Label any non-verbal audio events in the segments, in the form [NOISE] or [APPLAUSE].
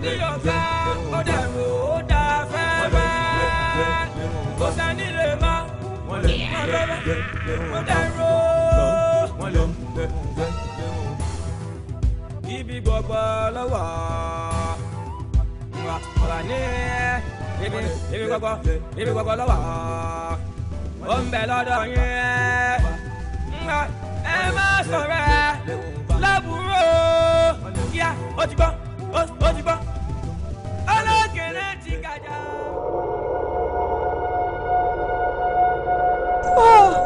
àdéyọ̀ fẹ́ ó dẹ̀rù ó dà fẹ́ẹ́fẹ́ kò sẹ́ni lè mọ wọ́n lè mọ lọ́wọ́ ó dẹ̀rù wọ́n lè mọ. ibi gbọ̀gbọ̀ lọ́wọ́ wà ní ibi ibi gbọ̀gbọ̀ ibi gbọ̀gbọ̀ lọ́wọ́ ó ń bẹ lọ́dọ̀ yín ẹ má sọ̀rọ̀ ẹ lábúrò kíá ó ti gbọ́ ó ti gbọ́. Jaja. Oh.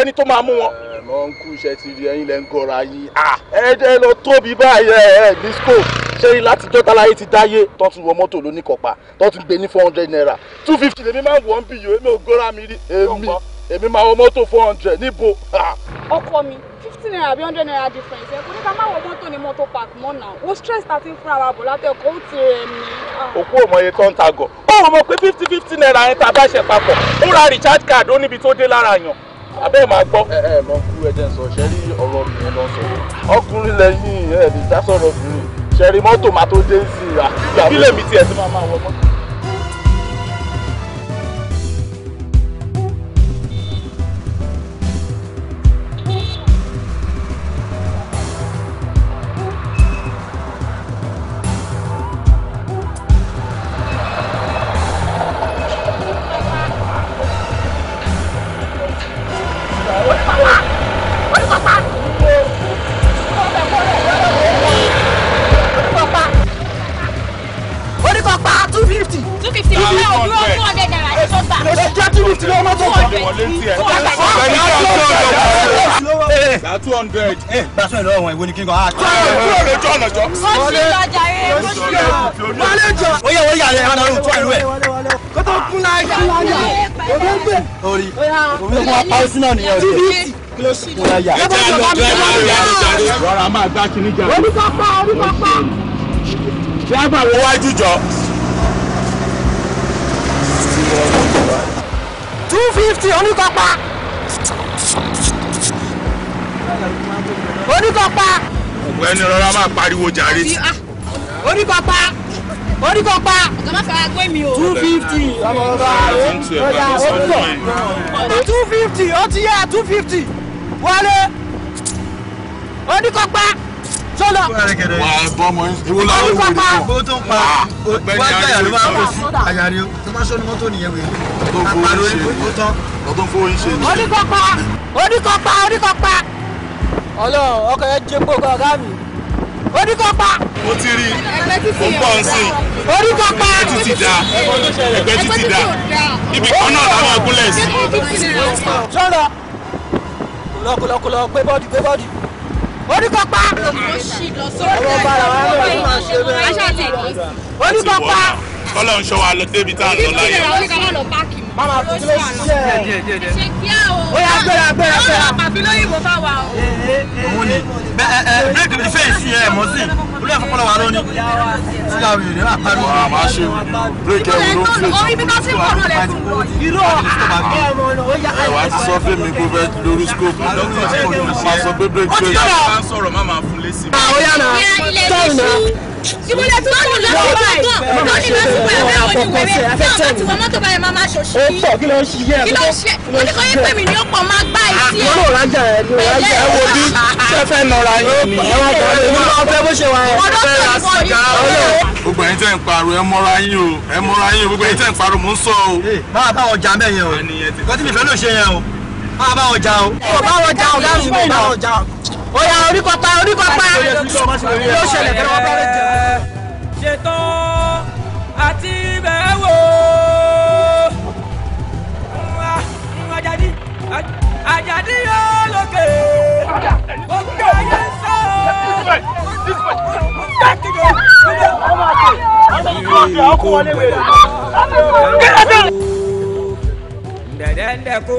sẹ́ni tó máa mú wọn. ẹ̀mọ́ ń kú iṣẹ́ ti rí ẹyin lẹ́ ń gọ́ra yín. ẹ jẹ́ lọ tóbi báyìí ẹ ẹ disco ṣé yín láti jọ́ta láyé ti dáyé tó ti wọ mọ́tò lóníkọ̀pá tó ti gbé ní four hundred naira two fifty lèmi máa ń wọ̀ ń bì yìí èmi ò gọ́ra mi rí èmi èmi máa wọ mọ́tò four hundred níbo. ọkọ mi fifty naira àbí hundred naira difference ẹ kò ní ká má wọ mọ́tò ní mọ́tò park mọ́ náà wo stress ta ti ń fúnra wa bọ̀ látẹ̀kọ́ ó ti rẹ̀ mí. òkú òmòye tó ń ta gọ̀ ó rò mọ́ fifty fifty naira yẹn tá a bá ṣe papọ̀ ó ra recharge card ó níbi tó dé lára yàn abẹ́ máa gbọ́. ẹ ẹ lọ kú ẹjẹ sọ ṣẹ́rí ọ̀rọ̀ mi yẹn lọ sọ ọkùnrin lẹ́yìn ẹ̀ lè dá sọ̀rọ̀ obìnrin ṣẹ́rí mọ́tò máa tó dé sí i. kí lèmi tiẹ̀ ti máa máa wọ mọ́tò. ti lọ mọ́tò kan. gba two hundred. gba sọ ìlọ ọ̀hún ìwé ni kí n kọ́ á. kúrò lójú ọ̀nà jọ. wọlé wọlé jọ. ó yẹ wọlé yàrá ẹ̀ ẹ̀ máa ń tọ́ ìlú ẹ̀. kótó kún náà kí wọ́n yà. òde gbé. orí orí ọmọ apá ó sí náà nìyẹn o. mo yà yà. ẹ bá yọ bá mi lọ. rọra máa gbá kíní jà. orí pápá orí pápá. bí a bá wọ wájú jọ. two fifty oníkọ́pá oníkọ́pá. ọ̀gbẹ́ni rọra máa pariwo jàre. oníkọ́pá oníkọ́pá. ọ̀gá má fara gbé mi o. two fifty ọmọ ọba ọjà ọjọ́ two fifty ó ti yá two fifty wọlé oníkọ́pá sọ́dà. wà á bọ́ ọmọ yín ewu la ó ah, wèrè fún. owó tó ń pa wá jẹ́ àyàrí wa kò sí àyàrí o tó máa ṣọ́ni mọ́tò nìyẹn wèrè. tó fowó ń ṣe nìyẹn tó tó fowó ń ṣe nìyẹn. oníkọ́pá oníkọ́pá oníkọ́pá. ọlọ́run ọkọ̀ yẹn jẹ́ gbogbo ọ̀gá mi oníkọ́pá. mo ti rí o ń bọ̀ ń sìn. oníkọ́pá. ẹgbẹ́ títí da ẹgbẹ́ títí da ibi kan náà làwọn agúnlẹ̀ sí. sọ̀rọ̀ kùlọ̀kùlọ̀ gbé bọ́ọ̀dù gbé bọ́ọ̀dù orúkọ pa orúkọ pa Ọlọ́run ṣọ́ wa lọ débi tá a lọ láyé. Mama fi kí ló ṣiṣẹ́ ẹ̀. Ṣé kí á o? Ó yà gbéra gbéra gbéra. Ó pàfi lóyìnbó fá wa o. Eh, eh, eh, Òun ni bírèkì mi fẹ́ sí ẹ mọ̀ sí. Olú ẹ̀fọ́ kọ́lọ́ wa lónìí. Sílá mi ò ní máa pariwo. Àwọn àmà ṣe o. Bírèkì ẹ̀rù ló fi. Orí bí sọ fún mi kó fẹ́ lórí skóòpù. Dókítà ti kò máa sọ pé bírèkì fẹ́ sí. Ó ti yọ̀ ìbúlẹ̀ tí wọ́n lù lọ́wọ́ báyìí tó ní lọ sí pé ẹ̀fẹ́ ojú wẹ̀rẹ̀ tí àwọn bá wọ mọ́tò báyìí máa máa ṣòṣì ó pọ̀ kí ló ń ṣe yẹ́ kí ló ń ṣe mo ní kò yẹ pé mi ni ó pọ̀ máa gbá ìsí ẹ̀. àkóró rájà ẹ̀ ló rájà ẹ̀ wo bí fẹ́fẹ́ fẹ́ bó ṣe gbogbo ẹ̀yin tẹ́ ń pariwo ẹ mọ́ra yín o ẹ mọ́ra yín o gbogbo ẹ̀yin tẹ́ ń pariwo mò ń sọ o. máa bá wọn mẹ́ yẹn o kọ́tí mi fẹ́ ló ṣe yẹn o máa bá wọn jà o. bá wọn o láti bá wọn o oya oríkọ pa oríkọ pa yóò ṣẹlẹ̀ kẹrẹ wọn bá rẹ jẹ. ṣetán àti bẹ́ẹ̀ wò Àjàdí Àjàdí yóò lókè òkè ayé sọ. Dẹ̀dẹ̀ ń dẹ̀kú.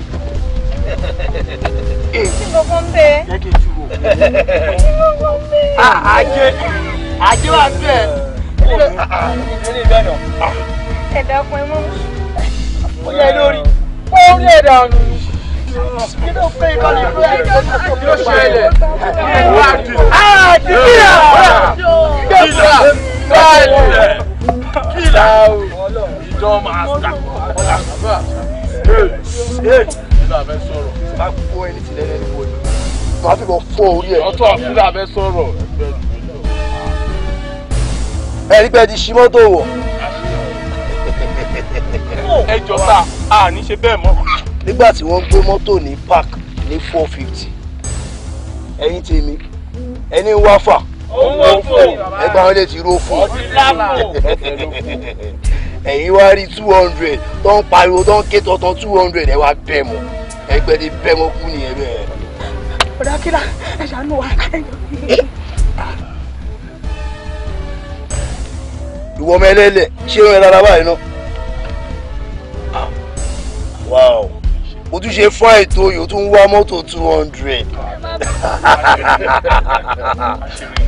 tí gbogbo ń bẹ. jẹ́ kí àfúrà fẹ́ sọ̀rọ̀. má kú ẹni tí lẹ́yìn ẹni wọlé. má fi bọ̀ fọ́ orí ẹ̀. ọ̀tọ̀ àfúrà fẹ́ sọ̀rọ̀. ẹ̀rí pẹ́ ti ṣí mọ́tò wọ̀. ẹ jọ sá a ní ṣe bẹ́ẹ̀ mọ́. nígbà tí wọ́n gbé mọ́tò ní park ní four fifty ẹ̀yin tèmi ẹni wá fà ẹgbàá wọn lè ti ró fún ẹ̀yin wá rí two hundred tó ń pariwo tó ń ké tọ̀tọ̀ two hundred ẹ wá bẹ́ẹ̀ mọ́ ẹgbẹ́ ti bẹ́ wọn kú nìyẹn bẹ́ẹ̀. ọ̀dà kílà ẹ ṣàánú wa ìwọ ọmọ ẹlẹ́lẹ̀ ṣé ó yẹn báyìí náà. wow o tún ṣe fún àìtó yìí o tún wá mọ́tò two hundred. [LAUGHS]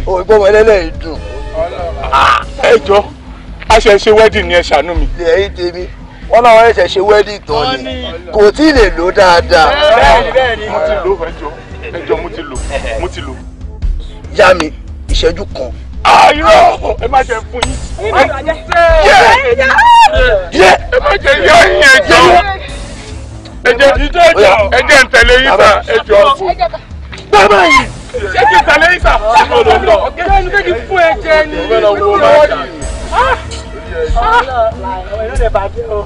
o ìgbọ́ ọmọ ẹlẹ́lẹ̀ yìí dùn. ẹ jọ a ṣe ṣe wedding ni ẹ ṣàánú mi. ẹ̀yin tèmi wọn náà wọ́n ṣẹ̀ṣẹ̀ ṣe wẹ́ẹ̀dì tán ni kò tí ì lè lò dáadáa. yá mi ìṣẹ́jú kan. ayọ̀ ẹ má jẹ fún yín. ẹ má jẹ yọ yín ẹjọ́ ẹjẹ jíjẹ ẹjọ́ ẹjẹ ń tẹ̀lé yín sá ẹjọ́. bàbá yìí. ṣé kí n tẹ̀lé yín sá. ọ̀gá ẹni kékeré fún ẹ̀jẹ̀ ni. mo fẹ́ lọ wo báyìí. Ah! Ah! Ah! Ah! Ah! Ah! Ah!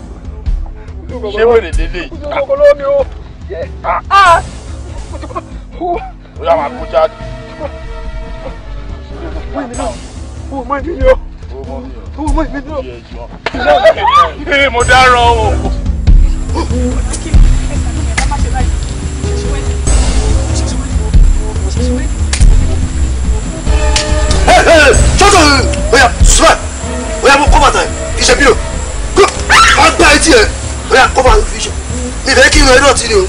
ṣé wèrè lélẹ̀ yìí. o. yà máa kó jáde. owó mọ́ ìdí o. owó mọ́ ìdí mo dáràn o. sọ́dọ̀ ọ̀ya sùwẹ̀ ọ̀ya mo kọ́ bàtà ìṣẹ́bí o. etí ẹ̀ ó kọ́ bá mi fi ṣe mi kí n rẹ dọ̀tí ni o.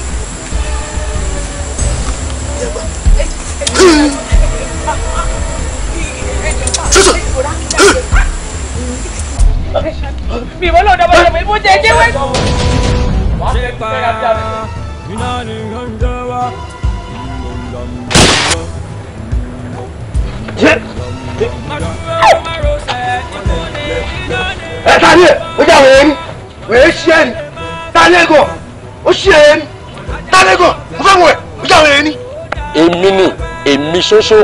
mi ìwọ lọ́dọ̀ bá mi jẹ jẹ́wé. ẹ sáré ó jà ni talẹ́gàn ó ṣe é ní talẹ́gàn mo fẹ́ wọ̀ ẹ́ mo jáwé ẹ ní. èmi ni èmi ṣoṣo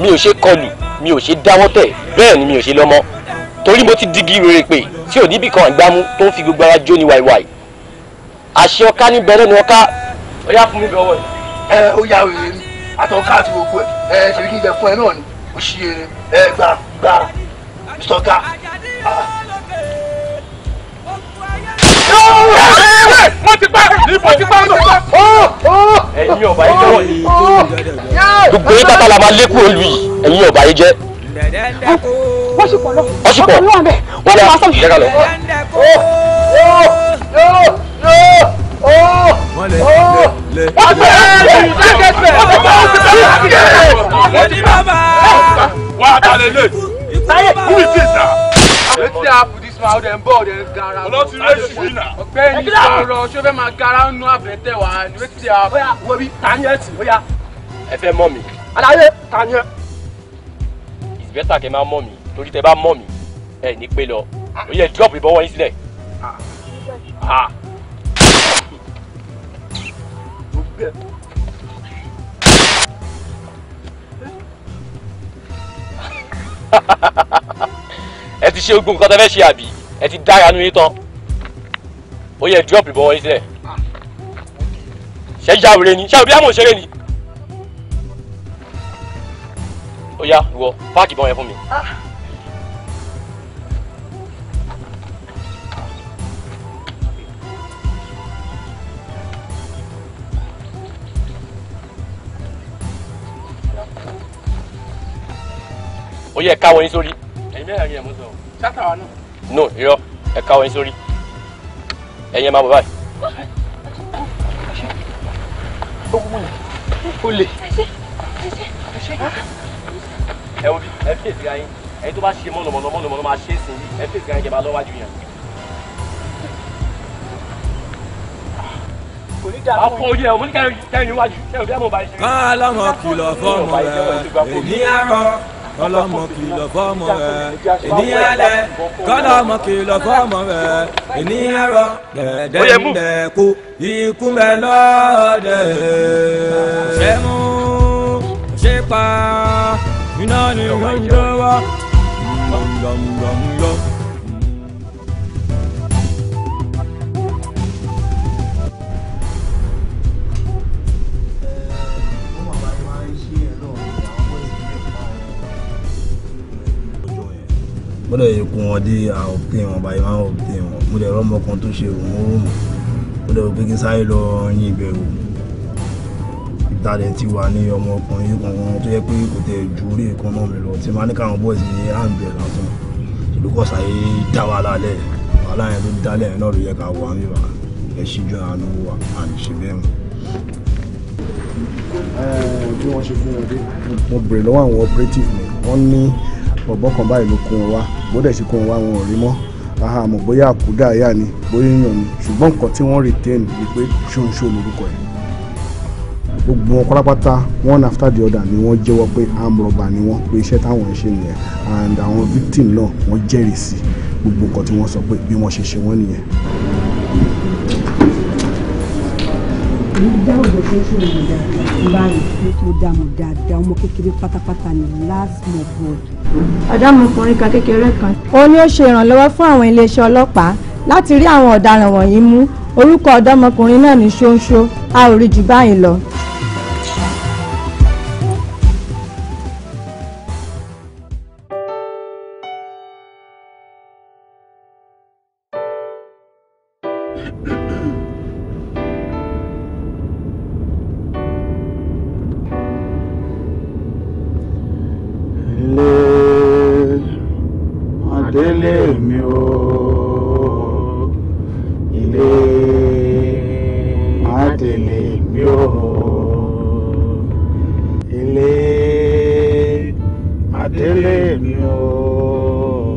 mi ò ṣe kọlù mi ò ṣe dáwọ́ tẹ̀ bẹ́ẹ̀ ni mi ò ṣe lọ́mọ torí mo ti digi rere pé tí ò níbì kan àgbámú tó ń fi gbogbo ara jó ni wàìwàì àṣẹ ọká ní bẹ̀rẹ̀ ni ọká ó yá fún mi bẹ̀ ọwọ́ ẹ ó yá wèrè ni àtọ̀ká àti gbogbo ẹ ẹ ṣèlú kí n jẹ fún ẹ náà ni ó ṣe é ẹ gbà gbà mr ọká. Ah mo ti pa mo ti pa mo ti pa. ẹ̀yin ọba yìí jẹ́ wọ̀nyí. gbogbo yín pátá la máa lékún olú yìí ẹ̀yin ọba yìí jẹ́. wọ́ṣùpọ̀ lọ wọ́ṣùpọ̀ lọ àbẹ̀ wọ́n lè máa sọ̀rọ̀. yẹ́ka lọ. wọ́n ti bẹ̀rẹ̀ wọ́n ti bẹ̀rẹ̀ wọ́n ti bẹ̀rẹ̀ ma ọdẹ ń bọ ọdẹ ń gara. ọlọ́tí rẹ̀ ṣì wí náà. ọ̀gbẹ́ni sọ̀rọ̀ ṣé o fẹ́ máa gara ń nu àbẹ̀tẹ̀ wa ni wọ́n ti à. bóyá wo bí tanyẹ tì bóyá. ẹ fẹ́ mọ̀ mi. aláyé tanyẹ. it's better kẹ́ máa mọ̀ mi torí tẹ́ bá mọ̀ mi ẹ ní pé lọ ó yẹ drop ìbọwọ́ yín sílẹ̀. ha ha ha ha ha ti ṣe ogun nǹkan tẹ́ ṣe àbí ẹ ti dára nu yín tán ó yẹ drop ìbọn wọlé sílẹ̀ ṣe jáwèrè ni ṣe òbí àmọ̀ òṣèré ni ó yá ìwọ páàkì ìbọn yẹn fún mi. ó yẹ káwọ yín sórí. ẹ̀yin mẹ́rin ẹ̀ mú sọ sátàwa náà. no irọ́ ẹ káwọ́ yín sórí ẹ̀yin ẹ máa bọ̀ báyìí. ogun mọ̀lẹ̀ o lè. ẹ wo bí ẹ fi èsì ayé ẹni tó bá ṣe mọ̀nàmọ́ná mọ̀nàmọ́ná máa ṣe é sìn yìí ẹ fi èsì ayé jẹ́ máa lọ́wájú yẹn. kọ́ alámọ̀ kìlọ̀ fọ́ọ̀mù rẹ̀ èmi àrọ̀ kọ́lọ́mọ kìlọ̀ fọ́mọ rẹ̀ ènìyàn lẹ kọ́lọ́mọ kìlọ̀ fọ́mọ rẹ̀ ènìyàn rọ dẹ̀dẹ̀ ńlẹ̀ kú ikú rẹ̀ lọ́ọ̀dẹ̀. ṣé mú pa iná ni yóò ń dọ́wọ́. mo dẹ̀ ikú wọn dé àòpin wọn báyìí máa ń òpin wọn mo dẹ̀ rọ́mọ kan tó ṣe òun òòmù mo dẹ̀ rò pé kí n lọ yín ìbẹ̀rù ìtàdẹ̀ ti wà ní ọmọ ọkùnrin kankan tó yẹ pé kò tẹ̀ ju orí ìkan náà mi lọ tí máa ní káwọn bọ́ọ̀sì ní àǹbẹ̀ lásán olùkọ́ sáré dá wa lálẹ́ wàhálà yẹn tó dálẹ̀ náà ló yẹ ká wà mí ẹ̀ ṣíjú àánú wa àìṣe bẹ́ẹ̀ mọ́ bí wọ́n ṣe fún wọn dé. mo bèrè lọ́wọ́ àwọn operative mi wọ́n ní bọ̀bọ̀ kan báyìí ló kó wọn wá bó dẹ̀ ṣe kó wọn wọn ò rí mọ́ àmọ́ bóyá àkúdà yà ni bóyá èèyàn ni ṣùgbọ́n nǹkan tí wọ́n retain ni pé ṣóńṣó lorúkọ ẹ̀ gbogbo wọn pátápátá one after the other ni wọ́n jẹ́wọ́ pé amrọ̀bà ni wọ́n pé iṣẹ́ táwọn ń ṣe nìyẹn and àwọn victim náà wọ́n jẹ́rìí sí gbogbo nǹkan tí wọ́n sọ pé bí wọ́n ṣe ṣe wọ́n nìyẹn. èyí dá òjò tó ṣe mo dà báyìí. mo dà mo dáadáa ọmọ kékeré last word. àdàmọkùnrin kan kékeré kan. ó ní ó ṣe ìrànlọ́wọ́ fún àwọn iléeṣẹ́ ọlọ́pàá láti rí àwọn ọ̀daràn wọ̀nyí mú orúkọ ọ̀dọ́mọkùnrin náà ní ṣóńṣó a ò rí jù báyìí lọ. tèlè mi ò ilé màdélé mi ò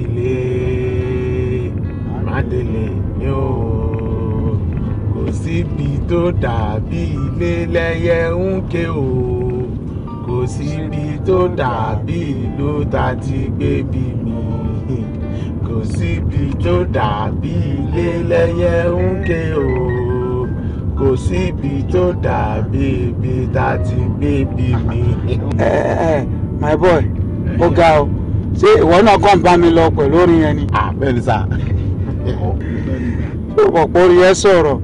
ilé màdélé mi ò tó dàbí ilé lẹ́yẹ ń ké o kò síbi tó dàbí ìlú tá a ti gbé bí mi kò síbi tó dàbí ilé lẹ́yẹ ń ké o kò síbi tó dàbí ibi tá a ti gbé bí mi. my boy ó ga o ṣé ìwọ náà kàn bá mi lọ pẹ̀lú orin yẹn ni. àbẹ́ni sá. ó bọ̀ pé orin yẹn sọ̀rọ̀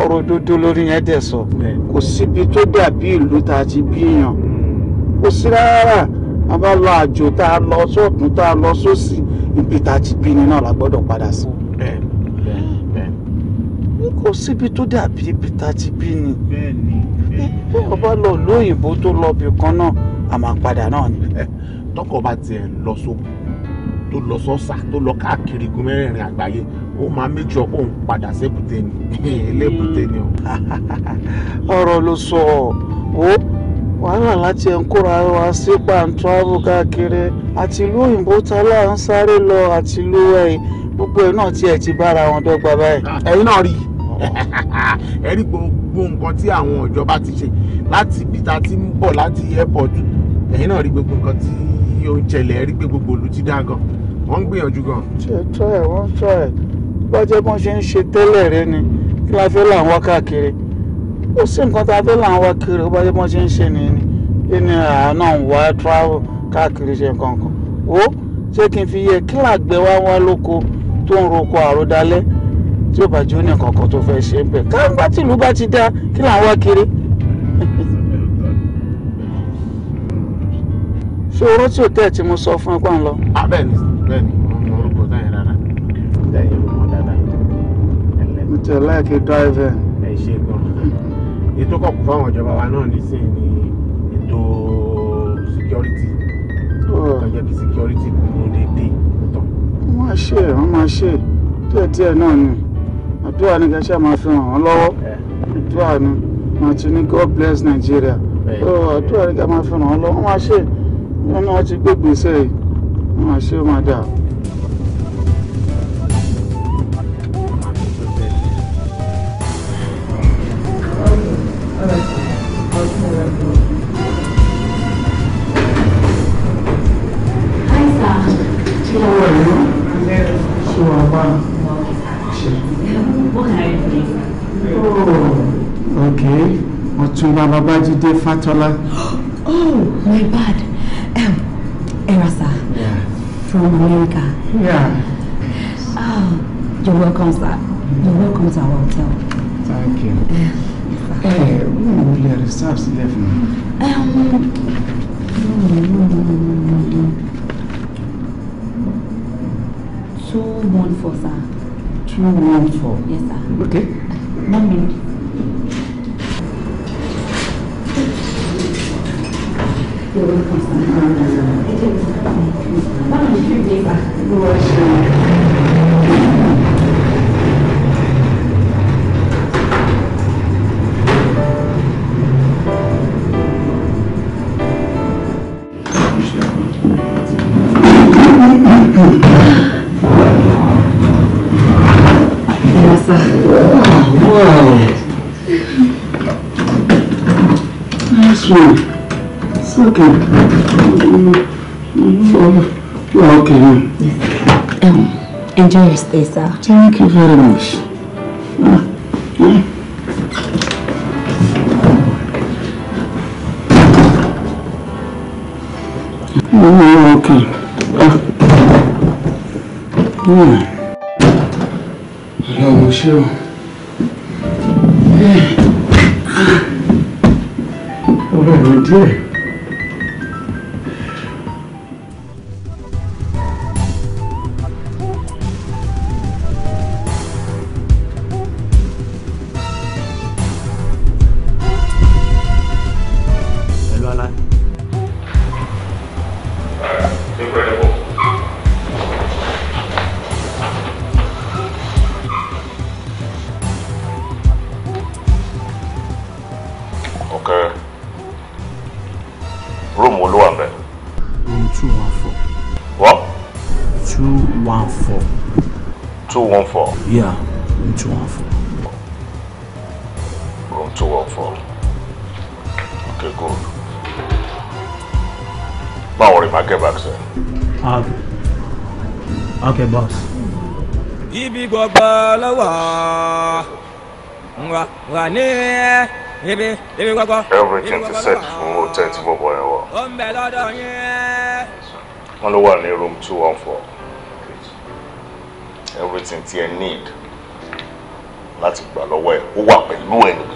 ọ̀rọ̀ dúdú lórí yẹn dẹ̀ sọ. kò síbi tó dàbí ìlú tá a ti bí èèyàn hmm. kò sí rárá a bá lọ àjò tá a lọ sọ́ọ̀tún tá a lọ sósì ibi tá a ti bí ni náà la gbọ́dọ̀ padà sí kò síbi tó dàbí ibi tá a ti bí ni bí ọba lọ lóyìnbó tó lọ bì kan náà a máa padà náà ni. tọkọ bá tiẹ̀ lọ sóko tó lọ sọ́sà tó lọ káàkiri igun mẹ́rẹ̀ẹ̀rin àgbáyé ó máa make sure òun padà sébùté ni elébùté ni o. [LAUGHS] ọ̀rọ̀ ló sọ ọ́ wàhálà láti ẹ̀ńkóra wa sí pàǹtọ́ àbúkákiri àti ìlú òyìnbó ta là ń sáré lọ àti ìlú ẹ̀yìn gbogbo ẹ̀ náà tiẹ̀ ti bára wọn dọ́gba báyìí. ẹ̀yin náà rí i [LAUGHS] ẹ rí gbogbo nǹkan tí àwọn ìjọba ti ṣe láti ibi tá ń bọ̀ láti airport ẹ̀yin náà rí gbogbo nǹkan tí ó ń ṣẹlẹ̀ ẹ pé gbogbo olú ti dá gan wọ́n ń gbìyànjú gan. ṣe tọ́ ẹ̀ wọ́n tọ́ ẹ̀ bọ́jẹ́ bọ́n ṣe ń ṣe tẹ́lẹ̀ rẹ ni kí la fẹ́ là wá káàkiri ó sì nǹkan tá a fẹ́ là wá kiri bọ́jẹ́ bọ́n ṣe ń ṣe nìyí ni ní àánà ń wá travel káàkiri ṣe nǹkan ó ṣé kí n fi yẹ kí làgbẹ́ wá wá lóko tó ń roko àròdalẹ́ tí ó bá jó ní kankan tó fẹ́ ṣe ń bẹ̀ káńgbá tìlú bá ti dá kí là ń wá kiri. [LAUGHS] ṣé o rántí òtẹ́ tí mo sọ fún ẹ pa ń lọ. Ah, bẹ́ẹ̀ni bẹ́ẹ̀ni mo orúkọ táyà rárá táyà mọ dáadáa. mo tẹ láìkí dáìvẹ. ẹ ṣe gan ètò kọkù fáwọn ìjọba wa náà nísìnyí ni ètò security oh. tó jẹ́ bí security kúrò déédéé. wọ́n á ṣe wọ́n máa ṣe díẹ̀díẹ̀ náà ni àdúrà ni kẹ́ ṣe máa fi ràn wọ́n lọ́wọ́ àdúrà ni màá ti ní God bless Nigeria àdúrà ni kẹ́ máa fi ràn wọ́n lọ́wọ́ wọ́n máa ṣe wọ́n máa ti gbé gbèsè wọ́n máa ṣe máa dà. All right. Ọba Babájídé Fatola. [GASPS] Oh, my bad. Um, Erasa. Yeah. From America. Yeah. Oh, you're welcome, sir. You're welcome to our hotel. Thank you. Ẹ ẹ wọ́n mo lè reserve sílẹ̀ fún mi. Two one four, sir. Two one four. Yes, sir. Okay. One minute. Wow. Nice one ok you are okay Um, enjoy your stay, sir. Thank you very much. Ah. Mm. Oh, you are okay. Ah. everything ti set fún hotel tí bọ̀bọ̀ yẹn wà. ó ń bẹ lọ́dọ̀ yẹn. wọ́n ló wà ní room two one four everything tí ẹ need láti gbà lọ́wọ́ ẹ̀ ó wà pẹ̀lú ẹ̀ ní.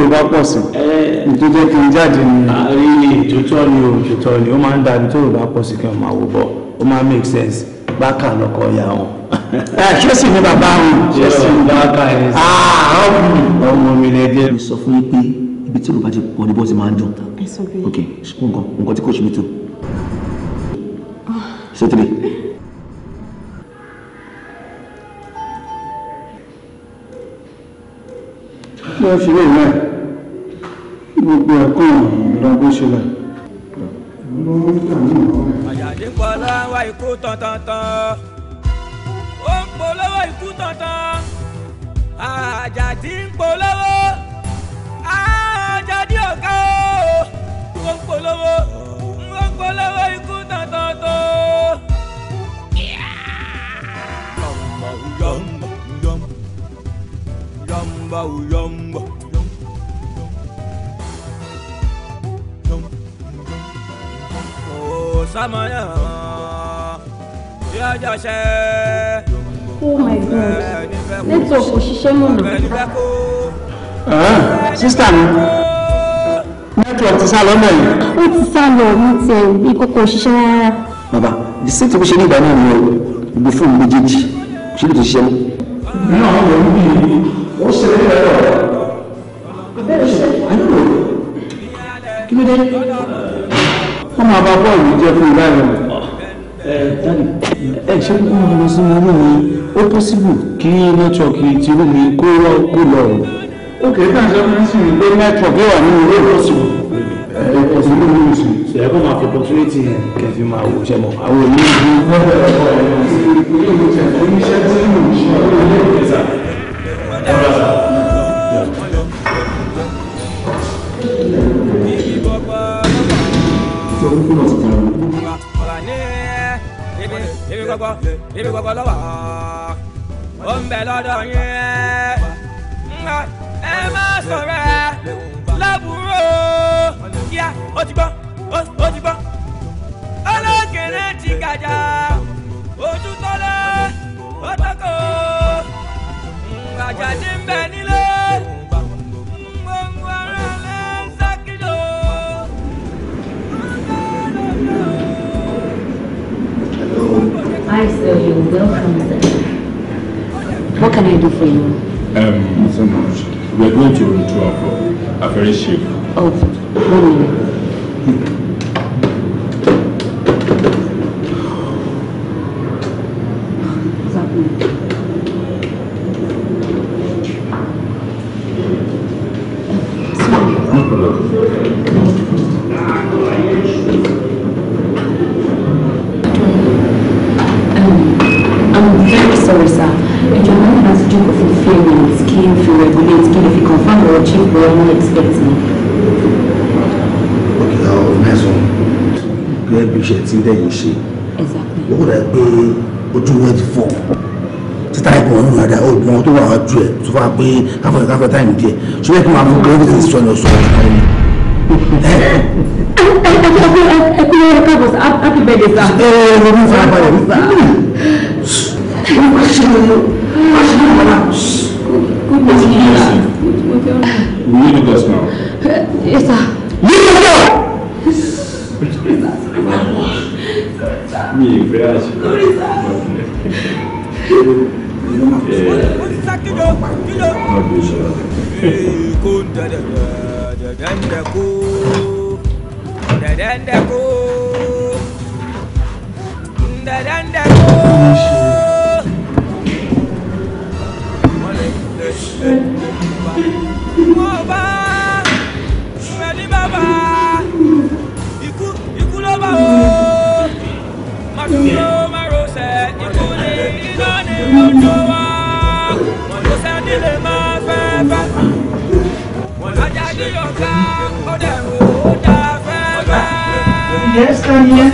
èrò bá pọ̀ sí ìtútọ́ kì í jáde ní. ìtútọ́ ni o ìtútọ́ ni ó máa ń dàbí tó èrò bá pọ̀ sí kí wọ́n máa wò bọ̀ ó máa make sense bákà lọkọ ìyá wọn. ṣé sì ni bàbá wọn. ṣé sì ni ah, ọmọ mi lè dé. sọ fún yín pé ibi tí olùbá ti pọ̀ ní bọ́ọ̀sì máa ń dùn. ok nǹkan nǹkan tí kò ṣe mí tó. sotiri. wọ́n fi lè náà gbogbo ẹ̀kọ́ ìran bó ṣe lẹ̀. àyàdé pọlá wá ikú tantantan ó ń polówó ikú tantan àjàdí ń polówó àjàdí ọ̀gá ó ń polówó ó ń polówó ikú tantantan. yọmba yọmba yọmba yọmba. sámọ́yà yóò jọ ṣe. oh my god network kò ṣiṣẹ́ mọ̀nà. sísítà mi network ti sá lọ mọ̀ yìí. ó ti sá lọ mi ti ẹ̀ bí rárá. bàbá the state bó ṣe ní ìgbà náà ni ìgbò fún méjèèjì ṣé kò tó ṣiṣẹ́ mọ́ máa bọ́ ìlú jẹ́ fún ìlà ìrìn ẹ ṣe ń gbọ́n lọ sí inú mi ó pọ́sibù kí nẹ́tíwọ̀kì ti rú mi kó lọ kó lọ rẹ̀. ó kì í kàn ṣe fún sí mi pé nẹ́tíwọ̀kì wà nínú ilé pọ́sibù ẹ̀ẹ́dẹ̀ẹ́sì ló ń sùn. ṣèyẹ́ kó máa fi pọ́túrétì kẹfì máa wò ṣẹ́ mọ́ àwọn èmi ìlú gbọ́dọ̀ ẹ̀kọ́ ẹ̀ oníṣẹ́ tí mo ń ṣe ọ̀rọ̀ ilé ìgbésà. gbogbo ibi gbogbo ló wà ó ń bẹ lọ́dọ̀ yín ẹ má sọ̀rọ̀ ẹ lábúrò yá ó ti gbọ́ ó ti gbọ́ olókèrè ti gàjà ojú tọ́lẹ̀ ó tọ́kọ̀ àjàdí ń bẹ nílé. advice or welcome What can I do for you? Um, so much. We're going to room 12 for a very shape. Oh, one minute. Hmm. sọ fún wa pé káfọ́ káfọ́ táìmù díẹ̀ ṣé wẹ́n kí wọ́n fún kéré sí sọ́ni ọ̀sọ́ ọ̀sọ́ ẹni. Leave with us now. Yes, sir. Leave with us! Mi ìfẹ́ àṣìkò. da da da da da. Yes, come here.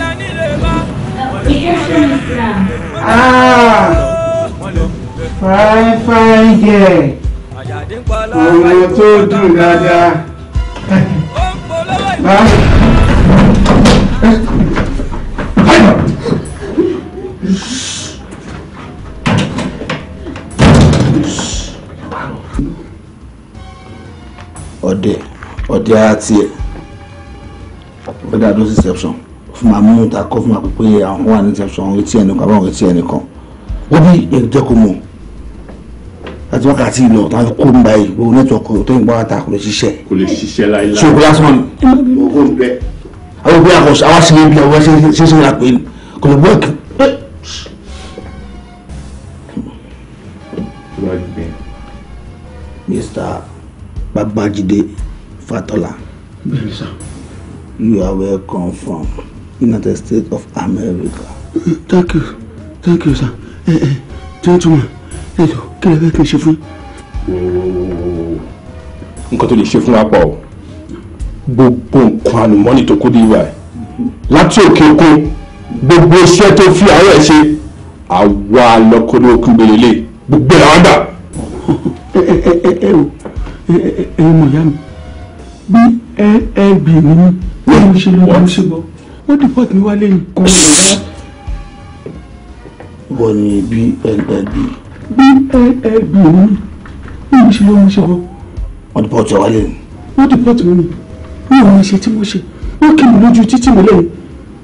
Ah, fine, fine girl. Ọmọ tó dùn dáadáa. Ọdẹ, ọdẹ á tiẹ̀ ó dá dúró sí reception fún màá mú ta kọ́ fún màá pé àwọn wà ní reception àwọn retí ẹnìkan àbáwọn retí ẹnìkan ó bí ẹ̀jẹ̀ kò mọ̀ láti wákàtí ìlọ táwọn kó ń báyìí gbogbo nẹ́tíwọ̀kì tó ń gbọ́ àtà kò lè ṣiṣẹ́. kò lè ṣiṣẹ́ láyé láyé ṣòkòlá sọ ni. owó ń bẹ. àwọn òbí àkọsọ àwọn aṣèlè ń bí àwọn ṣe ṣe ń ra pé kò lè bọ́ọ̀kì. Mr. Babajide Fatola. bẹ́ẹ̀ sá. You are welcome from United States of America. Thank you. Thank you, sir. Eh, eh, gentleman, hello, kí lè fẹ́ kí n ṣe fún yín? Nǹkan tó lè ṣe fún wa pọ̀ o. Gbogbo nǹkan àlùmọ́nì tó kó dìbà ẹ̀. Láti òkè òkun, gbogbo iṣẹ́ tó fi àárọ̀ ẹ̀ ṣe, àwa lọ́kọ́dọ̀ òkú gbèrèlè. Gbogbo ẹ̀ làwọn gbà. Ẹ ẹ ẹ ẹ ẹ ẹ ẹ mọ̀ ìyá mi, bí ẹ ẹ bì mí wọ́n ló ṣe lọ́wọ́ ló ṣe gbọ́ wọ́n dìpọ́t mi wálé nǹkan lọ́wọ́. wọ́n ní bllb. bllb ni wọ́n ló ṣe lọ́wọ́ ṣe gbọ́. wọ́n dìpọ́t mi wálé ni. wọ́n dìpọ́t mi ni wọ́n wọ́n ṣe tí mo ṣe wọ́n kì mí lójú títí mi lẹ́yìn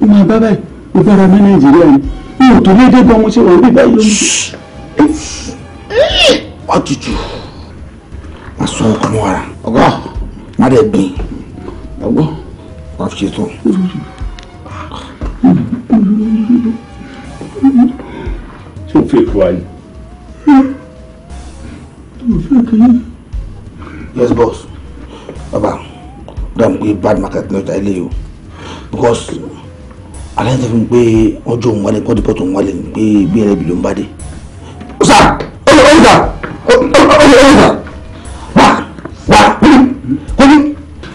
mo máa bá báyìí mo bára mi nàìjíríà ni mi ò tó lédè gbọ́ mo ṣe wọ́n bí báyìí lómi. wọ́n ti jù wọ́n sọ ọkàn wàrà ọgọ́ má dẹ̀ gbìn ọgbọ́n wàá fi ṣetán. tí o fẹ́ fún wa ni. o fẹ́ kí ni. yes boss baba dàmú pé bad market ní ọjà ilé yìí o because alẹ́ tẹ́ fi mi pé ọjọ́ òun wálé pọ́ọ́dì pọ́ọ́tù òun wálé ni pé bí ẹlẹ́bi ló ń bá dé. ọ̀sà ọ̀sà ọ̀sà ọ̀sà ọ̀sà wà wà kọ́ni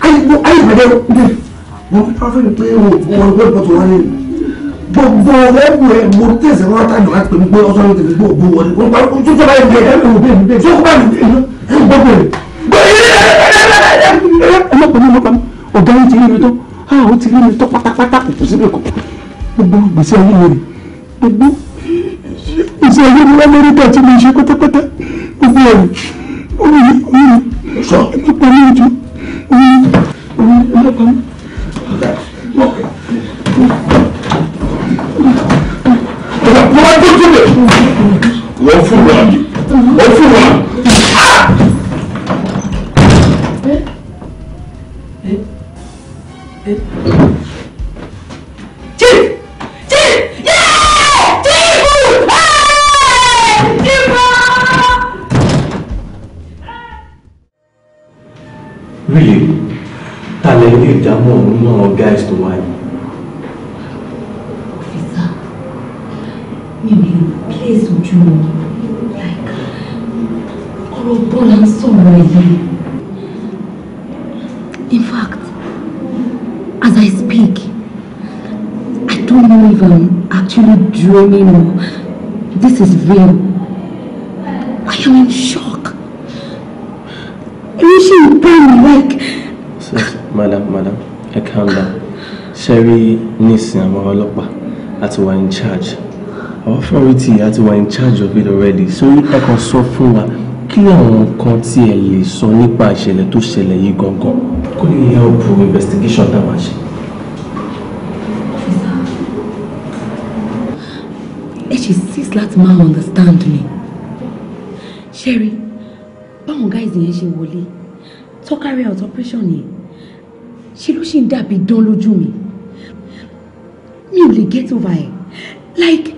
ayé ayé ìpàdé mo fi tọ́fẹ́ mi pé o ò wọ ẹgbẹ́ ìbọ̀tò wọn ni gbogbo ọlẹ́gbẹ̀ẹ́ ẹ̀ mo tẹ̀sẹ̀ wọn tájọ láti pè mí pé ọsọ mi tẹ̀sẹ̀ gbọ́ ògbó wọn ni wọn bá tó tó báyìí bẹ́ẹ̀ ẹ̀ ẹ̀ bẹ́ẹ̀ tó kó bá mi bẹ́ẹ̀ ẹ̀ gbogbo ẹ̀ ọlọ́pàá mi lọ́pàá ọ̀gá yìí ti rí mi tó ó ti rí mi tó pátápátá kò sí mi kọ gbogbo gbèsè ayé mi rè gbogbo gbèsè ayé mi wọn lórí dàtí mi ṣe pátápátá gbogbo ẹ̀ omi omi ọ̀pọ̀ mi jù omi ọlọ́pàá mi. Wọ́n fún wa, wọ́n fún wa. sọ̀rọ̀ yìí in fact as I speak I don't know if I'm actually dreaming or this is real I am in shock èyí ṣì ń bá like. madam madam ẹ calm down sherry nisin àwọn ọlọ́pàá àti wà in charge our authority àti wà in charge of it already so you kàn sọ fún wa kí làwọn nǹkan tí ẹ lè sọ nípa ìṣẹ̀lẹ̀ tó ṣẹlẹ̀ yìí gangan kó lè help investigation tá a máa ṣe. ẹ ṣe six láti máa understand me Sherry? báwọn guys yẹn ṣe wọlé tọ́kárí out operation yẹn ṣe ló ṣì ń dàbí dán lójú mi mi ò lè get over ẹ̀ like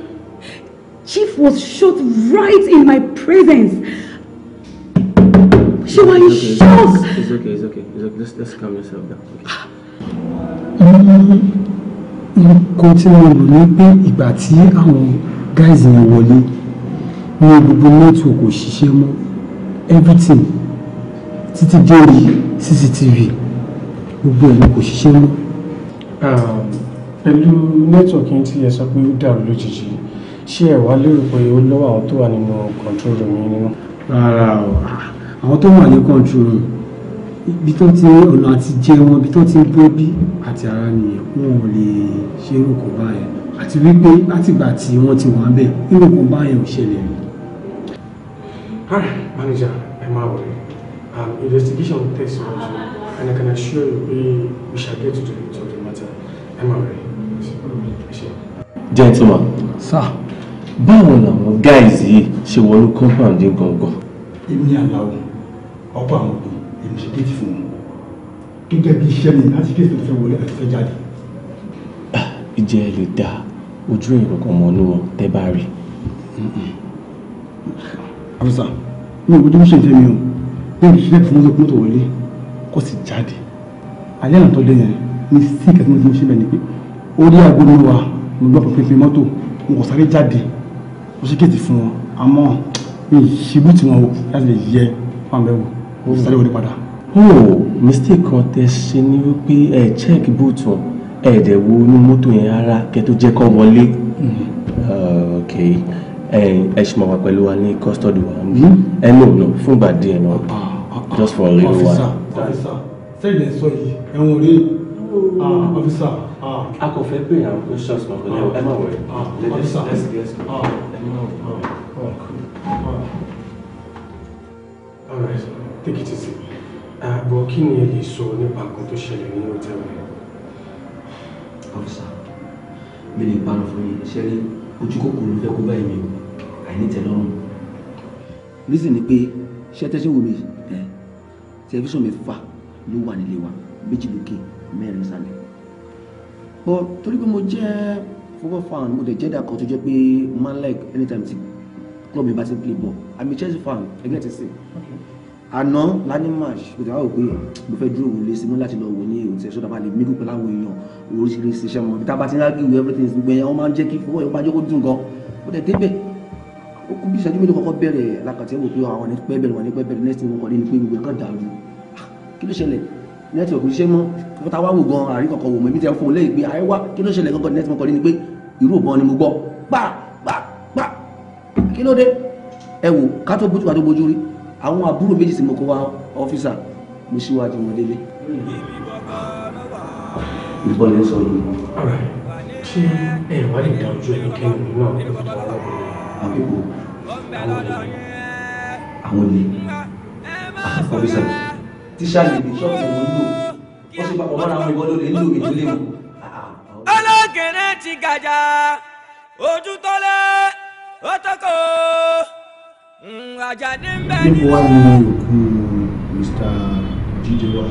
chief was shot right in my presence. She was in shock. It's okay, it's okay, it's okay. Just, just calm yourself down. Nǹkan mm, mm, tí wọ́n rò ní pé ìgbà tí àwọn guys yẹn wọlé ní gbogbo network kò ṣiṣẹ́ mọ́ everything títí dé orí CCTV gbogbo ẹ̀ kò ṣiṣẹ́ mọ́. Um, pẹ̀lú network yẹn tí ẹ sọ pé ó dàrú lójijì ṣé ẹ wá lérò pé ó lọ́wọ́ àwọn tó wà nínú control room yẹn nínú. Rárá o àwọn tó wà ní control room ibi tó ti ọ̀nà àti jẹ wọn ibi tó ti ń bó bí àti ara nìyẹn wọn ò lè ṣe irúkọ báyẹn àti wípé látìgbà tí wọ́n ti wà bẹ́ẹ̀ irúkọ báyẹn ò ṣẹlẹ̀ rí. manager ẹ máa wọlé um, investigation tẹ̀síwájú and I can assure you pé we shall get to the root of the matter ẹ máa wọlé. gentleman sir báwo làwọn guys yìí ṣe wọlé compound gangan. èmi àlàó ọ̀pọ̀ àwọn òbí èmi ṣe déètì fún wọn gẹ́gẹ́ bí iṣẹ́ mi láti kéèsì tó fẹ́ wọlé àti fẹ́ jáde. Ah, ìjẹ́ ẹ lè dá ojú ẹ̀yìn kankan mọ́ lọ́wọ́ tẹ́ bá rí. àfẹ́sà mi ò bójú ṣe ń tẹ́mi o lẹ́yìn ìṣẹ́lẹ̀ fún mọ́tò mọ́tò wọlé kó sì jáde alẹ́ àná tó dé yẹn ní sí ìkàtí mọ́tò ṣe bẹ̀rẹ̀ ni pé orí aago mi wà mo gbọ́ pé pínpín mọ́tò n kò sáré jáde mo ṣe kéèsì fún wọn àmọ́ mi ì ṣubú tí wọn wò láti lè yẹ fún àbẹ̀wò mo ti sáré wọlé padà. oh mistake kan tẹ ṣe ni wípé ẹ check boot ẹ dẹ̀ wo inú mọ́tò yẹn rárá kẹ́ tó jẹ́ kó wọlé. Mm-hmm. ok ẹ ṣì máa wà pẹ̀lú wa ní custody wa mm-hmm. ẹ nù nù fúngbà díẹ̀ náà ah, ah, ah. just for a little while. ọfíìsà ọfíìsà sẹ́yìn ẹ̀ sọ yìí ẹ̀wọ̀n rí ọfíìsà. a kò fẹ́ pè àwọn questions kan pẹ̀lú ẹ má wẹ̀ ẹ má wẹ̀ let's let's get right take it easy àbọ̀ ah, kí ni ẹ lè sọ nípa nǹkan tó ṣẹlẹ̀ nínú hòtẹ́ẹ̀lì. ọ̀fíìsà mi lè parọ́ fún yín ṣe rí ojú kòkòrò fẹ́ kó báyìí mi o àìnítẹ́lọ́rùn. reason ni pé ṣé tẹ́sán wo mi tẹlifíṣàn mẹ́fà ló wà nílé wa méjì lókè mẹ́rin sálẹ̀. ọ torí pé mo jẹ́ football fan mo dẹ̀ jẹ́ dàkọ́ tó jẹ́ pé man like anytime ti club mi bá ti play ball i'm a Chelsea fan ẹgbẹ́ ti sè. Okay àná lanimash kò tẹ̀ wá wò pé mo fẹ́ dúró wọlé sí mú láti lọ wò ní òtẹ́ sọ́dọ̀ bá lè mígùn pẹ̀lú àwọn èèyàn oríṣiríṣi iṣẹ́ mọ̀ tá a bá ti ń rákì wí everything gbogbo yẹn wọ́n máa ń jẹ́ kí fọwọ́ yẹn máa jẹ́ kó dùn gan ó dẹ̀ débẹ̀ ó kú bí ìṣẹ́jú mélòó kọ́kọ́ bẹ̀rẹ̀ lákàtí ẹ̀wò pé àwọn ah, ẹnìpẹ́ bẹ̀rẹ̀ wọn ẹnìpẹ́ bẹ̀rẹ̀ next week ní pé gbogbo ẹ̀kan dàrú ah, kí ló ṣẹlẹ̀ network ṣiṣẹ́ mọ́ wọ́n ta wá wò gan àrí kankan wò mọ́ èmi tẹ́ fún un lẹ́yìn pé àríwá kí ló ṣẹlẹ̀ gangan network ní pé irú ìbọn ni mo gbọ́ gbà gbà gbà kí ló dé ẹ wò ká tó bójú ká tó bójú rí àwọn àbúrò méjì tí mo kó wá ọ́fíìsà mo ṣíwájú wọn délé. ìbọn lè sọ yìí. tí ẹ wá lè dá ojú ẹnikẹ́ni nínú àwọn ọmọ tó wà lọ́wọ́. àbíkú àwọn ah, ilé ọ́fíìsà tíṣà lè ní ṣọ́ọ̀tì wọn lò ó ṣe papọ̀ mọ́ra àwọn ìbọn lórí nílò ìdílé wọn. ọlọ́gẹ̀rẹ́ ti gàjà ojú tọ́lẹ̀ ó tọ́kọ̀ọ́. Mm, níbo wá ní òkú Mr. Jídé wà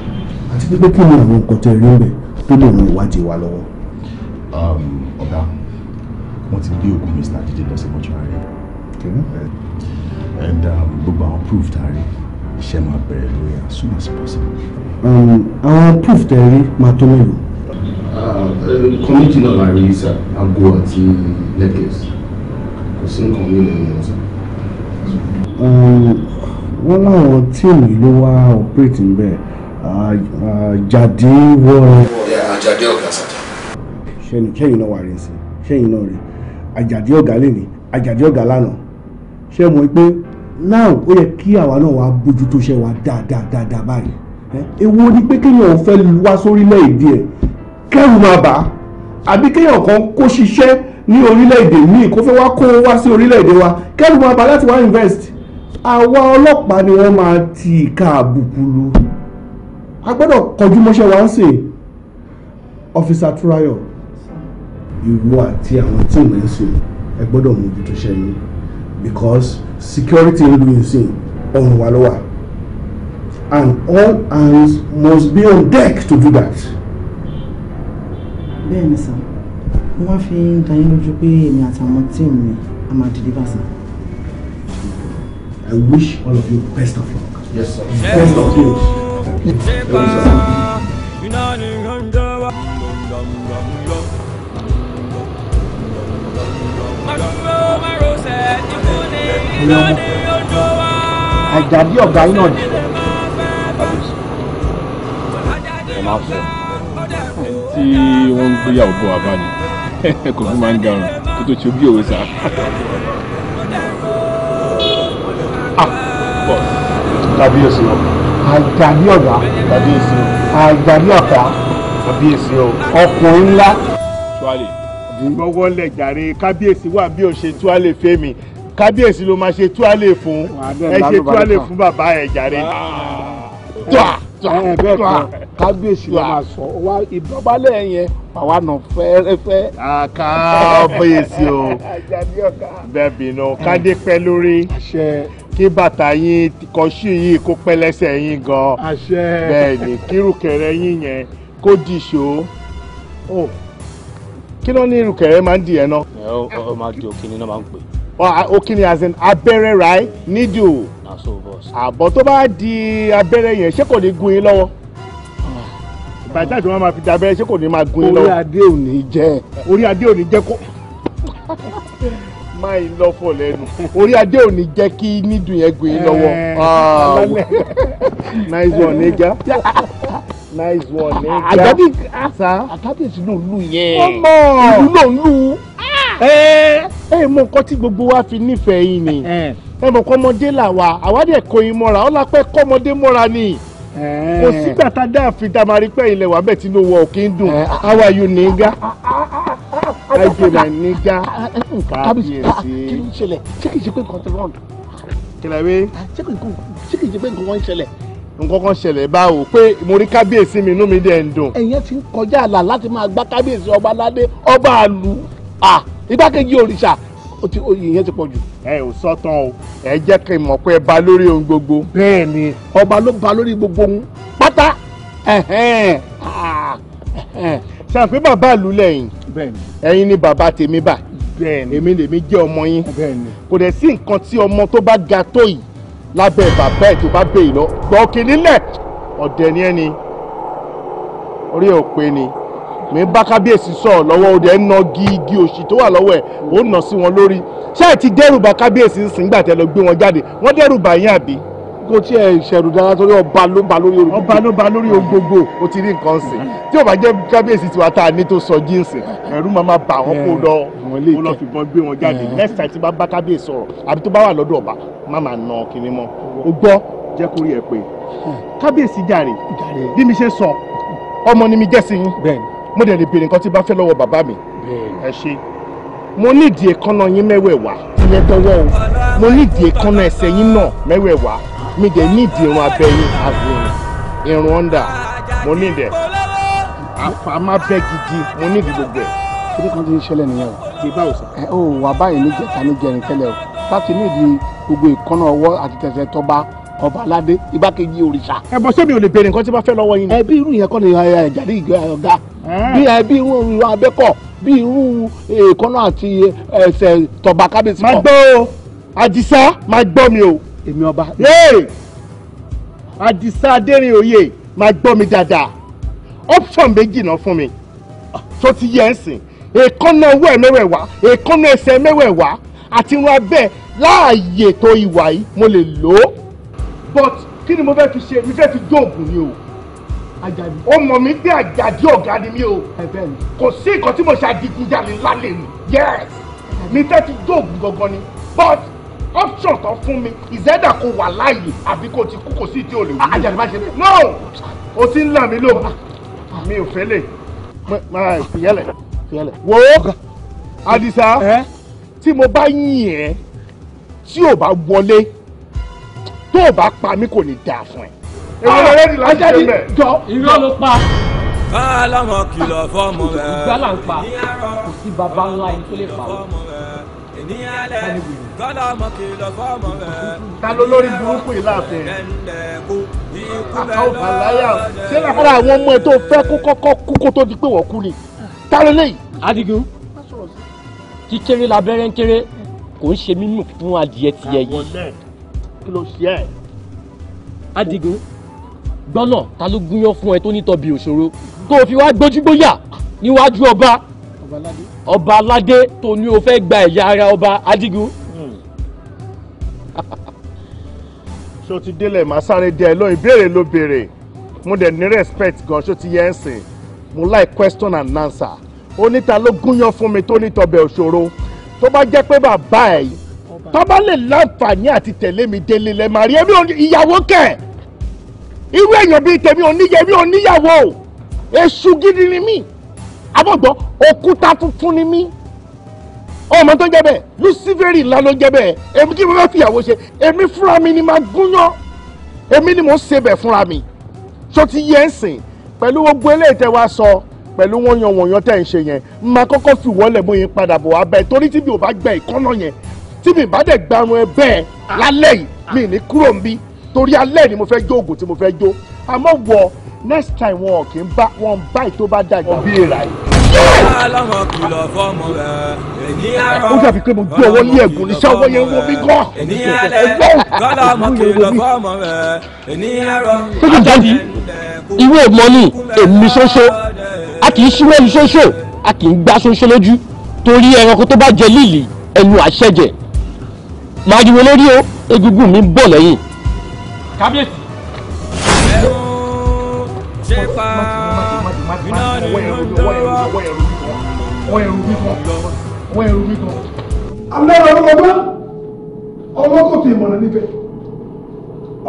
àti pé kí ni àwọn nǹkan tẹ̀ rí bẹ̀ tó lè mú ìwádìí wa lọ́wọ́. Um, ọ̀gá wọ́n ti gbé òkú Mr. Jídé lọ sí mọ́ṣúárì and um, gbogbo àwọn proof tá a rí iṣẹ́ máa bẹ̀rẹ̀ lórí as soon as possible. Um, àwọn proof tẹ̀ rí máa tó mélòó. Uh, uh, committee náà la rí sir ago àti necklace kò sí nǹkan mímu ní ọ̀sán wọ́n láwọn tíìmù ló wá operate ń bẹ̀ Àjàdí wọ. Àjàdí ọ̀gá sàjà. sẹ́yìn sẹ́yìn náà wà rí sí sẹ́yìn náà rí Àjàdí ọ̀gá lẹ́ni Àjàdí ọ̀gá lánàá ṣé mo pé náà ó yẹ kí àwa náà wàá bójú tó ṣe wa dáadáa dáadáa báyìí èwo ni pé kéèyàn fẹ́ wá sórílẹ̀-èdè ẹ̀ kẹ́rù máa bà á àbí kéèyàn kan kó ṣiṣẹ́ ní orílẹ̀-èdè míì kó fẹ́ wá kó wá sí orílẹ̀-èdè wa kẹ́rù máa bà á láti wá invest àwa ọlọ́pàá ni wọ́n máa ti ìka àbùkù lu a gbọ́dọ̀ kọjú mọ́ṣẹ́ wa ń sè ọ́fíìsà Túráyọ̀ ìwọ àti àwọn tí mò ń sè ẹ gbọ́dọ̀ mójútó sẹ́yìn because security ń lu ìsìn ọ̀run wa ló and all hands must be on deck to do that. bẹ́ẹ̀ ni sà wọ́n fi ń dá yín lójú pé èmi àtàwọn tíìmù mi a máa deliver sàn. I wish all of you best of luck. Yes, sir. Best of luck. Àjàdí ọ̀gá iná ni. Ẹ máa fọ. Tí wọ́n ń gbéyàwó bọ̀ wá bá ní, [LAUGHS] kò fún máa ń garun, tó tó ṣe bí òwe sá. [LAUGHS] kábíyèsí o. àjàdí ọ̀gá. kábíyèsí o. àjàdí ọ̀gá. kábíyèsí o. ọkùnrin ńlá. tuwale. gbọ́wọ́ lẹ̀ jàre kábíyèsí wà bí o ṣe tuwale fẹ́mi kábíyèsí ló máa ṣe tuwale fún ẹ ṣe tuwale fún bàbá ẹ jàre. Ah. tọ́à ẹ bẹ́ẹ̀ kọ́ kábíyèsí la máa sọ wa ìdọ́balẹ̀ yẹn àwa nà fẹ́ẹ́rẹ́fẹ́. kábíyèsí o [LAUGHS] bẹ́ẹ̀ bínú kádé pẹ́ lórí kí bàtà yín kọ́ṣí yìí kó pẹ́ lẹ́sẹ̀ yín gan. àṣẹ bẹ́ẹ̀ ni kírùkẹ̀rẹ̀ yín yẹn kó dìṣó. kí ló ní ìrùkẹ̀rẹ̀ máa ń dì ẹ́ náà. ẹ ọ máa di òkìní náà máa ń pè. òkìní as in abẹ́rẹ́ ráì nídìí o. àbọ̀ tó bá di abẹ́rẹ́ yẹn ṣé kò ní gún yín lọ́wọ́ ah. bàtà tí wọ́n máa fi di abẹ́rẹ́ ṣé kò ní máa gún yín lọ́wọ́. orí adé ò ní jẹ́ orí adé ò ní jẹ́ kó má yín lọ́fọ̀ lẹ́nu orí adé ò ní jẹ́ kí nídùn yẹn gbé eh. ah. [LAUGHS] lọ́wọ́ nice one níjà [LAUGHS] nice one níjà àjàbí sa àkábíyèsí ló ń lù yẹn ìlú ló ń lù ah! eh. Eh, ẹ mọ nǹkan tí gbogbo wa fi nífẹ̀ẹ́ yín ni ẹ mọ kọ́mọdé làwa àwádìí ẹ̀kọ́ yín mọ́ra ọlápẹ́ kọ́mọdé mọ́ra ni kò sígbà tá a dá àfin tá a máa rí pẹ́ ilẹ̀ wà bẹ́ẹ̀ tí ló wọ òkè ń dùn how are you nígá ajẹlẹ níjà kábíyèsí. Ah, kí ló ń ṣẹlẹ̀ ṣé kìí ṣe pé nǹkan ti rọrùn. kílẹ̀ wé. Ah, ṣé kìí ṣe pé nǹkan wọn ń ṣẹlẹ̀. nǹkan kan ṣẹlẹ̀ báwo pé mo rí kábíyèsí mi inú mi dẹ̀ ń dùn. ẹ̀yẹ́ ti ń kọjá àlà láti máa gbá kábíyèsí ọba aládé ọba àlù igbákejì òrìṣà ìyẹn ti pọ̀ jù. ẹ ò sọ tán o ẹ jẹ́ kí n mọ̀ pé ẹ ba lórí ohun gbogbo. bẹ́ẹ̀ ni ọba ló ba lórí gbogbo ohun pátá ṣe àpé bàbá ìlú lẹ́yìn ẹ̀yin ni bàbá tèmi bá èmi lèmi jẹ́ ọmọ yín kò dẹ̀ sí nǹkan tí ọmọ tó bá ga tó yìí lábẹ́ bàbá ẹ̀ tó bá bè lọ gbọ́ kìíní lẹ̀ ọ̀dẹ̀ ni ẹni orí ẹ̀ ni mi bá kábíyèsí sọ̀rọ̀ lọ́wọ́ òde ẹ̀ ń na gígí òṣì tó wà lọ́wọ́ ẹ̀ ó nà sí wọn lórí ṣáà ti dẹ́rùbà kábíyèsí ń sìn gbà tẹ́ lọ gbé wọn jáde wọ́n dẹ́rùbà yín àbí kó tí ẹ ṣẹ̀rù dára torí ọba ló ba lórí orí ọba ló ba lórí ohun gbogbo o ti rí nǹkan sìn tí ò bá jẹ́ kábíyèsí tiwa tá a ní tó sọ jíǹsì ẹ̀rù máa bà wọ́n kó lọ mo lọ fìbọn gbé wọn jáde next time tí bá bá kábíyèsí sọ̀rọ̀ àbí tó bá wà lọ́dọ̀ ọba má máa na kinní mọ́ o gbọ́ jẹ́ kó rí ẹ pé kábíyèsí jàre bí mi ṣe sọ ọmọ ni mi jẹ́ sí yín mo dẹ̀ lè béèrè nǹkan tí bá fẹ́ lọ́wọ́ bàbá mi ẹ ṣe mo nídìí èkánná yín mẹ́wẹ̀ẹ̀wá ìyẹn dọwọ́ o mo nídìí èkánná ẹsẹ̀ yín náà mẹ́wẹ̀ẹ̀wá mi dẹ̀ nídìí irun abẹ́yìn àbùrùn irun ọ̀ndà mo nídẹ̀ àfàmà bẹ́ gidi mo nídìí gbogbo ẹ̀. kí ni kan ti ń ṣẹlẹ̀ nìyẹn o. kì í bá òsè. ẹ ò wà báyìí ní jẹta ní jẹrin tẹ́lẹ̀ o láti nídìí gbogbo ìkànnà ọwọ́ àti tẹ̀sẹ̀ tọ́ba ọba aládé igbákejì òrìṣà. ẹ bọ sẹ́mi ò lè béèrè nǹkan tí bá fẹ́ lọ́wọ́ yín ni. ẹbí irú yẹn kọ́ ni ìjàdí ọ̀gá bí ẹbí irú ìwà abẹ́kọ̀ bí irú ìkànnà àti ẹsẹ̀ tọ̀ba kábíyèsí kọ́. máa gbọ́ o àdìsá máa gbọ́ mi o èmi ọba léèrè àdìsá adérin òye máa gbọ́ mi dáadáa option méjì náà fún mi tó ti yẹ ẹ́ sìn èkánná ọwọ́ ẹ̀ mẹ́wẹ̀ẹ̀wá èkánná ẹsẹ̀ mẹ́wẹ̀ẹ̀wá àti irun abẹ́ láàyè tó ìwà yìí mo lè lò ó but kí ni mo fẹ́ fi ṣe mi fẹ́ fi dóògùn ni o Àjàdí ó mọ̀ mí pé Àjàdí ọ̀gá ni mí o kò sí nǹkan tí mo ṣe adigunjalè ńlá lè mi yes mi fẹ́ fi dóògùn gangan ni but option tó fún mi ìzẹ́dà kò wà láàyè àbí kò ti kú kò sí ìdí òlè wúlò. àjàdí ah, má ṣe bẹ́ẹ̀. no o ti ń là mí lò ah, mi ò fẹ́ lè. fìyẹ́lẹ̀ fìyẹ́lẹ̀. wo Àdìsá tí mo bá yìn ẹ́ tí ò bá wọlé tó o bá pa mí kò ní dáa fún ẹ. èwo lọ rẹ́dì láti ṣe mẹ́. jọ irọ́ ló pa. fálámọ kìlọ̀ fọ́ọ̀mù rẹ̀. ìgbà ń pa kò sí baba ńlá ẹni tó lè pa ó. ènìyàn lẹ́nu ta ló lórí burúkú yìí láàfin àkàwọ̀ bàláyà ṣé lára àwọn ọmọ ẹ tó fẹ́ kó kọ́kọ́ kú kó tó di pé wọ́n kú ni ta ló léyìí. adigun kíkéré labẹ́rẹ́ ń kéré kò ń ṣe mímú fún adìẹ tiẹ̀ yìí. kí ló ṣe ẹ́. adigun gbọ́nà ta ló gúnyán fún ẹ tó ní tọ́bi òṣòro tó fi wá gbójúgbóyà níwájú ọba ọba aládé tó ní o fẹ́ gba ẹ̀yà ara ọba adigun. ṣó ti délẹ̀ máa sáré díẹ̀ lóyún ìbéèrè ló béèrè mo dẹ̀ ní respect gan ṣó ti yẹ ẹ́ sìn mo like question and answer oníta ló gúnyán fún mi tó ní tọbẹ̀ òṣòro tó bá jẹ́ pé bàbá ẹ̀ tó bá lè láǹfààní àti tẹ̀lé mi délé lẹ́ máa rí ẹ̀mí ìyàwó kẹ̀ irú èèyàn bíi tèmi oníyẹ̀mí oníyàwó èṣù gidi ni mí àbọ̀gbọ́ òkúta funfun ni mí ọmọ tó ń jẹ bẹ́ẹ̀ lucifere ńlá ló ń jẹ bẹ́ẹ̀ èmi kí mo fẹ́ fìyàwó ṣe èmi fúnra mi ni máa gúnyán èmi ni mo ń ṣe bẹ̀ fúnra mi tó ti yẹ ń sìn pẹ̀lú gbogbo eléyìí tẹ́ wá sọ pẹ̀lú wọ́n yan wọ̀nyán tẹ́ ń ṣe yẹn máa kọ́kọ́ fi wọ́lẹ̀ bóyá padà bọ̀ wá bẹ́ẹ̀ torí tí mi ò bá gbẹ ìkọ́nà yẹn tí mi bá dẹ̀ gbarun ẹ bẹ́ẹ̀ lálẹ́ yìí mi ní kúrò ń bí torí alẹ́ ni mo fẹ́ jó oògùn tí mo fẹ́ jó àmọ́ wọ next time wọn kì í bá wọn báyìí tó bá dàgbà. ọbí ó dàbí pé mo gbé ọwọ́ ní ẹ̀gún ní sáwọ́ yẹn wọ́n mi gan. sókè jáde ìwé ìmọ̀ni èmi ṣoṣo a kì í ṣíwọ́ ẹni ṣoṣo a kì í gbá ṣoṣo lójú torí ẹranko tó bá jẹ líìlì ẹnu àṣẹjẹ màá dìbò lórí o egungun mi ń bọ̀ lẹ́yìn. kábíyèsí. ṣé pa. wọ́n ẹrù mi kan wọ́n ẹrù mi kan. alára ọlọ́mọ ọlọ́kọ̀ tí ìmọ̀ràn níbẹ̀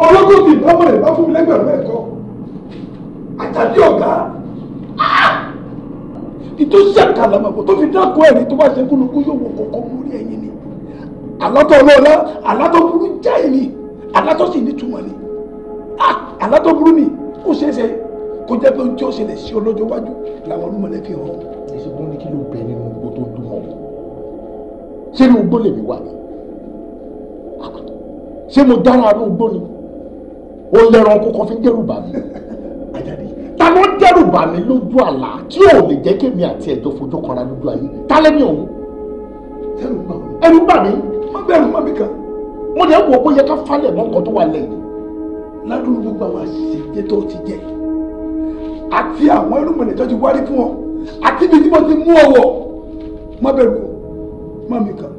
ọlọ́kọ̀ tí ìbámu rẹ̀ bá fún mi lẹ́gbẹ̀rún ẹ̀kọ́ àtàdé ọ̀gá ìtòsí àkàlàmọ̀kọ̀ tó fi dákọ̀ ẹ̀rí tó bá ṣe kúlukú yóò wọ kọ̀ọ̀kan lórí ẹ̀yìn ni àlátọ̀ ọlọ́ọ̀lá àlátọ̀ burú jáì ni àlátọ̀ sì nítumọ̀ ni àlátọ̀ burú ni ó ṣeé ṣe kó jẹ́ pé ojú ọ̀ṣẹ̀lẹ̀ sí ọlọ́jọ́ iwájú làwọn olúmọ̀lẹ́ fi hàn án ṣe tó ní kí ló bẹ nínú gbogbo tó dùn mọ́ mi ṣé ní ugbó lèmi wà ní ṣé mo dáhùn àánú ugbó ni ó lẹ́rọ ọkọ kan fi ń dẹ́rù bà mí ta ló dẹ́rù bà mí lójú àlá tí ò lè jẹ́ kémi àti ẹ̀jọ́ fojú kanra lójú ayé ta lẹ́ni òun ẹ̀rù bà mí wọ́n bẹ̀rù mọ́ mi kan mo lè wò ó yẹ ká falẹ̀ mọ́ nǹkan tó wà lẹ́yìn ládùúgbò gbogbo àwọn àṣìṣe tó ti jẹ àti àwọn ẹrù mọ̀lẹ́tọ́ ti wárí fún ọ àti ibi tí mo ti mú ọwọ́ má bẹ̀rù o má mi kàn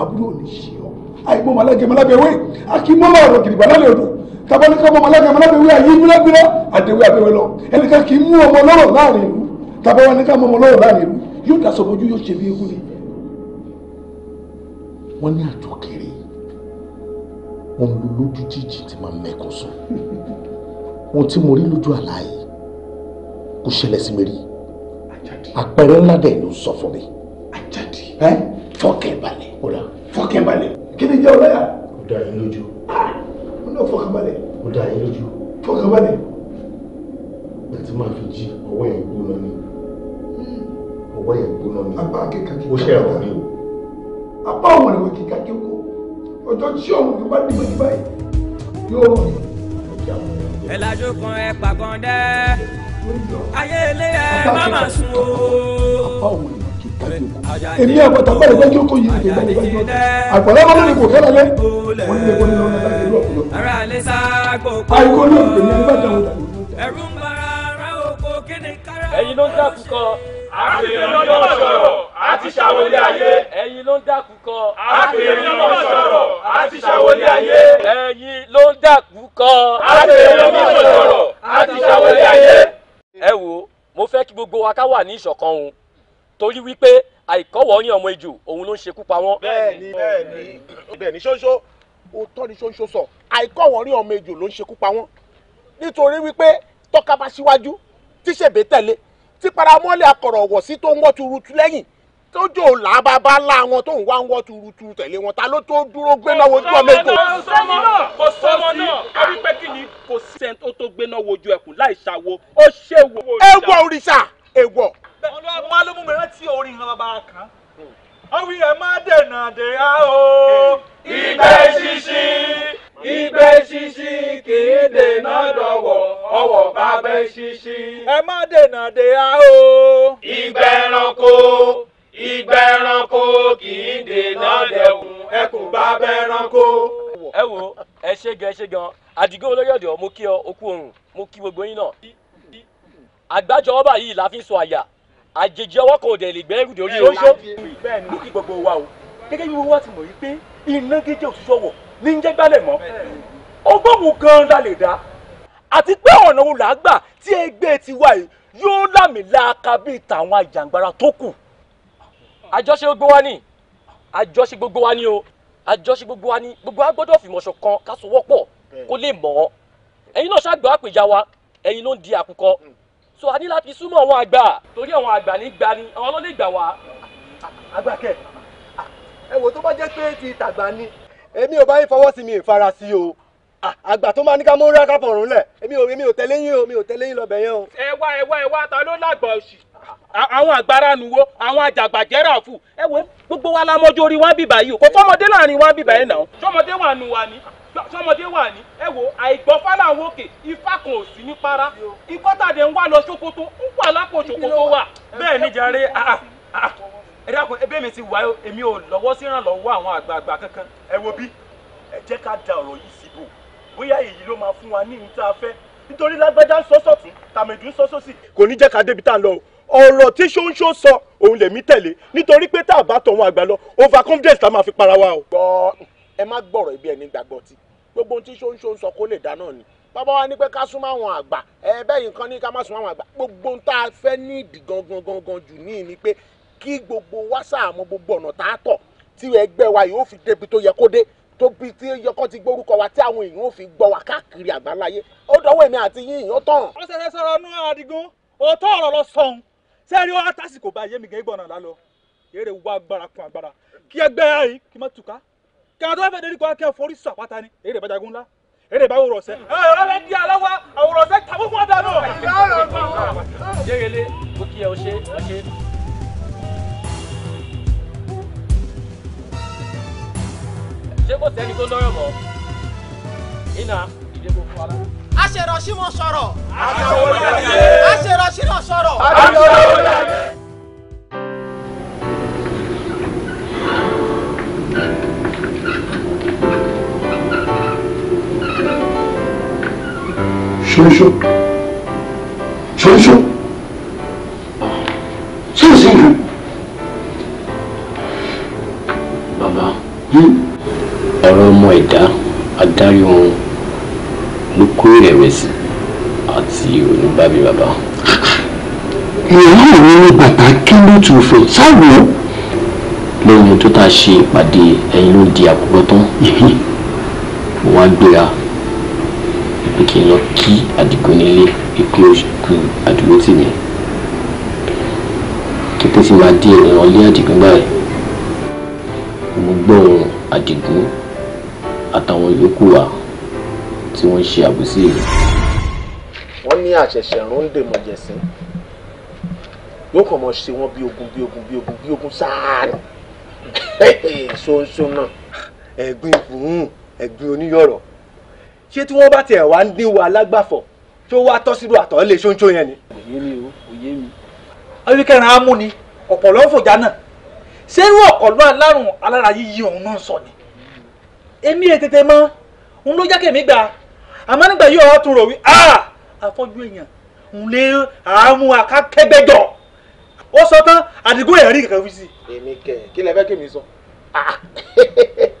àbúrò ò ní ṣe ọ àìmọ màlájẹ màlábẹwé akímọlá ọ̀rọ̀ gidigba lálẹ́ odò tabalẹkọ ọmọ màlájẹ màlábẹwé àyè bílábílá àdéwé abẹwé lọ ẹnìkan kì í mú ọmọ lọ́rọ̀ láàrin ìlú tabawa ní ká mọ ọmọ lọ́rọ̀ láàrin ìlú yóò dasọ bójú yóò ṣe bí ewu ni wọn ní àjọkèrè wọn lu lójú jíjì tí máa mẹkọ sùn wọn tí mo lójú àlàyé kò ṣẹlẹ̀ sí mi rí àpẹẹrẹ ńlá dẹ̀ ló sọ fún mi. Àjàdí. ẹ fọkàn balẹ̀. ó dà fọkàn balẹ̀. kí ni jẹ́ ọlọ́yà. ó dà yín lójú. Ah! ó náà fọkàn balẹ̀. ó dà yín lójú. fọkàn balẹ̀. ó ti máa fi jí ọwọ́ yẹn gbóná ni hmm. ọwọ́ yẹn gbóná ni. apá akẹ́kọ̀ọ́ kíkà. ó ṣe ẹ̀rọ ni o. apá òun ìwé kíkà kíkó ọjọ́ tí ọ̀hún ló bá dé méjì báyìí yóò rọ̀ ẹ̀ lájú kan ẹ̀ pàgọ́ndẹ́ ayé ilé ẹ má má sùn o. èmi àgbàtà bá ìgbẹ́jọ́ kò yí ìgbẹ́ bá ìgbẹ́jọ́ àgbàlá bá lórí kò kẹ́lá lẹ́ wọ́n ní ẹgbẹ́ nínú ọ̀nà ìlú ọ̀pọ̀lọpọ̀. ara lè sa gbogbo. àìkò náà èmi àgbà dáhùn dànù. ẹ̀rù ń bara ara oko kí kára. ẹ̀yin ló ń dàkú kan. a ti fi lọ́jọ́ sọ̀rọ̀ a ti ṣàwọlé ayé. ẹ̀yin ló ń dàkú kan. a ti fi lọ́jọ́ sọ̀rọ̀ a ti ṣàwọlé ayé. ẹ̀yin ló ń dàkú kan. a ti fi lọ́jọ́ sọ̀rọ̀ a ti ṣàwọlé ayé ẹ wo mo fẹ́ kí gbogbo wa ká wà ní ìṣọ̀kan o torí wípé àìkọ́wọ́ ní ọmọ ejò òun ló ń ṣekú pa wọ́n. bẹ́ẹ̀ni bẹ́ẹ̀ni bẹ́ẹ̀ni ṣoṣo òótọ́ ni ṣoṣo sọ àìkọ́wọ́ ní ọmọ ejò ló ń ṣekú pa wọ́n nítorí wípé tọ́ka bá síwájú tíṣèbé tẹ̀lé tí paramọ́lẹ̀ akọ̀rọ̀ ọ̀wọ̀ sí tó ń wọ́ tuurutu lẹ́yìn tójó làbá bá lá wọn tó ń wá ń wọ́ tuurutu tẹ̀lé wọn ta ló tó dúró gbéná wojú ọmọ èkó. kò sọmọ náà kò sọmọ náà àbí pé kí ni kò sí ẹni tó gbéná wojú ẹkùn láì ṣàwo ó ṣe wò. ewọ òrìṣà ewọ. wọn ló mú mi rántí orin hàn bàbá kan àwọn èèyàn máa dènà dèra o. ìgbẹ́ ṣíṣí ìgbẹ́ ṣíṣí kì í dènà dọ̀wọ̀ ọwọ́ bá ṣíṣí. ẹ má dènà dèra o. ìgbẹ́ ẹranko ìgbà ẹranko kì í dènà dẹkùn ẹ kò bá bẹ ẹranko. ẹ wo ẹ ṣe gan ẹ ṣe gan àdìgún olórí ọ̀dọ́ mo kí ọ okú oòrùn mo kí gbogbo yín náà àgbájọ ọba yìí la fi ń sọ àyà àjèjì ọwọ́ kan ò lè gbẹ́rù dórí oṣó. mo kí gbogbo wa o gẹ́gẹ́ bí wọ́n ti mọ̀ yìí pé iná gẹ́gẹ́ òṣìṣọ́ wọ̀ ní jẹ́ gbálẹ̀ mọ́ ọgbọ́n gan la lè dá àti pé ọ̀nà wo là gbà tí ẹgbẹ́ tiwa yìí yóò lámìlàaka bíi tàwọn àjàǹgbara tó kù àjọṣe gbogbo wa ni àjọṣe gbogbo wa ni o àjọṣe gbogbo wa ni gbogbo wa gbọ́dọ̀ fìmọ̀ ṣọ̀kan ká sowọ́pọ̀ kó lè mọ̀ ọ́ ẹ̀yin náà ṣàgbọ́ àpèjà wa ẹ̀yin ló ń di àkùkọ hmm. so a ní láti súnmọ́ àwọn àgbà torí àwọn àgbà ní gbani àwọn ló lè gbà wá. àgbà kẹ ẹ wò tó bá jẹ́ pé ti tàgbà ni èmi ò bá yín fọwọ́ sí mi ìfarasí o àgbà tó máa ní ká mú rákà fọ̀rùn lẹ̀ èmi ò tẹ̀lé yín o mi ò tẹ̀lé yín lọ bẹ̀yẹn o. ẹ wá ẹ wá ẹ wá ta ló lágbà òṣì àwọn àgbàrá nuwo àwọn àjàgbàjẹ́rà fù ẹ wo gbogbo wa la mọjú orí wọn bíbá yìí o kò sọmọdé láàrin wọn bíbá yìí náà. sọmọdé wà nù wà ní sọmọdé wà ní ẹ wo àìgbọ́fá làwọn òkè ifá kan ò sí ní para ìkọ́tàdé ń wá lọ ṣòkòtò ń wà lápò ṣòkòtò wà. bẹ́ẹ̀ ni jàre ah, ah, ah, ẹ dákun ẹbí mi ti wá èmi ò lọ́wọ́ sí ìrànlọ́wọ́ àwọn àgbààgbà kankan. ẹ wo bí ẹ jẹ́ ká da ọ̀rọ̀ yìí síbò bóyá èyí ló máa fún wa ní ìta fẹ́ nítorí lágbájá ń sọ́sọ̀tún tàmẹ̀dù ń sọ́sọ̀sì kò ní jẹ́ ká débi tá à ń lọ o ọ̀rọ̀ tí ṣóńṣó sọ òun lèmi tẹ̀lé nítorí pé tá a bá tọ̀hún àgbà lọ over confidence la máa fi para wa o. gbọ́ ẹ má gbọ́rọ̀ ibi ẹni gbàgbọ́ ti gbogbo ohun tí ṣóńṣó sọ kó lè dáná ni bàbá wa ní pé ká súnmọ́ àwọn àgbà ẹ bẹ́ẹ̀ nǹkan ní ká má súnmọ́ àwọn àgbà gbogbo ohun tá a fẹ́ ní ìdí gangan gangan jù ní ni pé kí gbogbo wa ṣàmọ̀ gbogbo ọ̀nà tá a tọ̀ tí ẹgbẹ́ wa yóò fi débi tó yẹ kó dé tó bí tí yọkọ ti gbórúkọ wa tí àwọn èèyàn ò fi gbọ́ wa káàkiri àgbáláyé ó dọwọ́ èmi àti yín ìyàn tán. ọ̀sẹ̀ sọ̀rọ̀ nú àdìgún òótọ́ ọ̀rọ̀ lọ sọ̀hún sẹ́ẹ̀rí ọ́ tásìkò bá yé mi gẹ́ gbọ̀nà lálọ eré wá agbára kun agbára kí ẹgbẹ́ yà yìí kí n má túká kí àwọn tó bá fẹ́ dérí kọ́ kí ẹ forí sọ àpáta ni eré bá jagun ńlá eré bá wòrò ọ̀sẹ̀. ẹ ẹ bá di aláwa àwòrán ọ̀sẹ̀ tàbí fún ọ̀dà náà. yéyele ó kí ẹ ọ ṣe ọ ṣe. ṣé kò sẹ́ni tó lọ́rọ̀ mọ́ iná ìdẹ́gbò aṣèrànṣí wọn sọ̀rọ̀. aṣèrànṣí náà sọ̀rọ̀. ṣoṣo ṣoṣo ṣé o ṣe nǹkan. bàbá hmm. ọ̀rọ̀ ọmọ ẹ̀dá adarí wọn ló kó ìrẹ̀wẹ̀sì àti oníbàbí bàbá. ìyá mi ní bàbá kí ló tún fò sáwọ. lẹ́yìn tó tá a ṣe ìpàdé ẹ̀yìn ló di àkùkọ tán mo wá gbéra pé kí n lọ kí Àdìgún nílé ìpín oṣù àdúgbò tì mí kété tí màá dé ìrìnà lé Àdìgún báyìí mo gbọ́ ohùn Àdìgún àtàwọn yòókù wa tí wọ́n ń ṣe àbòsí èyí. wọ́n ní àṣẹ̀ṣẹ̀ rún dèmọ̀jẹ̀sìn yóò kàn mọ́ ṣe wọ́n bí ogun bí ogun bí ogun bí ogun sáàrì ṣóńṣó náà. ẹ̀gbin ìbùrún ẹ̀gbin oníyọ̀rọ̀ ṣé tí wọ́n bá tiẹ̀ wá ń dín wa alágbàfọ̀ tó wá tọ́ sínú àtọ̀ lè ṣóńṣó yẹn ni. òye mi o òye mi. ayọ̀kẹ́rin á mú ni ọ̀pọ̀lọ́ fòjá náà sẹ́rù ọ̀pọ̀lọ́ alárùn alára yíyí òun náà sọ ni èmi ètètè mọ́ òun ló jákèmí gbà àmọ́ nígbà yìí ọ̀rọ̀ tún rò wí àfọ́jú ah, èèyàn ń lé àámú akákẹ́gbẹ́jọ ó sọ tán àdìgún ẹ̀rí kankan fi sí. èmi kẹ kí lẹ fẹ́ kí mi sọ. Ah.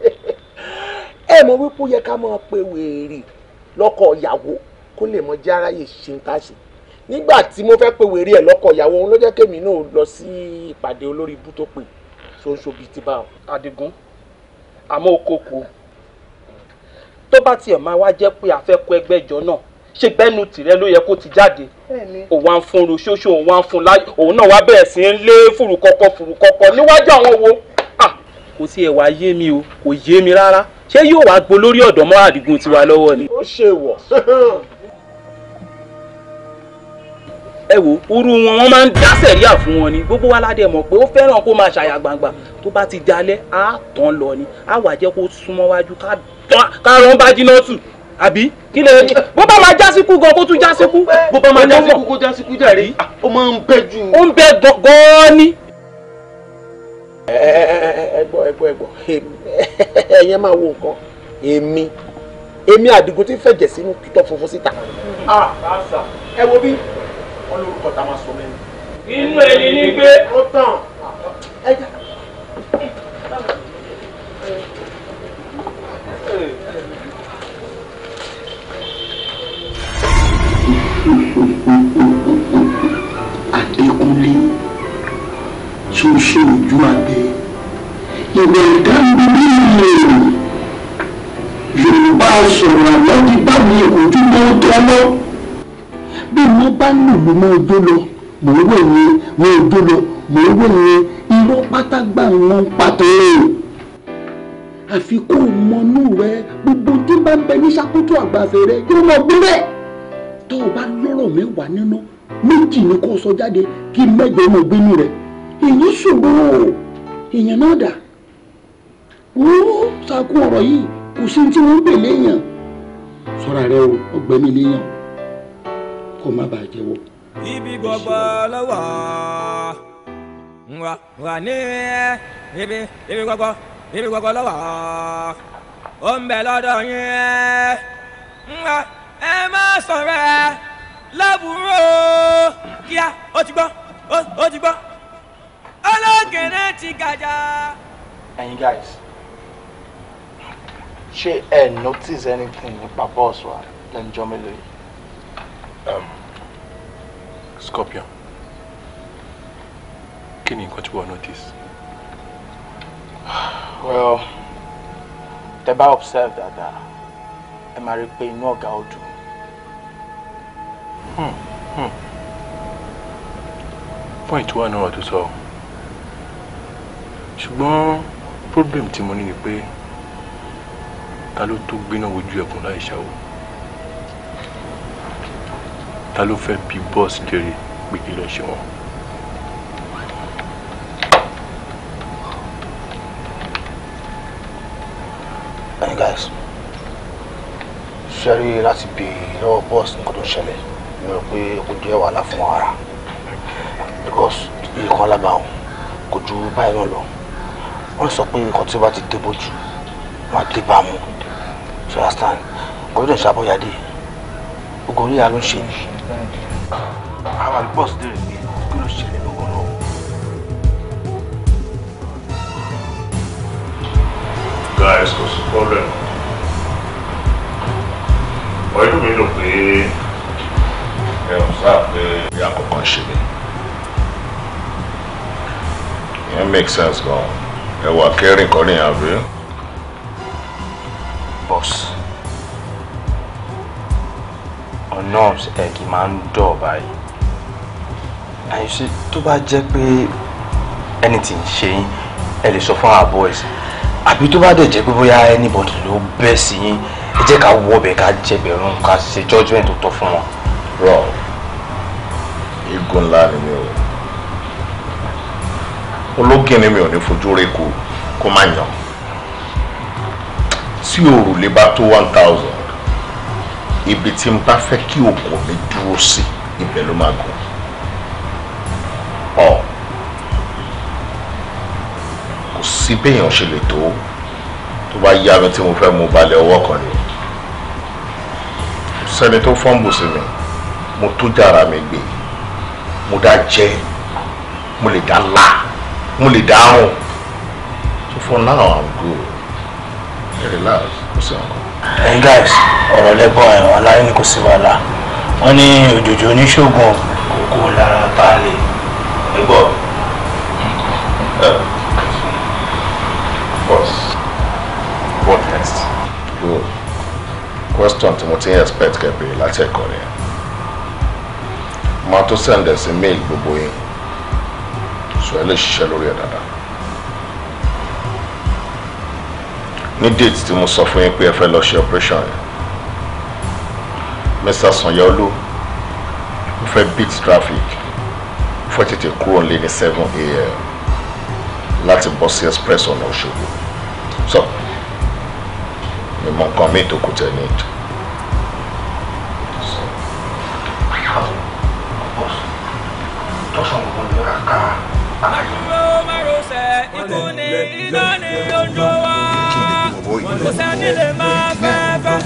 [LAUGHS] ẹ mọ̀ wípé ó yẹ ká máa pe wèrè lọ́kọ ìyàwó kó lè mọ járáyè ṣe ń tàṣe nígbà tí mo fẹ́ pe wèrè ẹ̀ lọ́kọ ìyàwó ló jẹ́ kémi náà lọ sí ìpàdé olórí ibú tó pè ṣoṣo bíi ti bá ọ. àdìgún àmọ́ okòkò tó bá tiẹ̀ máa wá jẹ́ pé a fẹ́ kó ẹgbẹ́ jọ náà ṣe bẹ́nu tìrẹ ló yẹ kó ti jáde òun à ń fún ro ṣóṣó òun à ń fún láyé òun náà wá bẹ̀rẹ̀ sí ń lé fùrùkọ́kọ́ fùrùkọ́kọ́ níwájú àwọn wo kò sí ẹ̀wà yé mi o kò yé mi rárá ṣé yóò wá gbó lórí ọ̀dọ́ mọ́ àdìgún tiwa lọ́wọ́ ni. ó ṣe wọ̀. ẹ wo irú wọn wọn máa ń dá sẹ̀ríà fún wọn ni gbogbo wa ládẹ mọ̀ pé ó fẹ́ràn kó máa ṣàyà gbangba tó bá ti dalẹ̀ á tán lọ ni á wà jẹ́ kó súnmọ́ wájú ká tán karùn-ún bá jiná tù àbí kí lè bó bá máa jásíkú gan kó tún jásíkú bó bá máa jásíkú kó jásíkú jàre ah, ó máa ń bẹ jù. ó ń bẹ gan-an ni. ẹ gbọ́ ẹ gbọ́ [LAUGHS] máa wo nǹkan èmi èmi àdìgún tí fẹ̀jẹ̀ sínú títọ́ funfun síta. Ah, ẹ wo bí wọn lórúkọ tá a máa sọ mẹ́rin. inú ẹni ní gbé. ó tàn ẹ jà. Adékúnlé tó ṣe ojú abẹ ìwé ìdánilójú ìlérò Yorùbá sọ̀rọ̀ àlọ́ ti bá mi ìkojú mọ́ tọ́lọ́ bí mo bá lù mí mọ́ ojú lọ mò ń wòye mọ́ ojú lọ mò ń wòye irọ́ pátá gbà ń pàtó rẹ̀ àfi kó o mọnú rẹ gbogbo tí bá ń bẹ ní ṣàkóso àgbàfẹ́ rẹ kí ló mọ gbé bẹ́ẹ̀ tó o bá lọ́rọ̀ mẹ́wàá nínú méjì ni kó o sọ jáde kí mẹ́jọ mọ̀ gbénu rẹ èyí ṣòro èèyàn náà dà wúrú sakun ọ̀rọ̀ yìí kò sí tí wọ́n ń pè léèyàn sọ́ra rẹ o ọgbẹ́ni léèyàn kó má bàa jẹ́wọ́. ibi gbogbo lọ́wọ́ wa ní ibi ibi gbogbo níbi gbogbo lọ́wọ́ ó ń bẹ lọ́dọ̀ yín ẹ ẹ má sọ̀rọ̀ ẹ lábúrò kíá ó ti gbọ́ ó ti gbọ́ ọlọ́gẹ̀rẹ́ ti gàjà. ẹ̀yin guys ṣé ẹ notice anything nípa bọ́ọ̀sì wa lẹ́njọ́ mélòó yìí. Um, Scorpion kí ni nǹkan tí wọ́n notice well tẹ bá observe dáadáa ẹ máa rí i pé inú ọ̀gá ó dùn. Hmm, hmm. point wà náà tó sọ ṣùgbọ́n problem tí mo ní ni pé ta ló tó gbiná ojú Talo láì ṣàwò boss ló fẹ́ bí bọ́ọ̀sì ṣẹ́rí láti bè lọ́wọ́ bọ́ọ̀sì nǹkan tó ṣẹlẹ̀ mi rò pé kò jẹ́ wàhálà fún ara because nǹkan alábàáhùn kò ju báyìí náà lọ wọ́n sọ pé nǹkan tí ó bá ti dé bójú wọ́n dé bá mu so understand gọ́dọ̀ ṣàbọ̀yàdé ogun oníyà ló ń ṣe mí àwọn àlùbọ́ọ̀sì lè rè pé kí ló ṣẹlẹ̀ lọ́wọ́ náà. Guys, what's the problem? ọdún mi lò pé ẹ ò sáà pé ìyá kankan ṣe mí ìyẹn sense gan ẹ wà kẹrin kan ní boss nerves ẹ kì í máa ń dọ̀ báyìí àyùsí tó bá jẹ́ pé ẹni tí ń ṣe boys I tó to buy the pé boy. anybody ló bẹ́ ẹ jẹ́ ká wọbẹ̀ ká jẹgbẹ̀rún ká ṣe judgement tó tọ́ fún wọn. rọ igun ńlá ni mi ò ológin ni mi ò ní fojú rẹ kó kó má yàn tí òrùlé bá tó one thousand ibi tí n bá fẹ́ kí òkun mi dúró sí ibẹ̀ ló máa gùn ọ kò sí béèyàn ṣe lè tó tó bá yá mi tí mo fẹ́ mú balẹ̀ ọwọ́ kan ni sẹ́ni tó fọ́ǹbù sí mi mo tó jára mi gbé mo dá jẹ́ mo lè dá la mo lè dá hàn so for now i'm good relax kò sí ọkàn. ẹ̀yin guys ọ̀rọ̀ lẹ́gbọ́n ẹ̀ aláyé ni kò sí wàhálà wọ́n ní òjòjò oníṣègùn kókó lára balẹ̀ ẹ̀gbọ́n. boss. question tí mo ti ń expect kẹ́ béèrè láti ẹ̀kọ́ rẹ̀ máa tó send ẹ̀ sí mail gbogbo yín sọ ẹ lè ṣiṣẹ́ lórí ẹ̀ dáadáa ní date tí mo sọ fún yín pé ẹ fẹ́ lọ ṣe operation yẹn Mr. Sanyaolu ó fẹ́ beat traffic ó fẹ́ tètè kúrò nílé ní seven a.m. láti bọ́ sí express ọ̀nà Òṣogbo so ìmọ̀ nǹkan mi tó kù tẹ̀ ní iná ni ojú wa kò sẹ́ni lè máa fẹ́ fẹ́.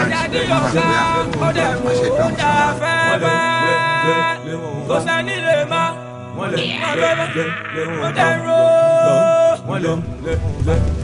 Ajáde yóò ká ọdẹ mú ọjà fẹ́fẹ́. Kò sẹ́ni lè máa máa fẹ́ fẹ́. Ọdẹ rò ó.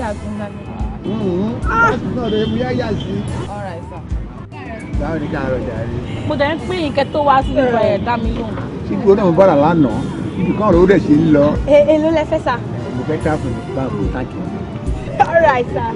dàgún lábẹ́. Mm-hmm. Ah! láti mo dẹ̀ ń pín ìkẹ́ tó wá sí ìwà ẹ̀ dá mi lóhùn. ṣé ìgbóná mo bára lánàá ibi kan rò ó dẹ̀ ṣe ń lọ. Eh, èló lẹ fẹ́ sà. mo fẹ́ káàpù báàbò táàkì. ọ̀rọ̀ ẹ̀sà.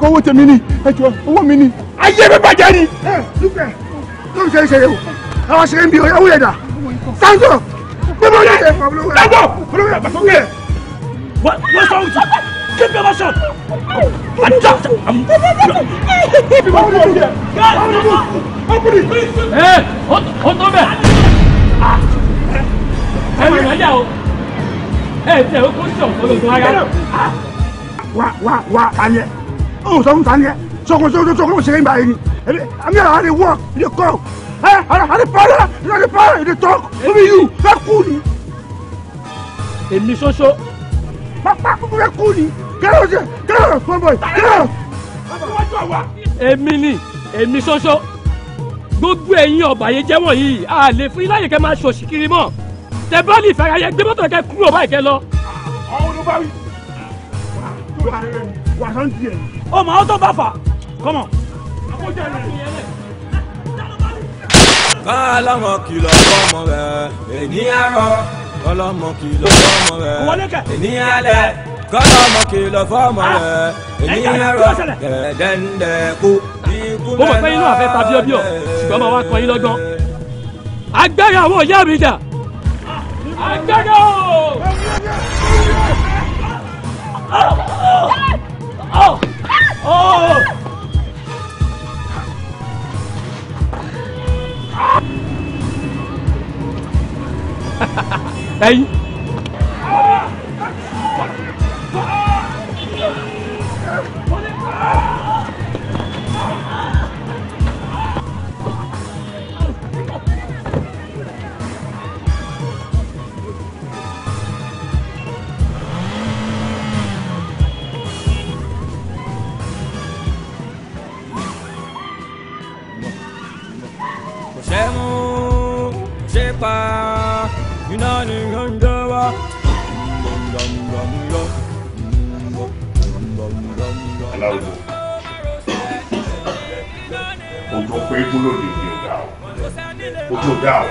kọ́ owó tèmi ni ẹ jọ owó mi ni. ayé mi bàjẹ́ ni. ẹ lùpẹ̀ ló ń ṣe ìṣẹ̀lẹ̀ o àwọn ṣe ń bi ọ̀yà wúyẹ̀ dà sáńtọ̀ gbogbo ọ̀yà yẹ dábọ̀ olówó yẹ gbàgbọ́ yẹ. wọ́n sọ òtún keep your mouth shut and just am. people go on there. open it. ẹ o tó bẹ̀. ẹ ẹ ìrìnàjà o ẹ tẹ o kó sọ̀ fọlọ́dún ara. wà wà wà ayẹ ń sọ fún tani yẹ sọkùn sọkùn sọkùn sọkùn báyìí ni àmì àrà àrè wọ ìdè kọ ẹ àrè pààlà ìdè pààlà ìdè tọ omi yù bẹ kú ni. èmi ṣoṣo. pápá kúkú bẹ kú ni kẹrọ ṣe kẹrọ fọmọ kẹrọ. èmi ni èmi ṣoṣo gbogbo ẹ̀yin ọ̀bàyéjẹ́ wọ̀nyí a lè fún iláyè kẹ́ máa ṣòṣì kiri mọ́ tẹ bá ayẹ gbé mọ́tò kẹ́ kúrò báyìí kẹ́ lọ. àwọn olùbáwí wà á sọ ń di ẹ̀yìn o ma auto buffer come on. ká láwọn kìlọ̀ fọmọ rẹ̀ ènìyàn rọ kọlọmọ kìlọ̀ fọmọ rẹ̀ ènìyàn lẹ̀ kọlọmọ kìlọ̀ fọmọ ah, rẹ̀ ènìyàn rọ dẹ̀dẹ̀ndẹ̀kú. ó mọ̀ pé inú àfẹ́ ta bíọ́bíọ́ ṣùgbọ́n máa wá kan yín lọ́gbọ́n. agbára àwọn ìyá mi dà agbára o. Oh! ẹyin. Nyangawa. Aláwọ̀ ojú ọkọ̀ eégún lòdì ní ọ̀gá o, ojú ọ̀gá o.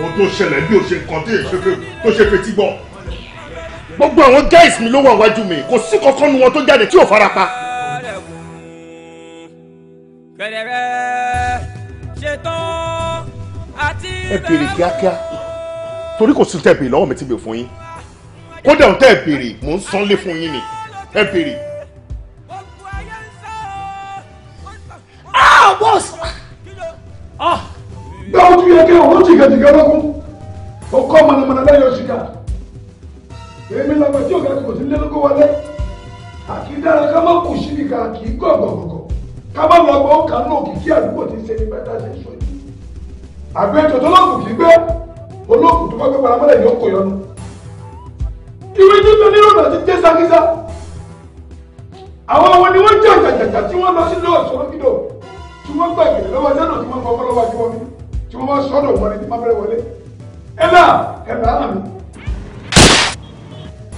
Ohun tó ṣẹlẹ̀ bí o ṣe kàn tó ṣe fetí gbọ́. Gbogbo àwọn guys mi ló wà wájú mi, kò sí kankan nu wọn tó jáde tí ò fara pa. ẹ béèrè kíákíá torí kò sí tẹ́ béèrè lọ́wọ́ mi ti bè fún yín kódà òun tẹ́ béèrè mò ń sanlé fún yín ni ẹ béèrè. ah boss ah. bí àwọn tún yẹ kí àwọn jìgàjìgà lọ́kùn ó kọ́ mọ̀nàmọ̀nà lẹ́yìn oṣù ká èmi lọ́gbà tí ọ̀gá kò sí lẹ́lọ́gbọ̀ wọlé àkídára ká má kù síbi ká kì í gọ̀gọ̀gọ̀gọ̀ ká má lọ́gbọ̀ ó kà á àdúgbò ti ṣe ní pẹ́tà ṣe sọ àgbẹ̀tò tó lóògùn kì í gbé olóògùn tó bá gbé paramọ́lẹ̀ yóò kó yọnu ìwé jíjọ nínú ọ̀nà ti jẹ́ sakisa àwọn ọmọ ni wọ́n jẹ́ àjàjàjà tí wọ́n lọ sí lọ́wọ́ sọ́rọ́ kídò tí wọ́n gbà ìgbèrè lọ́wọ́ lẹ́nà tí wọ́n fọ́ fọ́lọ́wọ́ àti wọn tí wọ́n bá sọ́dọ̀ wọn ni tí wọ́n bẹ̀rẹ̀ wọlé ẹ̀là ẹ̀là hàn mí.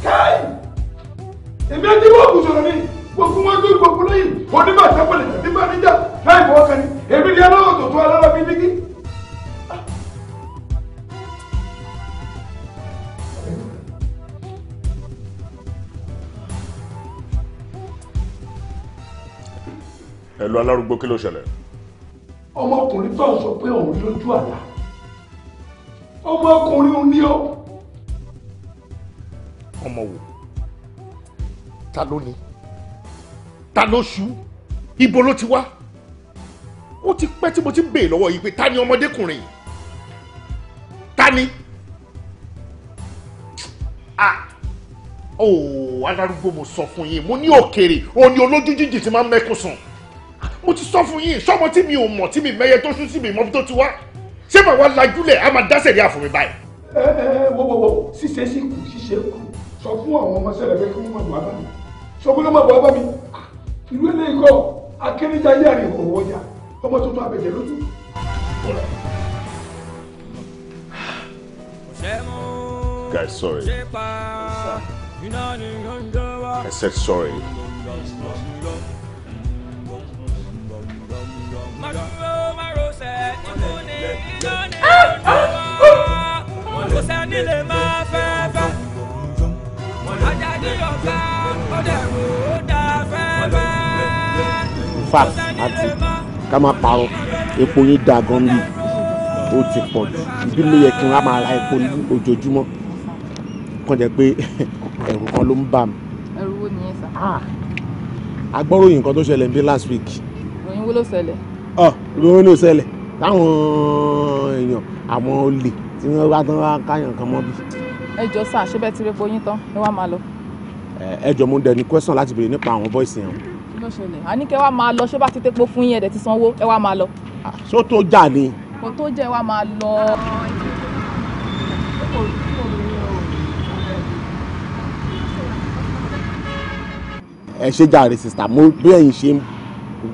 káì èmi ẹni wọ́n kù sọ̀rọ̀ ni gbogbo wọn gbé gbogbo lẹ́yìn onígbà tẹ́pẹ̀lẹ̀ nígbà níjà láì fọwọ́ kan ni èmi ni aláwọ̀ tó tó alára bíi ẹ lọ alárúgbó kí ló ṣẹlẹ̀. ọmọkùnrin tó ń sọ pé òun lójú àlá ọmọkùnrin ò ní ọ. ọmọ wò ta ló ní ta ló ṣú ibo ló ti wá ó ti pẹ́ tí mo ti ń béè lọ́wọ́ yìí pé ta ni ọmọdékùnrin ta ni ah ooo alárúgbó mo sọ fún yín mo ní òkèrè òun ni olójú jíjì ti máa ń mẹ́kún sùn mo ti sọ fún yín sọmọ tí mi ò mọ̀ tí mi mẹ́yẹ tó sún sí mi mọ́ tó ti wá ṣé bàbá lajúlẹ̀ a máa dáṣẹ̀ ní àfọ̀mí báyìí. ẹ ẹ wo wo wo ṣíṣe sí kù ṣíṣe kù sọ fún àwọn ọmọ sẹlẹ pé kí wọn má bàbá mi sọ fún ọmọ bàbá mi ah, ìlú eléyìí kọ akérèjáyé àrèkò wọjà ọmọ tuntun àbẹjẹ lójú. Guys, sorry. I said sorry kò sẹ́ni lè máa fẹ́ fẹ́ ọjà ní ọ̀gá ọdẹ ò dá fẹ́ fẹ́. fact àti ká máa parọ́ epo yín da gan bí ó ti pọ̀ jù ibi ló yẹ kí n wá máa ra epo ní ojoojúmọ́ kàn jẹ́ pé [LAUGHS] ẹ̀rù kan ló ń bà mí. ẹ̀rù wo nìyẹn sá. agbọ́ròyìn ah, kan tó ṣẹlẹ̀ ń bí last week. ìròyìn wo ló ṣẹlẹ̀ ọ ah, lóyún ló ṣẹlẹ̀ táwọn èèyàn àwọn olè tí wọ́n bá tán wá káyàn kan mọ́ bí. ẹ jọ sá àṣebẹ ti repo yín tán ẹ wá máa lọ. ẹ jọ mo ń dẹni question láti béèrè nípa àwọn bọ́ìsì yẹn. kí ló ṣẹlẹ̀ àníkẹ́ wá máa lọ ṣé bá ti tepo fún yín ẹ̀dẹ̀ ti sanwó ẹ wá máa lọ. Ah, ṣó tó jà ni. kò tó jẹ́ wá máa lọ. ẹ ṣe jàre sista mo bí ẹ̀yin ṣe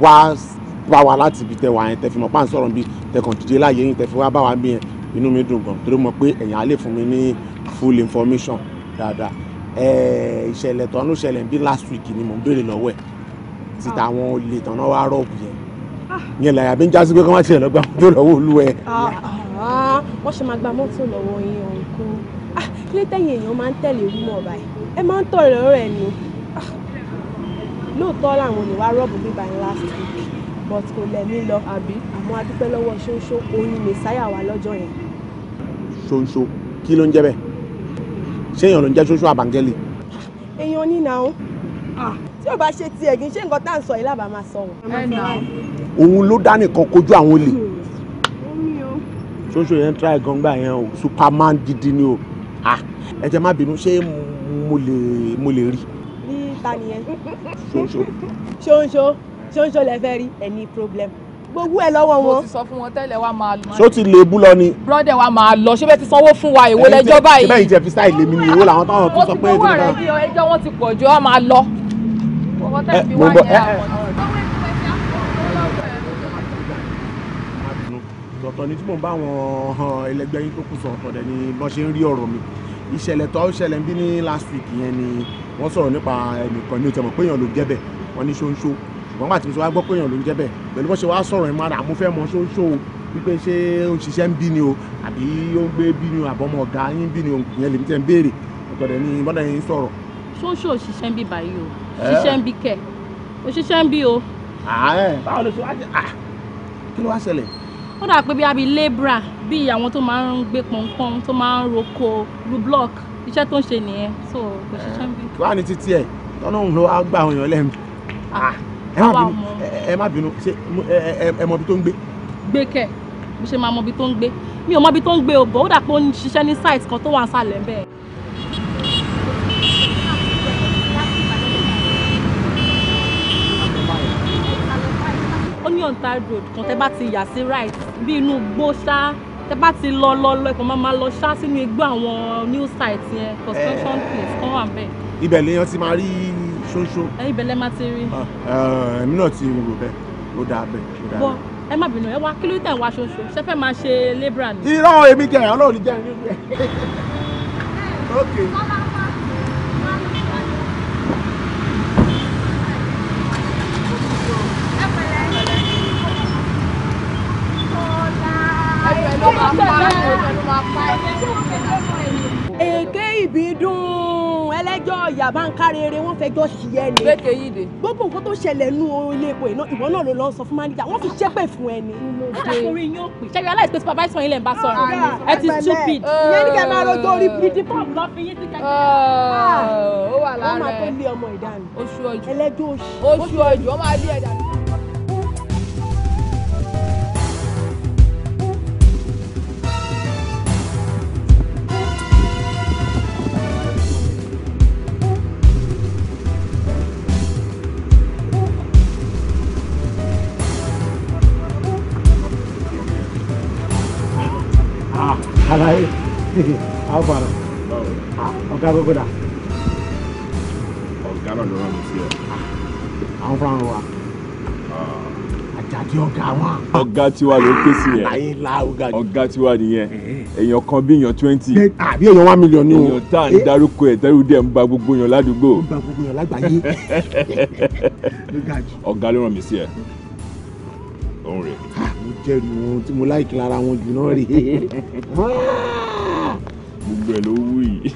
wá bá wa láti ibi tẹ wà yẹn tẹ fi mọ̀ páà ń bí tẹ dìde láàyè yín tẹ fi wá bá wa bí yẹn inú mi dùn gan torí mo pé ẹ̀yàn á lè fún mi ní full information dáadáa ìṣẹ̀lẹ̀ tọ́nú ṣẹlẹ̀ bí last week ni mò ń béèrè lọ́wọ́ ẹ̀ ti ah. tàwọn olè tọ́nà wá rọ́ọ̀bù yẹn ah. yẹn làyà bí ń jásí pé kí wọ́n ṣe lọ́gbà tó lọ́wọ́ olú ẹ̀. Ah, wọ́n ṣe máa gba mọ́tò lọ́wọ́ yín ọ̀nkú kí ló tẹ̀yìn èèyàn máa ń tẹ̀lé rúmọ̀ báyìí ẹ máa ń tọ̀rẹ̀ ọ̀rẹ́ ni lóòótọ́ làwọn ò wá rọ́ọ̀bù bíbá yín last week but kò lẹ̀ mí lọ àbí àmọ́ adúpẹ́ lọ́wọ́ ṣóńṣó òun ni mẹ̀sáyà wà lọ́jọ́ yẹn. ṣóńṣó kí ló ń jẹ́ bẹ́ẹ̀ ṣé èèyàn ló ń jẹ́ ṣóńṣó àbángẹ́lì. èèyàn ní na ah. o tí o bá ṣe tiẹ̀ kì í ṣe nǹkan tá à ń sọ yìí lábàá máa sọ wọn. òun ló dá nìkan kojú àwọn olè hmm. ṣóńṣó yẹn ń try gan gbà yẹn o superman gidi ni o ah, ẹ jẹ́ má bínú ṣé mo lè rí. ní ta nìyẹn. ṣóńṣó. ṣóńṣó ṣóńṣó lẹ fẹ́ rí ẹni problem gbogbo ẹ lọ́wọ́ wọn. mo ti sọ fún wọn tẹ́lẹ̀ wa máa lọ. ṣó ti lè bú lọ ni. brọ́dẹ̀ wa máa lọ ṣé bẹ́ẹ̀ ti sanwó fún wa èwo lẹ́jọ́ báyìí. ṣé bẹ́ẹ̀ ìjẹ́ fi sáì lè mi ni èwo làwọn táwọn tún sọ pé. wọ́n ti gbowó rẹ̀ bí ẹjọ́ wọn ti pọ̀ jù ọ́ máa lọ. ọwọ́ tẹ́ fi wá yẹ àwọn yín tó kù sọ ọ̀tọ̀ dẹ̀ ni bọ́n ṣe ń rí ọ̀rọ̀ mi ìṣẹ̀lẹ̀ tó ṣẹlẹ̀ bí ní last week yẹn ni wọ́n sọ̀rọ̀ nípa ẹnìkan ní o tẹ̀ pé èèyàn ló jẹ́ wọ́n ní ṣóńṣó ṣùgbọ́n wà tí mo sọ wá gbọ́ pé èèyàn ló ń jẹ́ bẹ́ẹ̀ pẹ̀lú bó ṣe wá sọ̀rọ̀ ẹ̀ mara mo fẹ́ mọ ṣóńṣó o wípé ṣé ó ṣiṣẹ́ ń bí ni o àbí ó ń gbé bí ni o àbọ̀mọ̀ ọ̀gá yín bí ni o ìyẹn lèmi tẹ̀ ń béèrè ọ̀tọ̀dẹ̀ ni bọ́dà yín sọ̀rọ̀. ṣóńṣó ṣiṣẹ́ ń bí báyìí o ṣiṣẹ́ ń bí kẹ̀ o ṣiṣẹ́ ń bí o. báwo ló ṣe wá ṣe kí ló wá ṣẹlẹ̀. ó dà pé bí abi labra bí àwọn tó máa ń gbé pọ̀npọ̀n tó máa ń roko rublock iṣẹ́ tó ń ṣe nìyẹn so kò ṣiṣẹ́ ń bí. wá ní títí ẹ̀ tọ́nà òun ló wá gbà àwọn èèyàn lẹ́nu ẹ má bínú ṣe ẹ mọ ibi tó ń gbé. gbé kẹ mo ṣe máa mọ ibi tó ń gbé mi ò mọ ibi tó ń gbé o bọ̀ ó dà pé ó ń ṣiṣẹ́ ní site kan tó wà sálẹ̀ bẹ́ẹ̀. ó ní on tide road kan tẹ́ bá ti yà sí right bí inú gbó ṣá tẹ́ bá ti lọ lọ lọ ẹ̀kọ́ máa lọ ṣá sínú igbó àwọn new site yẹn construction place kan wà bẹ́ẹ̀. ibẹ̀ lèèyàn ti máa rí ṣóńṣó. ẹ̀yin bẹ̀lẹ̀ máa ti rí. Ah, eh, èmi náà ti rò bẹ́ẹ̀ ó dáa bẹ́ẹ̀ ó ẹ má bínú ẹ wá kí ló tẹ̀ wá ṣóńṣó ṣe fẹ́ máa ṣe lébra ni. irọ́ èmi jẹ ọlọ́run ní jẹ́ ẹ̀rín èké ìbídùn àwọn ẹlẹ́jọ́ ìyá bá ń kárí eré wọ́n fẹjọ́ sí ẹ ni. gbèké yìí dé. gbogbo nǹkan tó ṣẹlẹ̀ nú ilé epo iná ìwọ náà ló lọ sọ fún máníjà wọ́n fi ṣépè fún ẹ ni. yóò pè. ṣe realize pé supervisor yín lè bá sọ̀rọ̀ ah, ẹ ti stupid. ìyẹn ní kẹ́ máa orí ah. bídí pọ́ọ̀pù lọ fi yín sí kẹ́kẹ́. Ah, ó wà lára ẹ ó máa tó lé ọmọ ìdánù. oṣù ọjọ́ ẹlẹ́jọ́ oṣù ọjọ́ ó máa lé ẹ̀dá alaye àwọn fara ọ̀gá gbogbo dà. ọ̀gá náà ló rán mi sí ọ. àwọn fara wa àjàdí ah. ọ̀gá wa. ọ̀gá tiwa ló ké sí yẹn ọ̀gá tiwa nìyẹn èèyàn kan bí èèyàn twenty. àbí èèyàn one million ni o. èèyàn tá à ń dárúkọ ẹ̀ tẹ́rù dẹ̀ ń ba gbogbo èèyàn ládùúgbò. ń ba gbogbo èèyàn lágbàáyé. [LAUGHS] ọ̀gá ló rán mi sí ẹ òun rèé. Ah jẹ́rìí wọn tí mo láìkí lára wọn jù náà rèé gbogbo ẹ̀ ló wù yìí.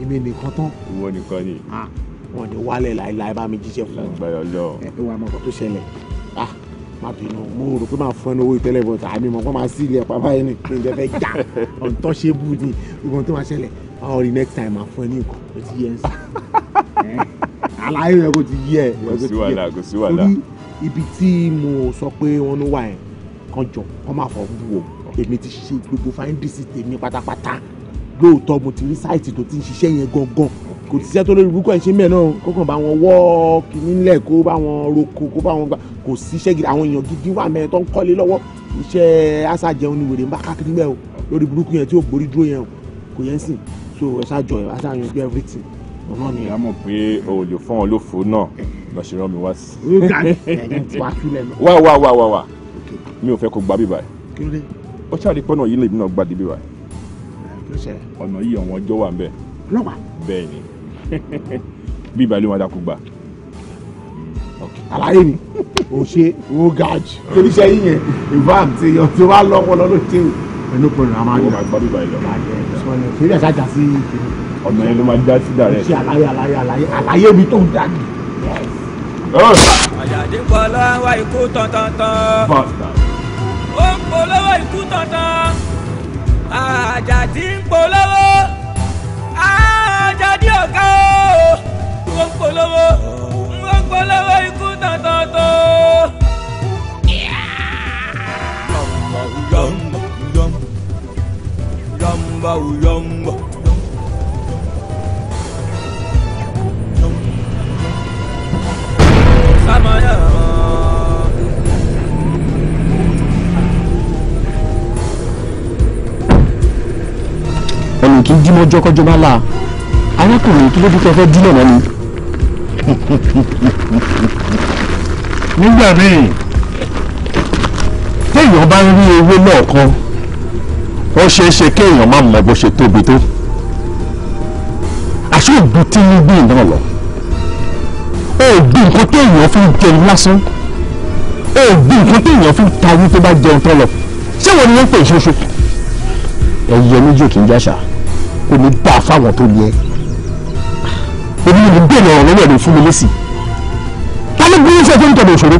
èmi nìkan tán. ìwọ nìkan ni. wọn ni wálẹ̀ láìláì bá mi jíṣẹ́ fún wọn. lágbàáyọ̀ lọ. ẹ wà mọ̀ kó tó ṣẹlẹ̀ má bínú mo rò pé máa fún ẹ ní owó ìtẹ́lẹ̀ bọ̀ tà mí mọ̀ kó máa sí ilẹ̀ pàpà yẹn ní ìpínlẹ̀ fẹ́ já ọ̀ǹtọ́ ṣe bù ní ìgbọ̀n tó máa ṣẹlẹ̀ báwo ni next time máa fún ẹ ní nǹkan tó ti yẹ ẹ sí. aláyọ̀ yẹ kó ti yẹ ẹ. kò sí wàhálà kò sí wàhálà. torí ibi tí mo sọ pé wọ́n ń wà yẹn kan jọ kọ́ máa fọ wù ọ́ èmi ti ṣe gbogbo fáyíndìsì tèmi pátápátá lóòótọ́ mo ti rí sáìtì tó ti ń ṣiṣẹ́ yẹn gangan kò ti ṣiṣẹ́ tó lórí burúkú ẹ̀ ṣe mẹ́ẹ̀ náà kọ́kàn bá wọn wọ́ kìíní ńlẹ̀ kó bá wọn roko kó bá wọn gbà kò síṣẹ́ gidi àwọn èèyàn gidi wà mẹ́rin tó ń kọ́lé lọ́wọ́ iṣẹ́ aṣájẹun ni wèrè ń bá káàkiri mẹ́ o lórí burúkú yẹn tí ò borí dúró yẹn o kò yẹn sìn so ẹ ṣàjọ ẹ everything ọmọ mi. ìyá mọ̀ pé o olófo náà lọ́ọ́ mi ò fẹ́ kó gba bíbá yìí ó ṣáàrí pọ́nà yìí lèmi náà gba di bíbá ọ̀nà yìí ọ̀wọ́n ọjọ́ wà ńbẹ̀ bẹ́ẹ̀ ni [LAUGHS] bíbá yìí ló máa dákú gbà àlàyé ni [LAUGHS] o ṣe o ga torí iṣẹ́ yín yẹn ìfam ti yọ tí o bá lọ́pọ̀ lọ ló tẹ́ ẹnu pẹ̀lú àwọn àgbà ọmọ àgbà bíbá yìí lọ ṣe é ṣáàjà ọ̀nà yẹn ló máa já sí dàrẹ́ ṣe àlàyé àlàyé àlàyé mi tó ń dà ní polówó ikú tọ̀tàn àjàdí ń polówó àjàdí ọ̀gá o mo ń polówó mo ń polówó ikú tọ̀tàn tó. yọmba yọmba yọmba yọmba. Samaya. kì í dí mọ́jọ́ kọ́jọ́ má là arákùnrin kí ló dúpẹ́ fẹ́ dí lọ́nà ni. nígbà míì téèyàn bá ń rí ewé lọ́ọ̀kan ó ṣeé ṣe kéèyàn má mọ bó ṣe tóbi tó àṣé ògbó tí ń gbìn náà lọ ògbó nǹkan téèyàn fi ń jẹun lásán ògbó nǹkan téèyàn fi ń tawí tó bá jẹun tán lọ ṣé wo ni wọ́n ń pè ṣoṣo ẹ̀yẹ méjì kì í jáṣà kò ní dáa fáwọn tó ní ẹ èmi ni mo bèrè ọ̀rọ̀ lọ́wọ́ ẹ̀rọ fún mi lẹ́sìn ta ló gbé iṣẹ́ tó ń tọ̀dọ̀ òṣòro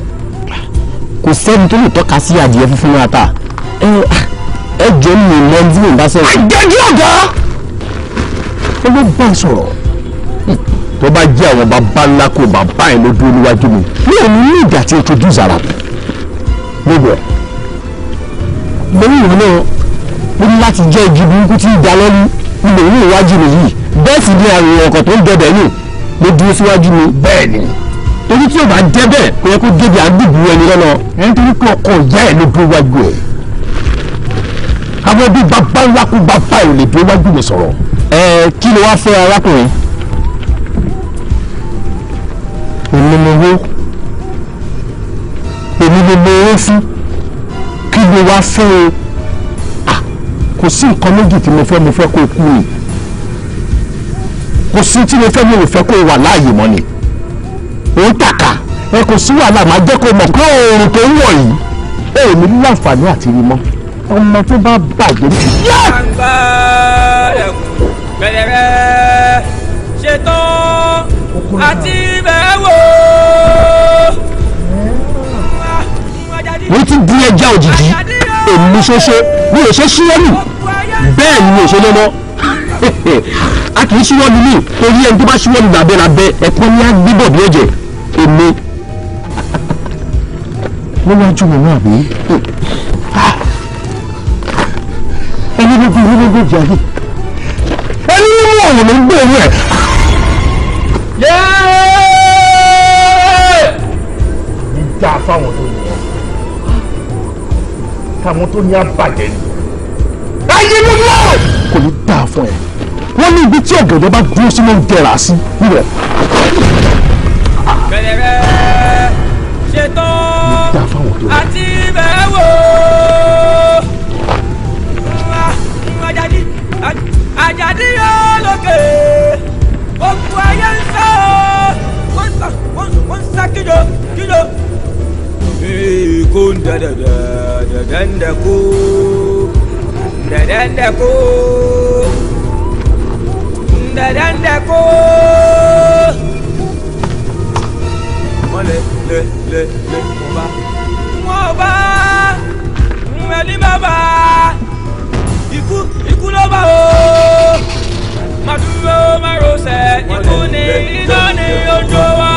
kò sẹ́ni tó lè tọ́ka sí adìyẹ funfun náà ta ẹ jọ ní ìlẹ̀ tí mò ń bá sọ̀rọ̀. àgbẹ̀jọ́ ó ló bá sọ̀rọ̀ tó bá jẹ́ àwọn bàbá ńlá kó bàbá ẹ̀ ló dúró níwájú mi mi ò ní ìgbà tí introduce ara gbogbo ẹ̀ lórí ìwé náà ó ní láti jẹ́ igi burúkú tí ìdálẹ́nu ilé ní iwájú mi yìí bẹ́ẹ̀ sì ni àrùn ọkọ̀ tó ń dẹbẹ̀ nù mo dúró síwájú mi bẹ́ẹ̀ ni torí tí o bá débẹ̀ o yẹ kó débi àdúgbò ẹni lọ́nà ẹni torí pé ọkọ̀ ìyá ẹ̀ ló dúró wájú ẹ̀ àwọn ẹbí bàbá ńlá kó bàbá ẹ̀ lè dúró wájú mi sọ̀rọ̀. ẹ kí ló wá fẹ́ arákùnrin. èmi ni wó èmi ni mo wó fún kí ló wá fẹ́ o kò sí nǹkan méjì tí mo fẹ́ mo fẹ́ kó kú ni kò sí tí mo fẹ́ mi ò fẹ́ kó wà láàyè mọ́ ni òun tàkà ẹ kò sí wàhálà máa jẹ́ kó mọ̀ pé oòrùn tó ń wọ̀ yìí ẹ ò ní láǹfààní àti rí mọ́ ọmọ tó bá bàjẹ́ ní. bẹ̀rẹ̀ ṣetán àti bẹ́ẹ̀ wò. mo ti di ẹja òjijì èmi ṣoṣo mi ò ṣe súwọ́lù bẹ́ẹ̀ ni mi ṣe lọ́lọ́ a kì í súwọ́lù mi torí ẹni tó bá súwọ́lù làbẹ́ làbẹ́ ẹ̀kọ́ ni a gbígbọ̀ bí ẹ̀jẹ̀ èmi. níwájú mi náà bí ẹni lójú ìlú ló gbèjì ayé ẹni ló mú ọ̀rọ̀ ló ń gbé owó ẹ̀. ìjà fáwọn tó ń àtàwọn tó ní àbàjẹ́ ni. ẹyin ló lọ. kò ní dáa fún ẹ wọn ní ibi tí ọ̀gẹ̀dẹ̀ bá dúró sí ló ń dẹ̀ra sí níbẹ̀. bẹ̀rẹ̀ ṣètò àti kun da da da da dan da ku da dan da ku da dan da ku wọ́n lè lè lè lè wọ́n bá wọ́n bá ẹni má bá ikú ikú ló bá o má dúró má rọṣẹ ikú ni iná ni ojú wa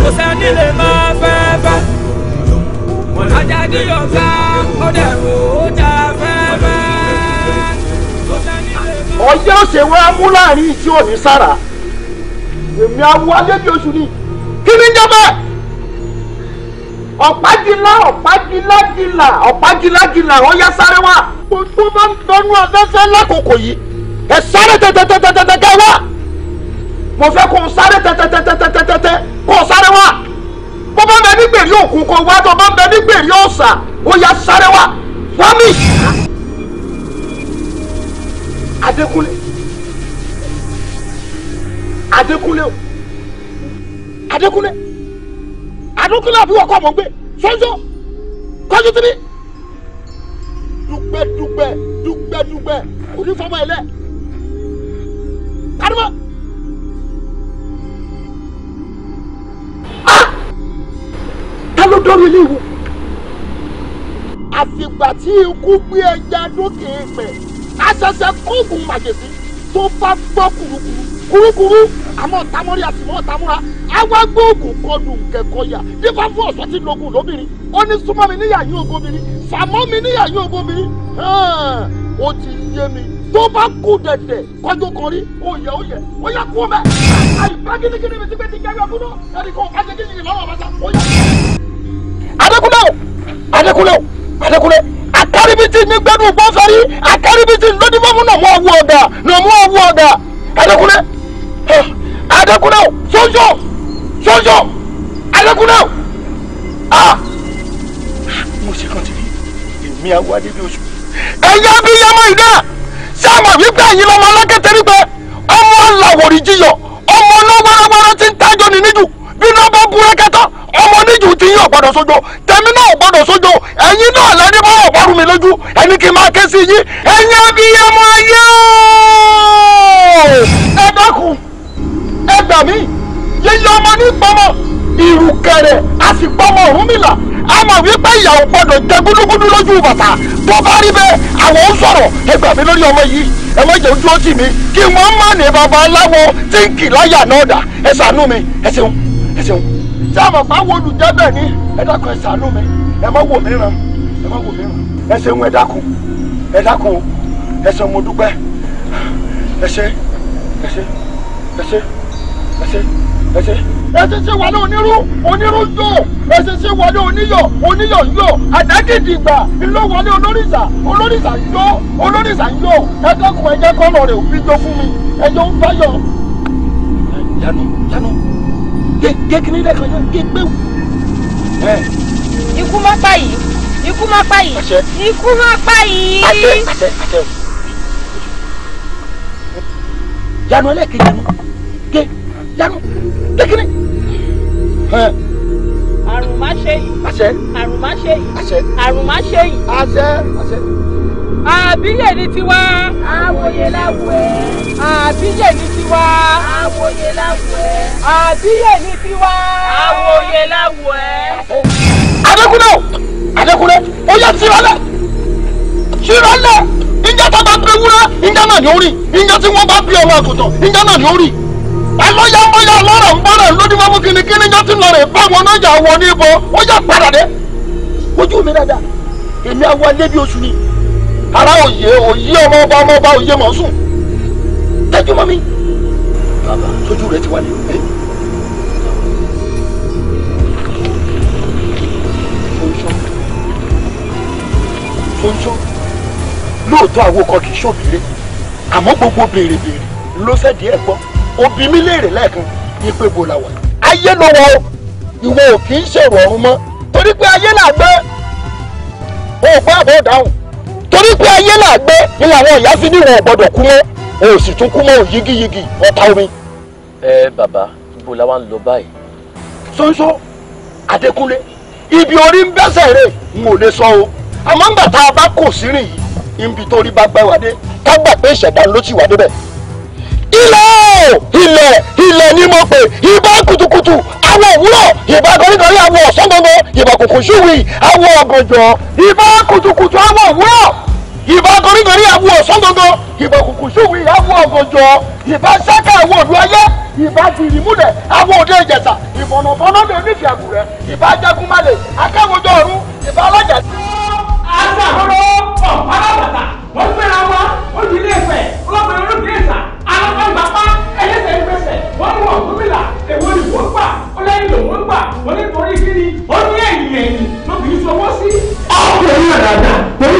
kò sẹ́ni lè má fẹ́ fẹ́. Ajadi ọ̀gá ó dẹ̀rù ó ta fẹ́fẹ́. Ọjọ́ ṣe wá mú láàrin tí ò ní sára. Èmi awo alẹ́bí oṣù ni. Kí ni jọba? Ọ̀págilá ọ̀págilágilà ọ̀págilágilà ọ̀yá sáré wá. Gbogbo máa ń dọ́nú afẹ́fẹ́ lákòókò yìí. Ẹ sáré tẹ́tẹ́tẹ́tẹ́tẹ́ wá. Mo fẹ́ kó o sáré tẹ́tẹ́tẹ́tẹ́tẹ́tẹ́ kó o sáré wá bó bá ń bẹ nígbèrè òkun kó wá tó bá ń bẹ nígbèrè ọ̀sà ó yá sáré wá wá mi. Adékúnlé Adékúnlé o Adékúnlé Adékúnlé àbí wọ́n kọ́ ọmọ gbé sọ́njọ́ kọ́jú tí ni dúpẹ́ dúpẹ́ dúpẹ́ dúpẹ́ kò ní fọmọ ẹ lẹ́ẹ̀. wo ilé wo. àfìgbà tí ikú gbé ẹja lókè pẹ àṣẹṣẹ kóògùn màjèsí tó bá gbọ́ kùrukùru kùrukùru àmọ́ tamọ́rí àti mọ́ tamúra awágbóògùn kọlù nkẹ́kọ̀ọ́yà nípa fún ọ̀sán tí lóògùn lóbìnrin ó ní súnmọ́ mi níyàyí ògbóbìnrin fàmọ́ mi níyàyí ògbóbìnrin ó ti yé mi tó bá kú dẹ̀dẹ̀ kọjú kan rí oyè oyè oyè kú mẹ́ àyùká gidigidi mi ti gbé ti gbẹ́ yọ kúndó ẹnì kan ká ṣe gidigidi lọ́wọ́ bàtà oyè. Adékúnlé o Adékúnlé o Adékúnlé akaribiti ní gbẹdun gbọfari akaribiti lódìmọ́mú nà mú ọwọ́ ọ̀dà nà mú ọwọ́ ọ̀dà Adékúnlé Adékúnlé o sọ́jọ́ sọ́jọ́ Adékúnlé o ah mo ṣe kàn ti rí èmi àwọn adébí oṣù ẹ̀yà bí yamọ ìdá sáàmà wípé ẹ̀yin lọ́mọ alákẹ́tẹ́ nípẹ́ ọmọ làwòrì jiyọ̀ ọmọ ọlọ́wọ́rọ́wọ́rọ́ ti ń tájọ nínú jù bí náà bá burẹ́kẹ́tọ́ ọmọ oníjù ti yín ọ̀gbọ́dọ̀ sójó tèmi náà ọ̀gbọ́dọ̀ sójó ẹ̀yin náà lẹ́ni bá ọ̀gbọ́rù mi lójú ẹni kì í máa ké sí yín ẹ̀yin abiyamọ ayé ẹ dákun ẹ gbà mí yíyí ọmọ ní pọmọ ìrùkẹ̀rẹ̀ àsìpọmọ Ọ̀rúnmìlà a mọ̀ wípé ìyàwó gbọ́dọ̀ jẹ gúdúgúdú lójú bàtà tó bá rí bẹ́ẹ̀ àwọn ń sọ̀rọ̀ ẹ gbà mí lórí ọmọ yìí ẹ má jẹ́ ojú ó tì kí wọ́n má ní baba aláwo tí ń kì láyà náà dà ẹ ṣàánú mi ẹ ṣeun ẹ ṣeun tí a mọ̀ pé àwọn olùjẹ́ bẹ́ẹ̀ ni ẹ dákun ẹ ṣàánú mi ẹ má wò mí ràn ẹ má wò mí ràn ẹ ṣeun ẹ dákun ẹ dákun ẹ ṣeun mo dúpẹ́ ẹ ṣe ẹ ṣe ẹ ṣe ẹ ṣe ẹ ṣe. ẹ ṣe ṣe wà ní onírú onírú yó ẹ ṣe ṣe wà ní oníyọ oníyọ yó àdágìdìgbà ló wọlé olórìṣà olórìṣà yó olórìṣà yó ẹ dákun ẹ jẹ́ kọ́ ọ̀rọ̀ rẹ̀ òbí jó fún mi ẹ jọ ń báyọ̀. yanu yanu jẹ́ kí ní lẹ́kàn jẹ́ gbé. ikú má pa yìí ikú má pa yìí ikú má pa yìí. yanu ẹlẹ́kẹ̀ẹ́ yanu gé yanu gé kí ni. àrùn má ṣe yìí àrùn má ṣe yìí àrùn má ṣe yìí. àṣẹ àṣẹ àbíyè ni tiwa. àwòye láwùẹ́. àbíyè ni tiwa. àwòye láwùẹ́. àbíyè ni tiwa. àwòye láwùẹ́. Adékúnlé o Adékúnlé ó yẹ tirọlẹ tirọlẹ ìjà tó bá pé wúrà ìjà náà ni ó rí ìjà tí wọn bá pé ọmọ àgùntàn ìjà náà ni ó rí alọ́yàmọ́yà lọ́rọ̀ ń bọ̀rọ̀ lójúmọ́ mú kínníkínní yọ tí lọ́rọ̀ ìbáwọn náà yà wọ ní ibò ó yà padà dé ojú mi dáadáa èmi àwọn alẹ́ bí oṣù ni ara òye òye ọmọ ọba ọmọ ọba òye mọ̀ sùn tẹ́jú mọ́ mi. bàbá tójú rẹ ti wà ní ìwé. lóòótọ́ àwọn ọkọ kì í ṣòbíire àmọ́ gbogbo béèrè béèrè ló fẹ́ díẹ̀ gbọ́ òbí mi léèrè lẹ́ẹ̀kan ní pé bo la wà. ayé ló wọ ìwọ ò kì í ṣèrò ọ̀run mọ́ torí pé ayé là gbé o àbọ̀ dáhùn torí pé ayé là gbé ni làwọn ìyá fi ní wọn ò gbọdọ̀ kú mọ́ wọn ò sì tún kú mọ́ yigiyigi ọ̀tá omi. ẹ bàbá ibo la wá ń lọ báyìí. sọ́nsọ́ Adékúnlé ibi orí ń bẹ́sẹ̀ rè n ò lè sọ o àmọ́ ń gbà tá a bá kò sírìn yìí ibi tó rí bá gbá wa ká gbà pé ìṣẹ̀dá ló ti wà débẹ̀. ilẹ̀ ilẹ̀ ilẹ̀ ni mo pè ibà kùtùkùtù àwọ̀ òwúrọ̀ ìbà kọríkọrí àwọ̀ ọ̀sán gbogbo ìbà kùkùṣùwì àwọ̀ ọ̀gànjọ́ ìbà kùtùkùtù àwọ̀ òwúrọ̀ ìbà kọríkọrí àwọ̀ ọ̀sán gbogbo ìbà kùkùṣùwì àwọ̀ ọ̀gànjọ́ ìbà sákà àwọ̀ òdu ayé ìbà tìrìmúlẹ̀ àwọ̀ òde ìjẹ̀sà ìbọ̀nàbọ̀nà lè ní ìfìàgù rẹ̀ ìbà ọ̀run ìbà alájà. aṣàkóró ọ̀pá alábàtà wọ́n wọ̀ gómìnà èwo ni wọ́n gbà ó lẹ́yìn ló wọ́n gbà wọ́n nítorí kí ni ó ní ẹ̀yìn ẹ̀yìn lóbi ìṣòwò sí. ọkùnrin àdàdà torí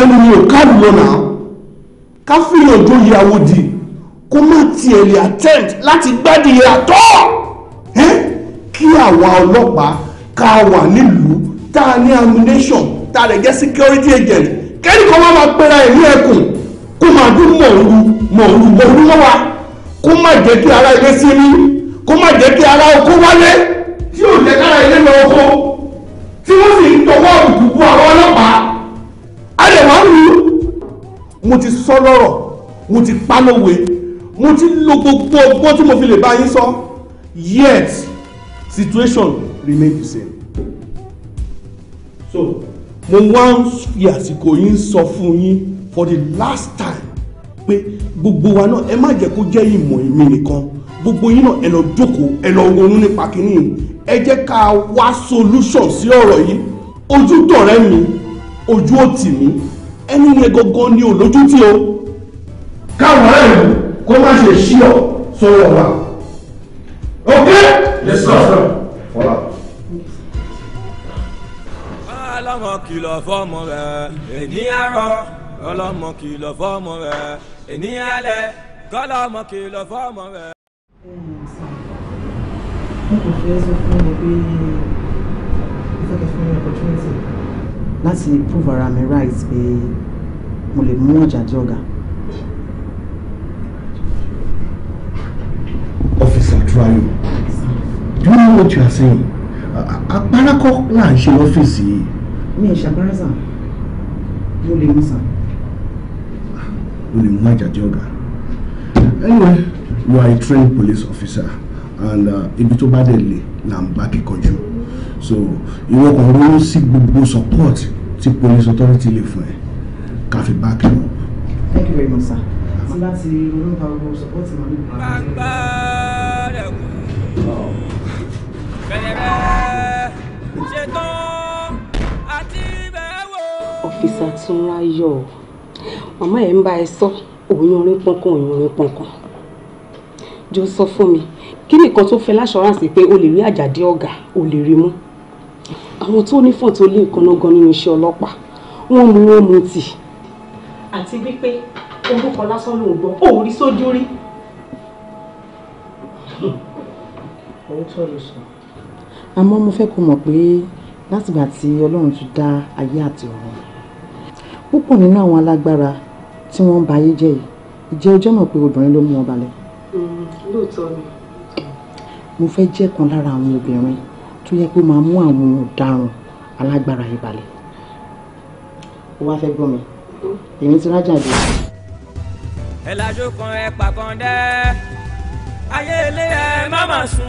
ẹnu mi ò káàdù lọ́nà ká fìlẹ̀ òjò ìyàwó di kó má tiẹ̀ lè attempt láti gbádìí ìyàtọ̀ kí àwa ọlọ́pàá ká wà nílùú tá a ní ammunition tá a lè jẹ́ security agent kẹ́ni kan wá máa pẹ́ra ẹ̀mí ẹkùn kó máa dún mọ̀ọ́rù mọ̀ọ́rù mọ̀ọ́rù lọ́wọ́ kó má jẹ́ kí ara ilé sí mi kó má jẹ́ kí ara oko wálé. lọ́rọ̀ mo ti pa lówe mo ti lo gbogbo ọgbọ́n tí mo fi lè bá yín sọ yet situation remain the same so mo wá ń fi àsìkò yín sọ fún yín for the last time pé gbogbo wa náà ẹ má jẹ́ kó jẹ́ ìmọ̀ èmi nìkan gbogbo yín náà ẹ lọ jókòó ẹ lọ ronú nípa kínní ẹ jẹ́ ká wá solution sí ọ̀rọ̀ yìí ojú tọ̀rẹ́ mi ojú òtì mi ẹnu yẹn gangan ni òlójútì o. káwọn ẹ̀rù kó má ṣe ṣí ọ sórí ọ̀la. ok yes sir sir ọ̀la. ọlọ́mọ kìlọ̀ fọ́mọ rẹ̀ èní àárọ̀ ọlọ́mọ kìlọ̀ fọ́mọ rẹ̀ èní alẹ́ kọ́lọ́mọ kìlọ̀ fọ́mọ rẹ̀. opportunity láti prove ara right mo lè mú ọjà jẹ ọ̀gá. Officer Trayo, do you know what you are saying? Àpárákọ́ là ń ṣe lọ́fíìsì yìí. Mi ì ṣàpárá sà, mo lè mú sà. Mo lè mú ọjà jẹ ọ̀gá. Anyway, you are a trained police officer and uh, ibi tó bá dẹ̀ lè là ń bá kíkanjú. So, ìwọ kan ronú sí gbogbo support tí police authority lè fún ẹ ká fi bá kí wọn. thank you very much sir tí bá ti ronú pa gbogbo support mọ̀ nípa. gbàgbà rẹ̀ kú. bẹ̀rẹ̀ ṣetán àti bẹ́ẹ̀ wò. ọ̀fíìsà Túnráyọ̀ màmá ẹ̀ ń bá ẹ sọ òun orin pọnkan òun orin pọnkan jọ sọ fún mi kí nìkan tó fẹ́ láṣọránsì pé o lè rí àjàdí ọ̀gá o lè rí mú àwọn tó nífọ̀n tó lé ìkànnà gan nínú iṣẹ́ ọlọ́pàá wọ́n mú wọ́n mú tì àti wípé orúkọ lásán ló ń gbọ́ òórí sójú rí. òótọ́ ló sọ. àmọ́ mo fẹ́ kó mọ̀ pé látìgbà tí ọlọ́run ti dá ayé àti ọ̀run púpọ̀ nínú àwọn alágbára tí wọ́n ń ba ayé jẹ́ yìí ìjẹ́ ọjọ́ mọ̀ pé obìnrin ló mú wọn balẹ̀. Hmm, lóòótọ́ ni. mo fẹ́ jẹ́ kan lára àwọn obìnrin tó yẹ kó máa mú àwọn ọ̀daràn alágbára yìí balẹ̀. o wá fẹ́ gbọ́ mi èmi ti rájà dé. ẹ lajú kan ẹ pàkan dẹ ayé ilé ẹ má má sùn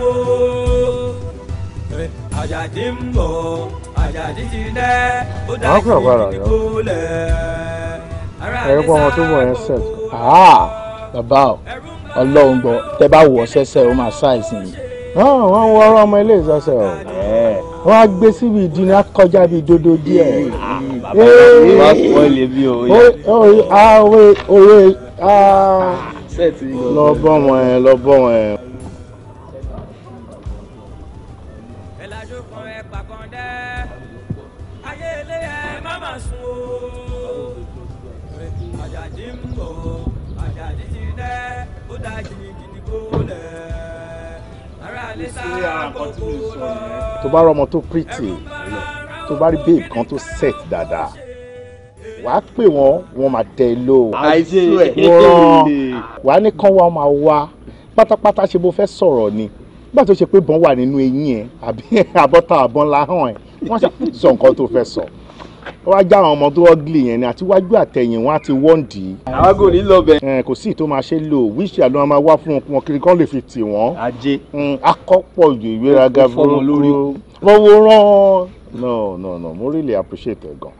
o àjàdí ń bọ̀ àjàdí ti dẹ́ ó dájú ìdìbò lẹ̀ ẹ̀rọ pọ̀ wọn tó wọ̀ ẹ́ sẹ̀ bàbá ọlọ́run gbọ́ tẹ́ bá wọ̀ ọ́ sẹ́sẹ́ ó máa ṣàìsìn yìí ah, wọ́n wọ́n wọ́n ọmọ ilé ìsọ̀sẹ̀ o wọ́n á gbé síbi ìdí ni á kọjá bíi dodo díẹ̀. bàbá mi wá pọ̀ lè bí òye. òye òye lọ bọ́ wọn ẹ lọ bọ́ wọn ẹ. Ah, tó bá rọmọ tó pretty tó bá rí babe kan tó set dáadáa wàá pè wọ́n wọ́n máa tẹ ẹ ló wọ́n wàá ní kán wá máa wá pátápátá ṣe bó fẹ́ sọ̀rọ̀ ni nígbà tó ṣe pé bọ́n wà nínú eyín ẹ àbí àbọ́tà [LAUGHS] àbọ́n láhàn ẹ wọ́n ṣe sọ nǹkan tó fẹ́ sọ wọ́n wá já àwọn ọmọ tó ọ́gìlì yẹn ni àtiwájú àtẹ̀yìn wọn á ti wọ́n dì í. àwọn kò ní lọ bẹ. kò sí ìtò máa ṣe lò wíṣì àlọ́ máa wá fún wọn kiri kán lè fi tì wọ́n. ajé akọ́pọ̀ ju ìgbéraga burúkú fọwọ́ rán. no no no mo really appreciate ẹ gan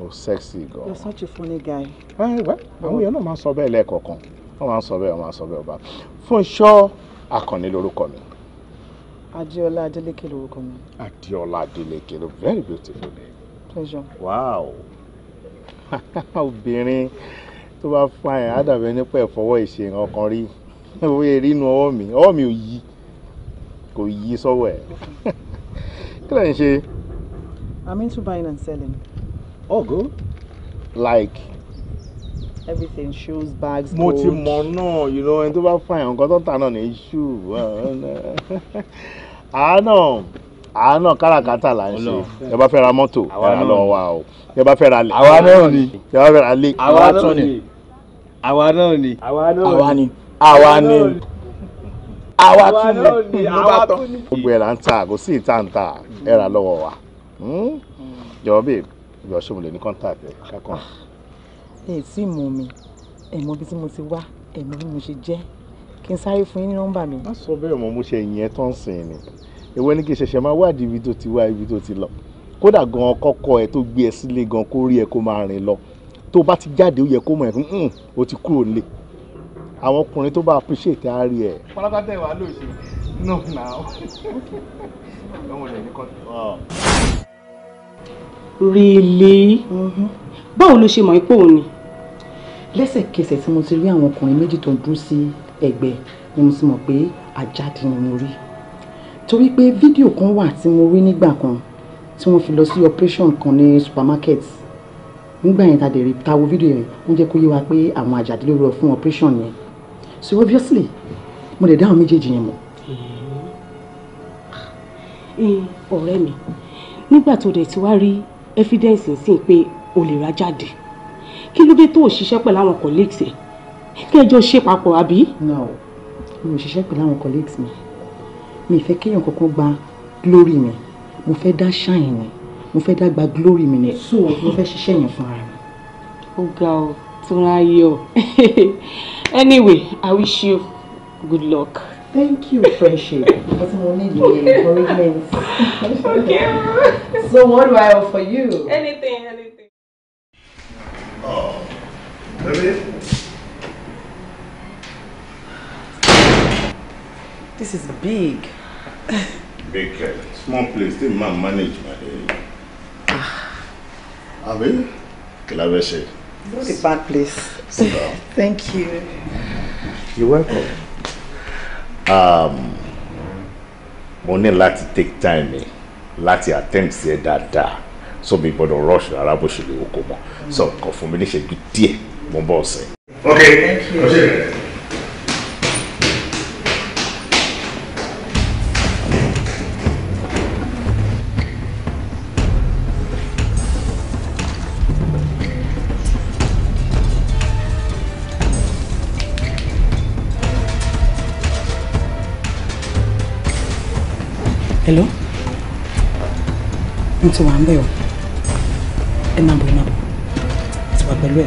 o sexy gan. you're such a funny guy. àwọn èèyàn náà máa ń sọ bẹ́ẹ̀ lẹ́ẹ̀kọ̀ọ̀kan wọ́n máa ń sọ bẹ́ẹ̀ wọ́n máa ń sọ bẹ́ẹ̀ ọba Fúnṣọ́ Akànnì lórúkọ mi. Adéọlá Adélékè lórúkọ mi. Adéọlá Adélékè very beautiful name pleasure. wow [LAUGHS] obìnrin tó bá fún àyàn á dàbí ẹni pẹ́ fọwọ́ rí owó [LAUGHS] erí inú ọwọ́ mi ọwọ́ mi ò yí kò yí sọ́wọ́ ẹ̀ [LAUGHS] kí lẹ̀ ń ṣe. i'm into buying and selling. oh good. like. everything shoes bags clothes. mo ti mọ̀ náà you know ẹni tó bá fún àyàn nǹkan tó tà náà ní shoe àánà àánà káràkátà là ń ṣe ẹ bá fẹ́ ra mọ́tò ẹ ra lọ́wọ́ wa o ẹ bá fẹ́ ra lẹ̀ àwa náà ni ẹ bá fẹ́ ra lẹ̀ àwa náà ni àwa náà ni àwa ni àwa ni àwa tún ni ló bá tán. gbogbo ẹ̀ là ń ta kò sí ìta ń ta ẹ ra lọ́wọ́ wa jọ̀wọ́ bèè yọ̀ ṣé lè ní contact ẹ̀ kákan. ẹ tí mú mi ẹ mọ ibi mo ti wá ẹ mọ bí mo ṣe jẹ kí n sáré fún yín ní nọ́mbà mi. má sọ bẹ́ẹ̀ mọ́ mo ṣe yẹn tán sìn ni èwo ni kì í ṣẹ̀ṣẹ̀ máa wádìí ibi tó ti wá ibi tó ti lọ kódà gan kọ́kọ́ ẹ tó gbé ẹ sílé gan kó rí ẹ kó máa rìn lọ tó bá ti jáde ó yẹ kó mọ̀ ẹ́ fún hmm, o ti kúrò nílé àwọn ọkùnrin tó bá appreciate á rí ẹ. pátápátá ìwà ló ṣe no now lọ́wọ́ really mm-hmm. báwo ló ṣe mọ̀ ipò òní. lẹ́sẹ̀kẹsẹ̀ tí mo ti rí àwọn ọkùnrin méjì tó ń dún sí ẹ̀gbẹ́ ni mo ti mọ̀ pé àjáde ni mo rí torí pé fídíò kan wà tí mo rí nígbà kan tí wọ́n fi lọ sí operation kan ní supermarket nígbà yẹn ta dẹ̀rẹ̀ ta wo fídíò yẹn wọ́n jẹ́ kó yé wa pé àwọn àjàdí ló lọ fún operation yẹn so obviously mo lè dá àwọn méjèèjì yẹn mọ̀. ọ̀rẹ́ mi nígbà tó dẹ̀ ti wá rí evidence sí pé o lè ra jáde kí ló dé tó o ṣiṣẹ́ pẹ̀lú àwọn colleagues ẹ̀ kí ẹ jọ ṣe papọ̀ àbí. no mi ṣiṣẹ́ pẹ̀lú àwọn colleagues mi mi fẹ́ kéèyàn kankan gba glory mi mo fẹ́ dá shine ni mo fẹ́ dá gba glory mi ni so mo fẹ́ ṣiṣẹ́ yẹn fún ara mi. ó ga ọ Túnráyọ̀ [LAUGHS] anyway I wish you good luck. thank you friendship but mo need your encouragement. okay. [LAUGHS] so what do I offer you. anything anything. Oh, baby. This is big. Big care. Small place, they man manage my day. Ah, Abi, Kilaveshe. Not a bad place. [LAUGHS] Thank you. You're welcome. Um, mo ní láti take time mi láti attempt say that dáadáa so mi gbọ́dọ̀ rush rárá bó ṣe lè wò so kàn fún mi níṣẹ́jú díẹ̀ mo bọ ọsẹ. okay thank you. hello mo ti wà o ẹ máa bọ̀ ẹ máa ti wà pẹ̀lú ẹ.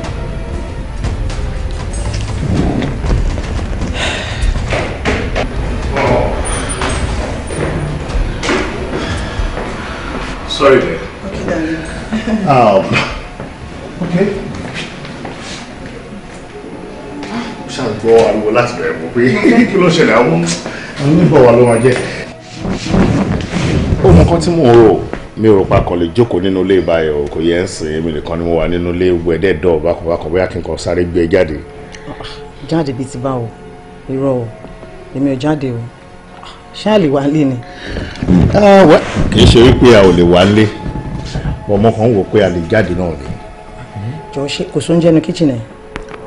Sorry, babe. Okay, darling. um, [LAUGHS] okay. Ṣàgbọ́ àríwọ̀ láti bẹ̀rẹ̀ mọ̀ pé [LAUGHS] kí ló ṣẹlẹ̀ àwọn oníbọ̀ wa ló máa jẹ́ ó mọ nǹkan tí mò ń rò mi ò rò pa kàn lè jókòó nínú ilé ìbáyọ̀ kò yẹ ń sìn èmi nìkan ni mo wà nínú ilé ìwé ẹ̀dẹ́ẹ̀dọ́ bákọ̀bákọ̀ bóyá kí n kàn sáré gbé e jáde. jáde bíi ti báwo irọ́ o èmi ò jáde o ṣáà lè wá lé ni. Ah, kì í ṣe wípé a ò lè wá lé ọmọ kan wò pé a lè jáde náà ni. jọ̀ọ́ ṣe kò sóúnjẹ nu kíchìnì.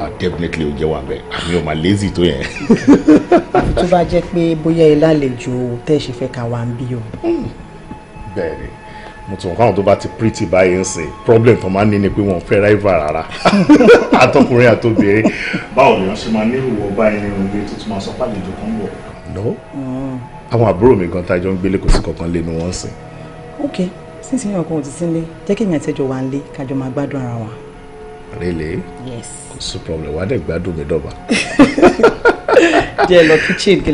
Ah, definitely ó jẹ́ wà bẹ́ẹ̀ àmì ah, ò máa lazy tó yẹn. àfi [LAUGHS] tó bá jẹ́ pé bóyá ẹ lálejò tẹ́ ẹ ṣe fẹ́ ká wà ń bí o. Hmm. bẹ́ẹ̀ mo tún káwọn tó bá ti pretty báyìí ń sìn problem tó máa ń ní ni pé wọn fẹ́ rival rárá [LAUGHS] àtọkùnrin àtobìnrin báwo ni wọ́n ṣe máa nílò wọ báyìí nínú ilé tó tún máa sọ pàlejò kan wọ̀. no hmm. àwọn àbúrò mi gan tajọ ń gbélé kò sí kankan lé ni wọ́n ń sìn. ok sísìn yàn kan ò ti sí jẹ́ kí èmi àtẹ́jọ́ wa ń lé kájọ máa gbádùn ara wa really yes kò sí problem wàá dẹ̀ gbádùn mi dọ̀bà. díẹ̀ [LAUGHS] lọ kitchen kí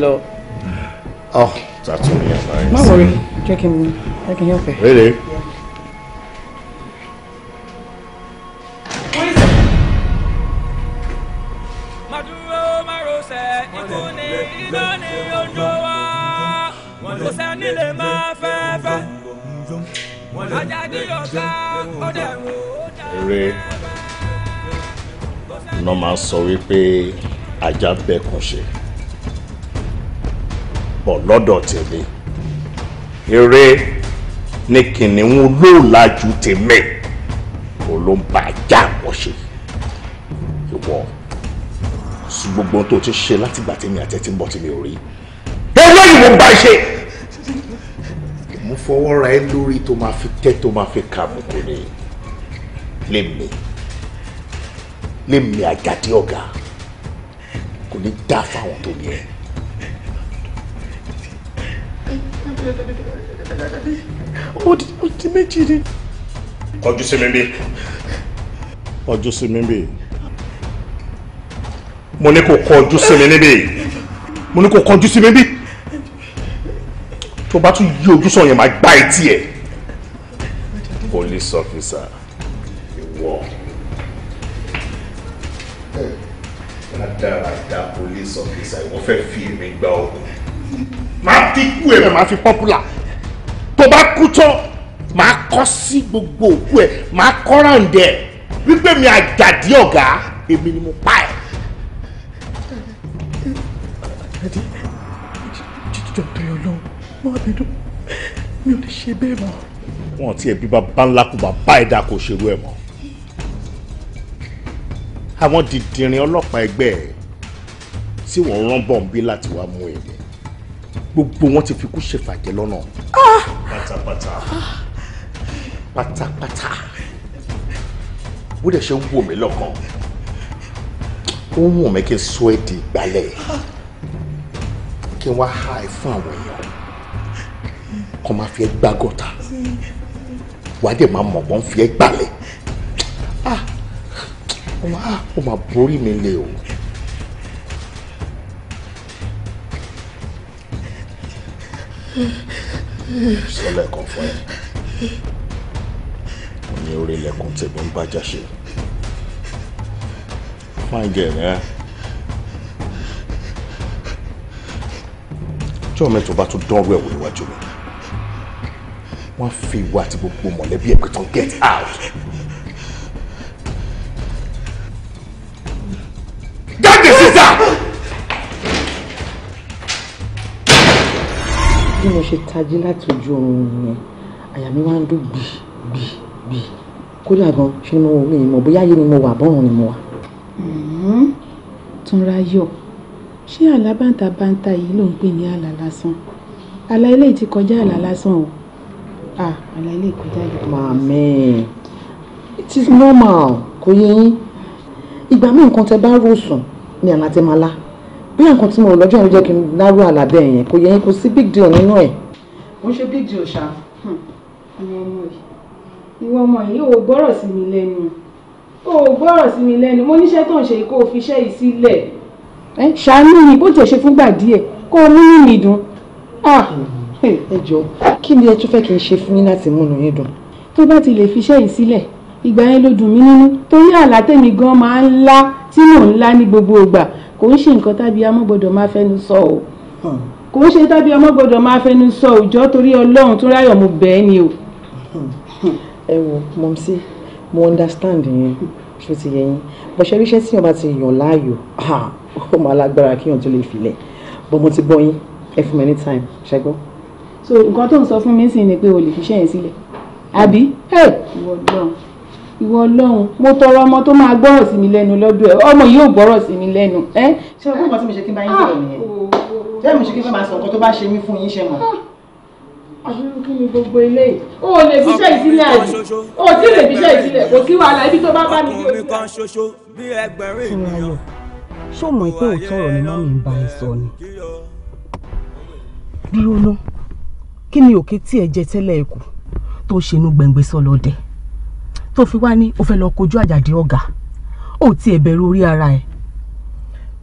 oh that's really nice. má wọrí jẹ́ kí n jẹ́ kí n help you. really. Yeah náà máa sọ wípé ajá bẹ́ẹ̀kan ṣe bọ̀ lọ́dọ̀ tèmi eré ní kìnìún olóòlájú tèmi òun ló ń bá ajá àwọn ṣe ìwọ sùn gbogbo tó ti ṣe látìgbà tèmi àtẹ̀tí ń bọ̀ tèmi ò rí eléyìí mo bá ṣe mo fọwọ́ ra ẹ lórí tó máa fi tẹ́ tó máa fi kà mú kò ní lè mí lèmi àjàdé ọ̀gá kò ní dá fáwọn tó ní ẹ. ó di méjì ni. kọjú sí mi bí. kọjú sí mi bí. mo ní kò kọjú sí mi níbí mo ní kò kọjú sí mi bí tó bá tún yí ojú sọ yẹn máa gbá etí ẹ. police officer ìwọ dáradára police officer ìwọ fẹ́ fi èmi gba ogun máa fi kú ẹ máa fi popular tó bá kú tán máa kọ́ sí gbogbo òkú ẹ máa kọ́ ráǹdẹ̀ wípé mi àjàdí ọ̀gá èmi ni mo pa ẹ̀. jíjọ bẹ̀rẹ̀ ọlọ́run má bínú mi ò ní ṣe bẹ́ẹ̀ mọ́. wọn àti ẹbí bá ńlá kò bá bá ẹ̀dá kò ṣerú ẹ̀ mọ́ àwọn dìdìrín ọlọ́pàá ẹgbẹ́ ẹ̀ tí wọ́n rán bọ̀m̀bí láti wá mú èdè gbogbo wọn ti fi kú ṣèfàjẹ́ lọ́nà ah! pátápátá pátápátá bó dẹ̀ ṣe ń wò mí lọ́kàn ó wù mí kí n sọ ẹ́ di ìgbálẹ̀ kí n wá ha ẹ̀ fún àwọn èèyàn kó máa fi ẹ́ gbá gọ́ta wàá dẹ̀ máa mọ̀ wọ́n fi ẹ́ gbálẹ̀ ah. O máa borí mi lé o. sọlẹ̀ kan fún ẹ mo ní orí ilẹ̀kùn tèmi ń bájà ṣe fine girl ẹ tí ọmọ ẹ̀tọ́ bá tún dánwò ẹ̀wò níwájú mi wọ́n fi ìwà àti gbogbo mọ̀lẹ́bí ẹ̀ pé tán get out. bí mo ṣe tají láti ojú oorun nìyẹn àyà mi wá ń dùn gbì gbì gbì kódà gan ṣe ni mo wò mí mọ̀ bóyá ayé ni mo wà bọ́run ni mo wà. Mm-hmm. túnra yọ ṣé àlá yìí ló ń pè ní àlá lásán àlá eléyìí ti kọjá àlá lásán o àlá eléyìí kọjá àlá lásán. màmí it is normal kò yẹ yín ìgbà míì nǹkan tẹ bá rò sùn ni àlá tẹ máa lá bí nǹkan tí mo rò lọ́jọ́ yẹn ló jẹ́ kí n lárú àlàbẹ̀ yẹn kò yẹ yẹn kò sí big deal nínú ẹ̀. mo ṣe big deal ṣá ìwọ hmm. ọmọ yìí ìwọ ọmọ yìí ò gbọ́rọ̀ sí mi lẹ́nu ò gbọ́rọ̀ sí mi lẹ́nu mo níṣẹ́ tó ń ṣe kó o fi iṣẹ́ yìí sílẹ̀. ẹ ṣàánú ni bó tiẹ̀ ṣe fúngbà díẹ̀ kó o múnú mi dùn. Ah, ẹ jọ kí ni ẹ tún fẹ́ kí n ṣe fún yín láti múnú yín dùn. tó bá ti lè fi iṣẹ́ yìí sílẹ̀ ìgbà yẹn ló dùn mí nínú torí àlá tèmi gan máa ń lá tí mò ń lá ní gbogbo ìgbà kò ń ṣe nǹkan tábí amọ́ gbọ́dọ̀ máa fẹ́nu sọ o hmm. kò ń ṣe tábí amọ́ gbọ́dọ̀ máa fẹ́nu sọ òjọ́ torí ọlọ́run tó ráyọ̀ mo bẹ̀ ẹ́ ni o. Hmm. ẹ wo mọ̀mísí mo understand yẹn ṣó ti yẹ yín bọ̀ṣẹ́ ríṣẹ́ tí ọba ti yàn láàyò ó máa lágbára kí yàn tó lè filẹ̀ bọ́ mo ti gbọ́ yín ẹ fún mi ní time ṣẹ́gbọ́. so nǹkan tó ń sọ fún mi sì ni pé o lè fi iṣẹ́ yẹn sílẹ̀ àbí. ẹ wọ́n gbọ́n ìwọ ọlọ́run mo tọrọ ọmọ tó máa gbọ́rọ̀ sí mi lẹ́nu lọ́dọ̀ ẹ ọmọ yìí ò gbọ́rọ̀ sí mi lẹ́nu. ṣé o kí nǹkan tí mo ṣe kí n bá yín sọ̀rọ̀ nìyẹn ah! ṣé mo ṣe kí n fẹ́ máa sọ nǹkan tó bá ṣe mí fún yín ṣe mọ̀. Ah! àbúrò kí ni gbogbo ilé yìí o ò lè fi iṣẹ́ ìsílẹ̀ àjò o ò tí ì lè fi iṣẹ́ ìsílẹ̀ kò sí wàhálà ibi tó bá bá mi dé ojú ṣó mọ̀ pé òótọ́ ọ̀rọ̀ ni mọ́mí ń bá ẹ sọ ni dúró ná kí ni òkè tí ẹ jẹ tẹ́lẹ̀ ẹ̀kú tó ṣe inú gbẹ̀ngbẹ̀ sọ lọ́dẹ̀ẹ́ tó fi wá ní o fẹ́ lọ kojú àjàdí ọ̀gá ò tiẹ̀ bẹ̀rù orí ara ẹ̀.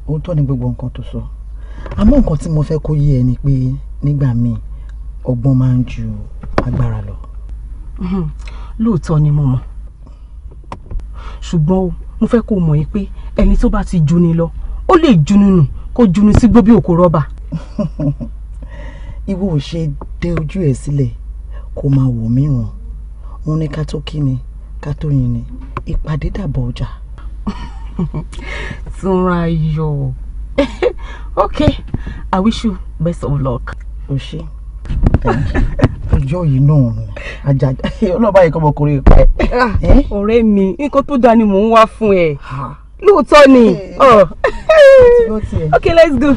òótọ́ ni gbogbo nǹkan tó sọ àmọ́ nǹkan tí mo fẹ́ kó yé ẹ ni pé nígbà míì ọgbọ́n máa ń ju agbára lọ. lóòótọ́ ni mo mọ̀ ṣùgbọ́n o mo fẹ́ kó mọ̀ yìí pé ẹni tó bá ti juni lọ ó lè junu nù kó junu sí gbó òkú rọ́bà. ìwọ [LAUGHS] ò ṣe dé ojú ẹ sílẹ̀ kó máa wò mí ràn wọn ní ká tó kí ni ká tó yin ni ìpàdé dàbọ̀ ọjà. túnra [LAUGHS] yọ [LAUGHS] okay i wish you best of luck. o ṣe ọjọ́ yìí náà ni ajaja [LAUGHS] ọlọ́ba yìí kọ́ ọmọkùnrin pa ẹ́. Ah, eh? ọ̀rẹ́ mi nǹkan tó dáa ni mò ń wá fún ẹ lóòótọ́ ni eh. oh. okay let's go.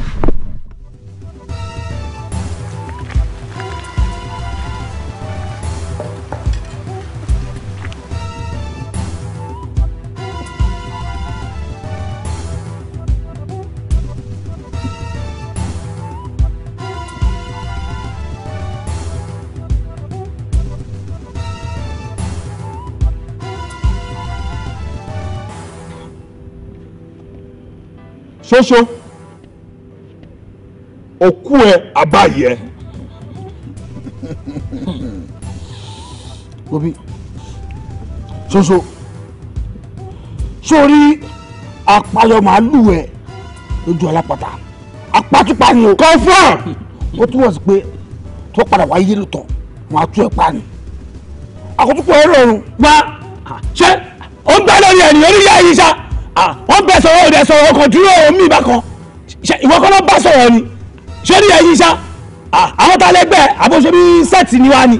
ṣoṣo òkú ẹ àbáyẹ. [LAUGHS] obi ṣoṣo sórí apayọ màálù ẹ lójú alápàtà apátúpa ni o. confam. ó túmọ̀ sí pé tó padà wáyé lóòótọ́ wọn á tú ẹ pa ni àkótúpọ̀ ẹ rọrùn. gba ṣé ó ń gbá lórí ẹ̀ nìyẹn oníyá yìí ṣá wọ́n bẹ̀ sọ̀rọ̀ òde sọ̀rọ̀ ọkàn dúró omi ìbákan ìwọ kọ́ ló bá sọ̀rọ̀ ni ṣé ní ẹ̀yìn ah. àwọn tá a lẹ́gbẹ̀ẹ́ àbóṣe bí sẹ́ẹ̀tì ni wá ni.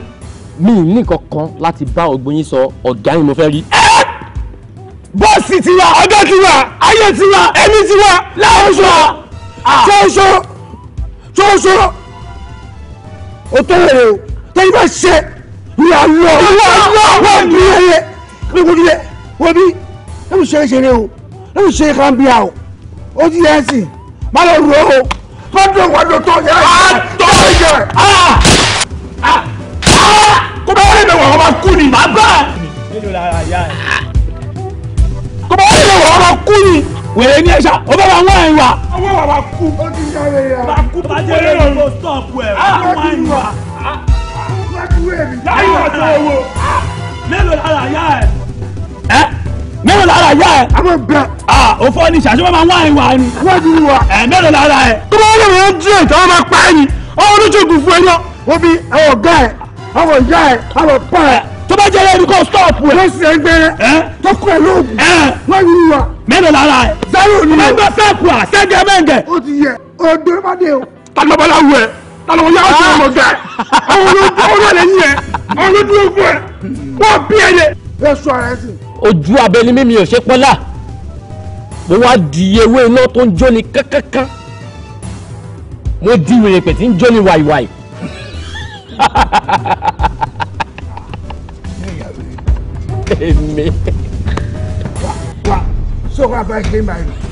mi ì ní kankan láti bá ògbóyin sọ ọ̀gá ni mo fẹ́ rí. bọ́ọ̀sì ti wá ọjọ́ ti wá ayé ti wá ẹni ti wá láwọn ṣọ́ ṣọ́ṣọ́ ṣọ́ṣọ́ òtọ́rẹ̀ o tẹ́lẹ̀ bá ṣe ní àlọ́ wọ́n ní ẹyẹ ní gbogbo ilé wọ́n bí ẹ̀ ń ṣeré ṣeré o ó ṣe kan bí a o ó ti yẹn sì má lọ rò ó má dùn wá lọ tó yẹ. àtọ́ ìjọ kó bá wọlé ìbẹ̀wò ọmọ kú ni màá bá. kó bá wọlé ìbẹ̀wò ọmọ kú ni wèrè ní ẹ̀ṣá ó bá wà wọ́n ẹ̀ wà. ọwọ́ wa kú ó ti yá rẹ̀ yá. bá kú bá jẹ́ lórí ìbò stọ́ọ̀pù ẹ̀ wọ́n máa ń wà. láyé ọ̀sán owó ah! mélòó lára yá ẹ̀ mélòó lára yá ẹ. a máa bẹ. aa o fọ ni sàṣẹ máa wá ìwà ni. wá ju wa. ẹ mélòó lára ẹ. tó bá wọlé wọn díẹ̀ tí máa pa ẹ ni ọwọ́ olóṣogùn fún ẹ náà wọ́n fi àwọn ọ̀gá ẹ àwọn ìyá pa ẹ. tó bá jẹ́ ẹni kó stọ́ọ̀pù ẹ. lọ́sì ẹgbẹ́ rẹ tó kọ́ ẹ lóògùn. wọ́n ju wa. mélòó lára ẹ. zero ni o. ẹgbẹ́ sẹ́ẹ̀kù à sẹ́gẹ̀ mẹ́ǹgẹ̀. ó ti yẹ ẹ bá dé ẹ tàlọ́bọ̀ yà ọ̀sẹ̀ ọmọ ẹ àwọn ojú abẹni mímí ò ṣe pọ́nlá mo wá di ewé iná tó ń jóni kánkánká mo di wèrèpè tí ń jóni wàìwàì. èmi.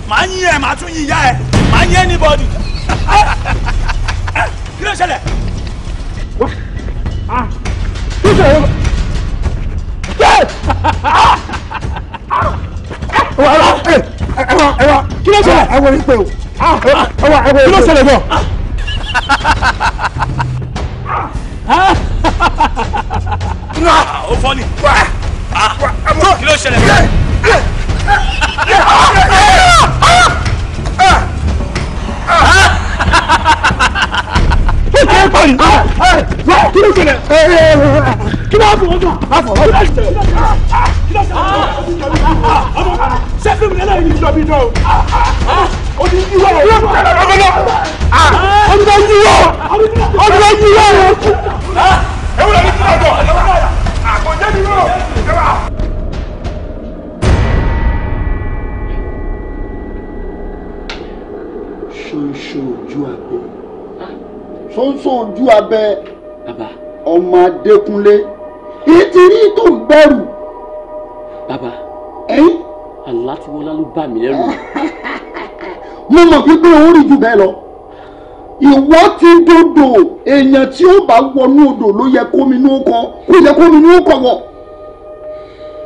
màá yín ẹ màá tún yín ìyá ẹ màá yín anybody. kí ló ṣẹlẹ̀. wá a. kí ló kí ló ṣẹlẹ̀ ẹ wọ pé o kí ló ṣẹlẹ̀ o fọ́ ni kí ló ṣẹlẹ̀ bọ̀. kí ló ṣẹlẹ̀ kí ló fún ọjọ́ àfọwọ́. kí ló ṣe kí ló ṣe ọmọ ṣe fún mi lẹ́yìn ìjọ mi náà o ti yí wọ́n. yóò tẹ̀lé ọmọ náà o ti yí wọ́n o ti yí wọ́n. ewu lórí ti ọjọ́ àkọ́jẹ́ mi náà. ṣoṣo ojú abẹ ṣoṣo ojú abẹ ọmọ Adékúnlé èyí ti rí tó ń bẹ̀rù. bàbá àlá tí wọlá ló bà mí lẹ́rù. [LAUGHS] mo mọ̀ pípé òun rí jù bẹ́ẹ̀ lọ ìwọ ti dodo èèyàn tí ó bá wọnú odò ló yẹ kómi ní ó kọ kó yẹ kómi ní ó kọ wọ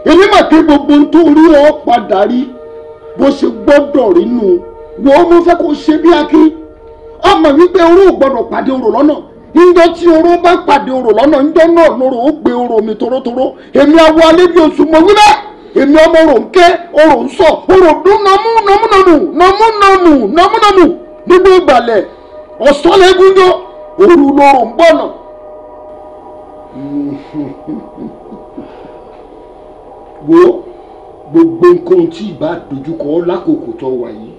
èmi mà pé gbogbo ń tó rí ọ padà rí bó ṣe gbọ́dọ̀ rí nù wọ́n mo fẹ́ kó ṣe bí akí ọmọ wípé oró ò gbọ́dọ̀ pàdé orò lọ́nà njọ tí oró bá pàdé oró lọ́nà njọ náà lóró ó gbé oró mi torótoró èmi awọ alẹ́ bí oṣù mọ̀ wí bẹ́ẹ̀ èmi ọmọ oró ń ké oró ń sọ oró dún nọmúnọmú nọmúnọmú nọmúnọmú nínú ìgbàlẹ̀ ọ̀sánlẹ́gúnjọ òru lóró ń bọ̀nà. [LAUGHS] wo gbogbo nǹkan tí ìbá dojúkọ lákòókò tó wà yìí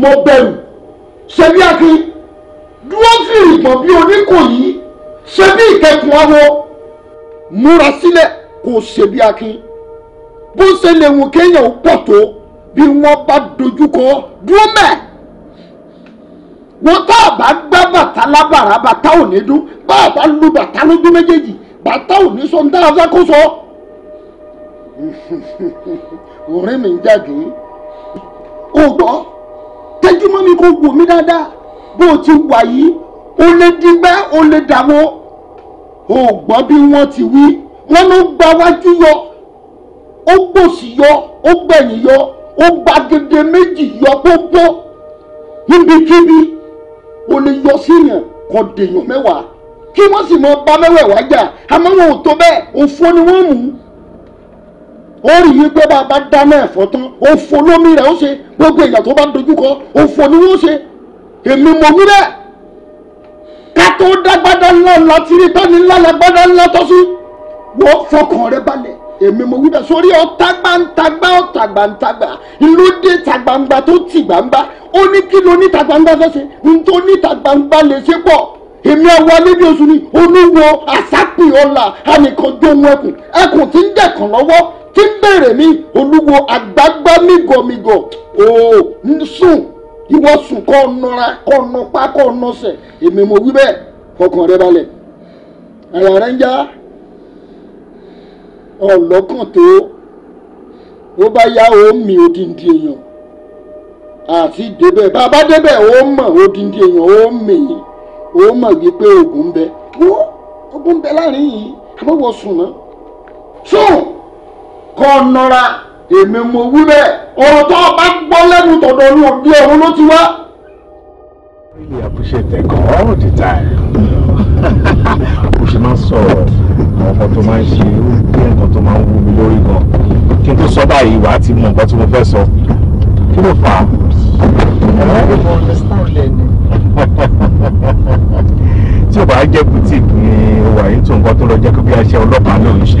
mo bẹ̀rù ṣebí akin dúró sí ìgbọ̀n bí oníkòyí ṣe bí ìkẹkùn awo múra sílẹ̀ kò ṣe bí akin bó ṣe lè wù kéèyàn pọ̀ tó bí wọ́n bá dojúkọ dúró mẹ́ wọn tá a bá gbá bàtà lábàrá bàtà ò ní dún bá a bá lu bàtà lójú méjèèjì bàtà ò ní sọ ń dára sákòóso. mi ń jáde ó gbọ́ mọ́ mi kó wò mí dáadáa bó o ti wà yìí o lè dígbẹ́ o lè dàwọ́ o gbọ́ bí wọ́n ti wí wọ́n ló gba wájú yọ ó gbòsì yọ ó gbẹ̀yìn yọ ó gba gèdè méjì yọ gbogbo níbikíbi o lè yọ síyàn kan dèèyàn mẹ́wàá kí wọ́n sì mọ bá mẹ́wẹ̀ẹ̀wá jà àmọ́ wọn ò tó bẹ́ẹ̀ òfo ni wọ́n mú ó rí i pé bàbá dáná ẹ̀fọ́ tán òfo lómi rẹ̀ ó ṣe gbogbo èèyàn tó bá dojú kọ òfo ni wọ́n ṣe èmi mo wí bẹ́ẹ̀ ká tó dágbádá ńlá ńlá tìrí tọ́ni ńlá lágbádá ńlá tọ́sí wọ́n fọkàn rẹ balẹ̀ èmi mo wí bẹ́ẹ̀ sórí ọ̀tá gbàǹtagbà ọ̀tá gbàǹtagbà ìlú dé ta gbangba tó ti gbangba ó ní kí ló níta gbangba fẹ́ ṣe ntó níta gbangba lè ṣe pọ̀ èmi ọwọ́ níbi oṣù ni olúwo àsápì ọ̀la ànìkan jóun ẹkùn ẹkùn tí ń dẹ̀kàn lọ́wọ́ tí ń bèrè mi olúwo àgbágbá mígọ̀mígọ̀ ò ń sùn kí wọ́n sùn kọ́ nọra kọ́ nọpá kọ́ nọsẹ̀ èmi mo wí bẹ́ẹ̀ fọkàn rẹ balẹ̀ ara rẹ ń já ọlọ́kàn tó ó bá yá ó mi odindi èèyàn àti débẹ̀ bàbá débẹ̀ ó mọ̀ odindi èèyàn ó ó mọ̀ wípé oògùn bẹ wó bẹ láàrin yìí àbọ̀wọ̀ sùn náà sùn èmi mo wí bẹ́ẹ̀ ọ̀rọ̀ tó o bá gbọ́ lẹ́nu tọ̀dọ̀ ní òbí ọ̀run ló ti wá. really appreciate that all the time. o ṣe máa ń sọ̀rọ̀ àwọn ọkọ tó máa ń ṣe ó jẹ́ nǹkan tó máa ń wú mi lórí gan kí n tó sọ báyìí wàá ti mọ nǹkan tí mo fẹ́ sọ kí ló fà á. ẹ̀rọ ìmọ̀ understand lẹ́nu. tí o bá jẹ́ boutique ni o wà ní tó nǹkan tó lọ jẹ́ kó bí a ọlọ́pàá náà ń ṣe.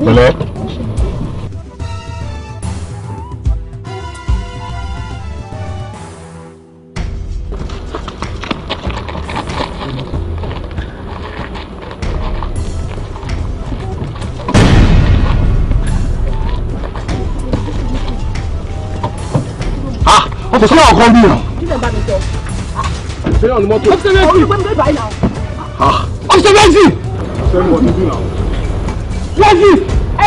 pẹ̀lẹ́. kò sí àwọn kan bí yàn. observation. observation he? hey,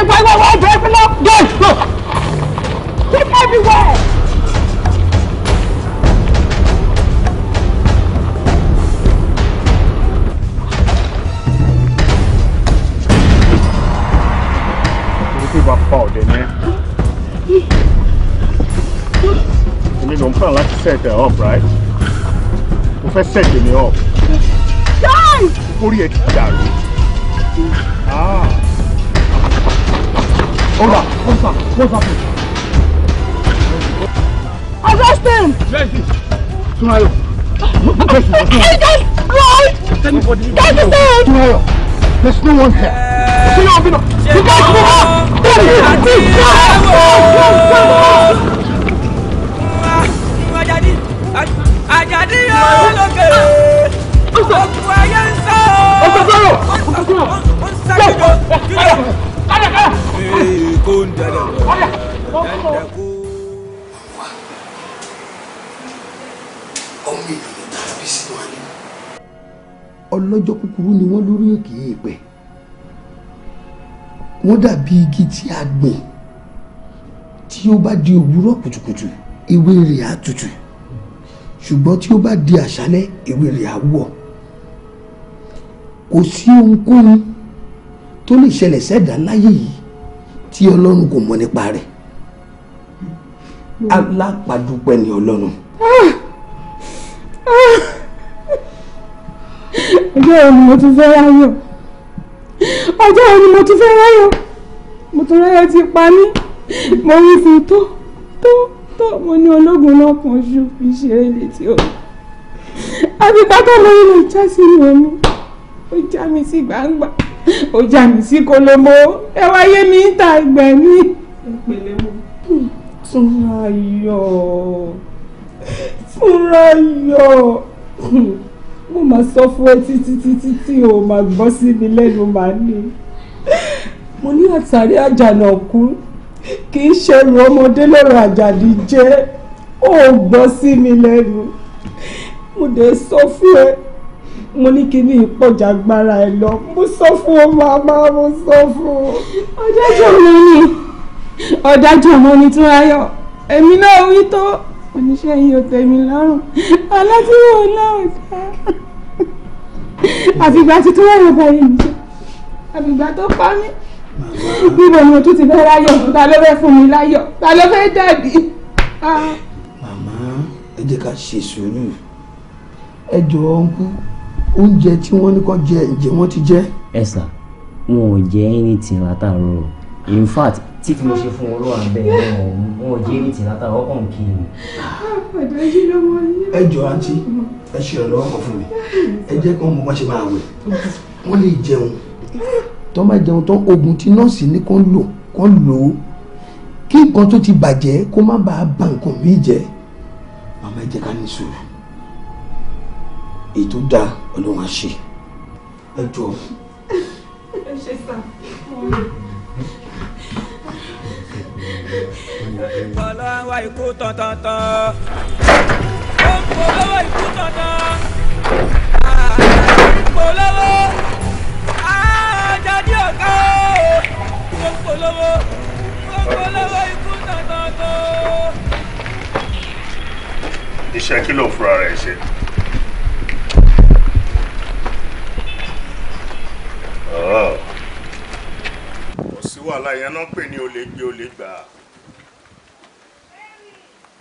wait, wait, wait, open up! Guys, go! Check everywhere! You mean don't plan to set her up, right? If I set me up. Guys! Who are you? Ah. Hold on. What's up? What's up? Arrest him! Where is this? Tunayo. He just lied! Anybody? That's the thing! Tunayo, there's no one here. See you, Abino. You guys move on! Daddy! Daddy! Daddy! Ajadi! Ajadi! Ajadi! Ajadi! Ajadi! Ajadi! sọ̀rọ̀ kó ń dada dada kó. wá ọmọ ènìyàn tàbí bísí wà ní. ọlọ́jọ́ kúkúrú ni wọ́n lórí òkè èèpẹ̀ wọ́n dàbí igi tí a gbìn tí ó bá di òwúrọ̀ kùtùkùtù ewé rẹ̀ á tutù ṣùgbọ́n tí ó bá di àṣálẹ́ ewé rẹ̀ á wọ̀ kò sí ohunkóhun tó lè ṣẹlẹ̀ sẹ́dá láyé yìí tí ọlọ́run kò mọ̀ nípa rẹ̀ alápàdúpẹ́ ni ọlọ́run. ọjọ́ òní mo tún fẹ́ ráyọ̀ ọjọ́ òní mo tún fẹ́ ráyọ̀ mo tún ráyọ̀ ti pa mí mo rí fún tó tó tó mo ní ológun náà kan ṣu fi ṣeré létí o àbíkátà lórí lè já sínú omi ó já mi sí gbangba ó já mi sí kolomo ẹ wáyé mi ń ta ẹgbẹ́ ní. túnra yọ túnra yọ mo máa sọ fún ẹ títí títí tí o máa gbọ́ sí mi lẹ́nu màá ní mo ní àtàrí àjànàkú kì í ṣe ẹrù ọmọdé lọ́rọ̀ àjàdí jẹ́ ó gbọ́ sí mi lẹ́nu mo dẹ̀ sọ fún ẹ mo ní kí ní ìpọ̀jà agbára ẹ lọ mo sọ fún ọ màmá mo sọ fún ọ. ọ̀dájú ọmọ ni ọ̀dájú ọmọ ni túnráyọ̀ èmi náà wí tó oníṣẹ́ yìí ò tẹ̀mí lọ́rùn aláṣíwò náà ò dá àfìgbà tí túnráyọ̀ bá yẹn jẹ́ àfìgbà tó pa mí bíbo ni mo tún ti fẹ́ láyọ̀ ta ló fẹ́ fún mi láyọ̀ ta ló fẹ́ dàbí. Ah. màmá ẹ jẹ́ ká ṣe sùúrù ẹ jọ̀ọ́ ń kú oúnjẹ tí wọ́n ní kó jẹ ǹjẹ́ wọ́n ti jẹ. ẹ sà wọn ò jẹ anything látàárọ̀ in fact tí mo ṣe fún olówó abẹ wọn ò jẹ anything látàárọ̀ ọkàn ń kiri. ẹ jọ àǹtí ẹ ṣe ìrànlọ́wọ́ kan fún mi ẹ jẹ́ kí wọ́n mọ bá ṣe máa wẹ̀ wọ́n lè jẹun tó máa jẹun tán oògùn tí nọ́ọ̀sì ní kó lò kó lò ó kí nǹkan tó ti bàjẹ́ kó má bàa bà nǹkan míì jẹ́ màmá ẹ jẹ́ ká ní sùúrù èyí tó dáa ọlọ́run á ṣe ẹ jọ. ẹ ṣe sá ọlọ́wọ́ ikú tọ̀tọ̀tọ̀ òǹkọ̀lọ́wọ́ ikú tọ̀tọ̀ òǹkọ̀lọ́wọ́ àjọdí ọ̀gá òǹkọ̀lọ́wọ́ òǹkọ̀lọ́wọ́ ikú tọ̀tọ̀tọ̀. iṣẹ́ kí ló fura rẹ̀ ṣe. kò sí wàhálà yẹn náà pè ní olè gbé olè gbà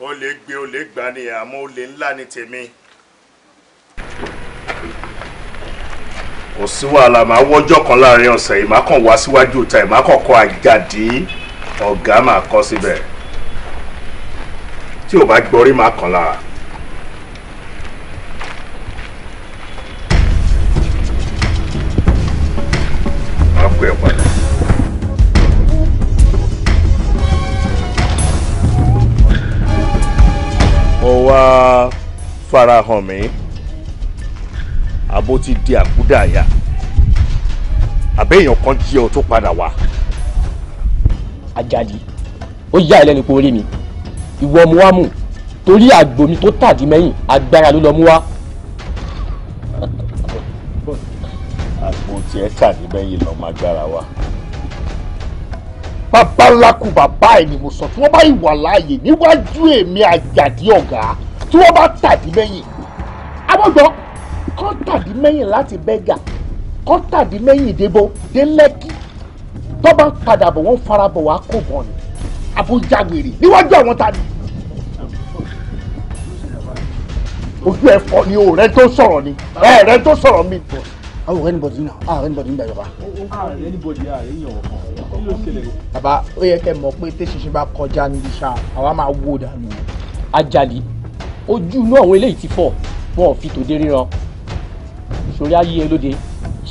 olè gbé olè gbà ni àmọ́ olè ńlá ni tèmi. kò sí wàhálà máa wọ́jọ́ kan láàrin ọ̀sẹ̀ yìí máa kàn wá síwájú ìta ẹ̀ máa kàn kọ àjàdí ọ̀gá máa kọ́ síbẹ̀ tí ò bá gbọ́rí máa kàn lára. wá farahàn mí àbó ti di àkúdàáyà àbẹ́yàn kan jí ọ tó padà wá. Àjàdí ó yá ẹ lẹ́nu pé orí mi ìwọ ọmọ wa mú torí àgbò mi tó tàdí mẹ́yìn agbára ló lọ mú wá. àgbò tiẹ̀ tàdí mẹ́yìn lọ́mọ agbára wa. bàbá ńlá kù bàbá ẹ̀ ni mo sọ tí wọ́n bá ìwà láàyè níwájú èmi Àjàdí ọ̀gá tí wọ́n bá tàdí mẹ́yìn abọ́jọ́ kán tàdí mẹ́yìn láti bẹ́gà kán tàdí mẹ́yìn débò dé lẹ́kì tó bá ń padà bọ̀ wọ́n fara bọ̀ wá kó bọ̀ ni àbújágbèrè níwájú àwọn ta ni. ojú ẹ fọ ni ọ̀rẹ́ tó sọ̀rọ̀ ni ọ̀rẹ́ tó sọ̀rọ̀ mi. àwọn ọ̀rẹ́ níbọdì náà àwọn ọ̀rẹ́ níbọdì ń bẹ yorùbá. ọ̀rẹ́ níbọdì ààrẹ yàn ọkàn kí ló ṣẹlẹ̀. bàbá ó yẹ kẹ́ mọ̀ pé tẹsíṣẹ bá kọjá níbi ṣá àwa máa wó dànù ajalè ojú inú àwọn eléyìí ti fọ́ wọn ò fi tòde ríran ìṣòro ayé ẹ lóde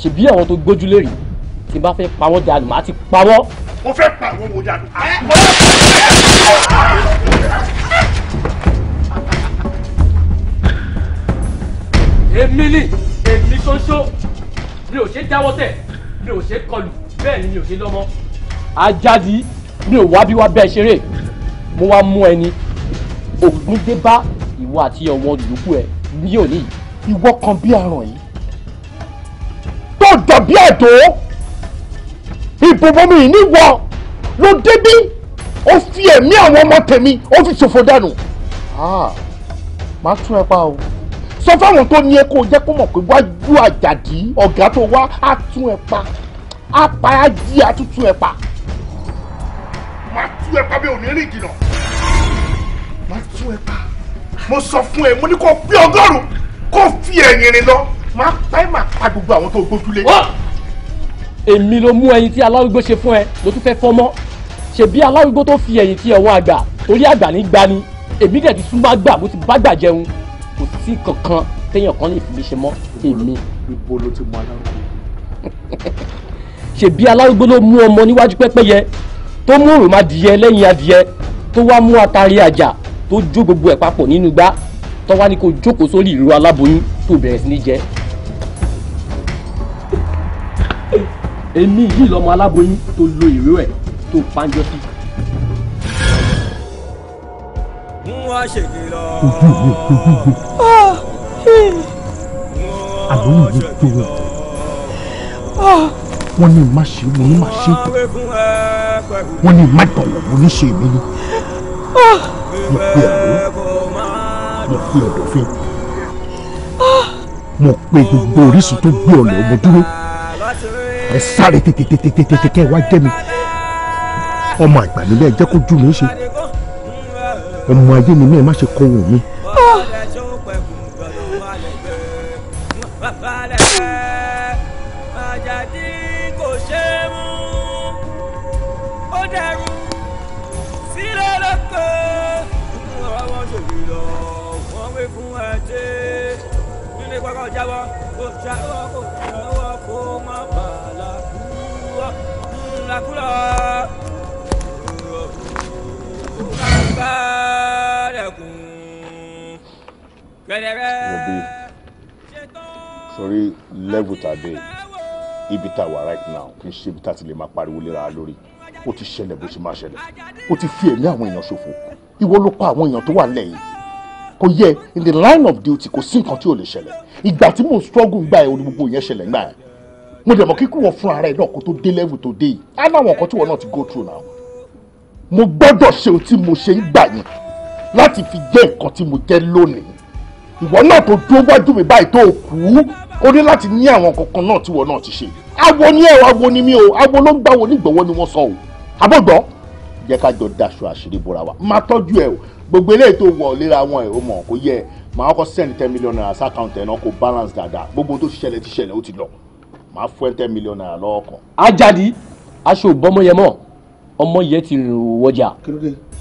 ṣèbí àwọn tó gbójú lérì tí bá fẹ́ pa wọ́n dànù màá ti pa wọ́n. mo fẹ́ pa àwọn wo dànù. èmi ni èmi ṣoṣo mi ò ṣe dáwọ́ tẹ̀ mi ò ṣe kọlù bẹ́ẹ̀ ni mi ò ṣe lọ́mọ. ajáde mi ò wá bí wá bẹ́ẹ̀ ṣeré mo wá mú ẹni ògùn dé bá ìwọ àti ọmọ dùdúkú ẹ ní òní ìwọ kan bí aràn yìí tó dọ̀ bí ẹ̀dọ́ ìbòmọ́mi ìníwọ̀ ló débí ó fi ẹ̀mí àwọn ọmọ tèmi ó fi ṣòfò dànù. Ah, máa tún ẹ pa o sọ fáwọn tó ní ẹ kó jẹ́ kó mọ̀ pé wájú àjàdí ọ̀gá tó wá á tún ẹ pa á pa á jí á tún tún ẹ pa. máa tún ẹ pa bí òní rìn jìnnà máa tún ẹ pa mo sọ fún ẹ mo ní kó pé ọgọ́rùn kó fi ẹ̀yìn rìn lọ máa pẹ́ máa pa gbogbo àwọn tó gbójúlé. èmi ló mú ẹyin tí aláwígbó ṣe fún ẹ ló tún fẹ́ fọ́ mọ́ ṣebí aláwígbó tó fi ẹ̀yìn tí ọwọ́ àgbà torí àgbà ní gbani èmi dẹ̀ ti súnmọ́ àgbà mo ti bá gbà jẹun kò sí kankan téèyàn kan lè fi mi ṣe mọ́ èmi. ibo ló ti mú aláwígbó. ṣebí aláwígbó ló mú ọmọ níwájú pẹ́pẹ́yẹ tó mú òròmọdìyẹ lẹ́yìn adìyẹ tó wá mú atari àjà tó jó gbogbo ẹ̀ papọ̀ nínú igbá tó wá ní kó jókòó sórí ìró aláboyún tó bẹ̀rẹ̀ sí ní jẹ. èmi yìí lọmọ aláboyún tó lo ìró ẹ̀ tó pàǹjọ́ sí. ojú mi ò tóbi àlọ́ mi ò tóbi o wọ́n ní má ṣe mo ní má ṣe wọ́n ní má dọ̀wọ̀ mo mi ni mo pe àlọ́ mo pe ọ̀dọ̀fín mo pe gbogbo orísun tó gbé ọ̀lẹ ọmọ dúró ẹ sáré tètètètètè wá jẹ́ mi ọmọ àgbà ẹ jẹ́ kó jú mi ṣe ọmọ ayé ni mi ẹ má ṣe kọ ohùn mi. kọ́kọ́ jábọ́ kò jábọ́ kò jábọ́ kó má bàa làkúrọ̀ làkúrọ̀ bá dẹ̀kun kẹ́dẹ́rẹ́. level tàdé ibi tá a wà right now kì í ṣe ibi tá a ti lè máa pariwo léra lórí ó ti ṣẹlẹ̀ bó ṣe máa ṣẹlẹ̀ ó ti fi ẹ̀mí àwọn èèyàn ṣòfò ìwọ ló pa àwọn èèyàn tó wà lẹ́yìn kò yẹ in the line of duty kò sí nǹkan tí ò lè ṣẹlẹ̀ ìgbà tí mò ń struggle gbà ẹ̀ onígbogbo yẹn ṣẹlẹ̀ gbà ẹ̀ mo dẹ̀ mọ̀ kí kúwọ̀ fún ara ẹ̀ náà kó tó dé level tó dé yìí á láwọn nǹkan tí wọ́n náà ti go through now mo gbọ́dọ̀ ṣe ohun tí mo ṣe ń gbà yẹn láti fi jẹ́ nǹkan tí mo jẹ́ lónìí ìwọ náà tó dúró wájú mi báyìí tó kú ó ní láti ní àwọn kankan náà tí ìwọ náà ti ṣe awo ni ẹ awo ni mi o awo ló ń gbà wo ni wọ́n sọ o àbọ̀gbọ́ jẹ́ ká jọ daṣọ àṣírí bora wa máa tọ́jú ẹ o gbogbo eléyìí tó wọ̀ léra wọn ẹ̀ ó mọ̀ kó yẹ màá kọ́ send ten million naira sí account ẹ̀ náà kó balance dáadáa gbogbo tó ṣẹlẹ̀ ti ṣẹlẹ̀ ó ti lọ màá fún ten million naira lọ́wọ́ ajadi aṣọ ọmọ yẹn ti rìn wọjà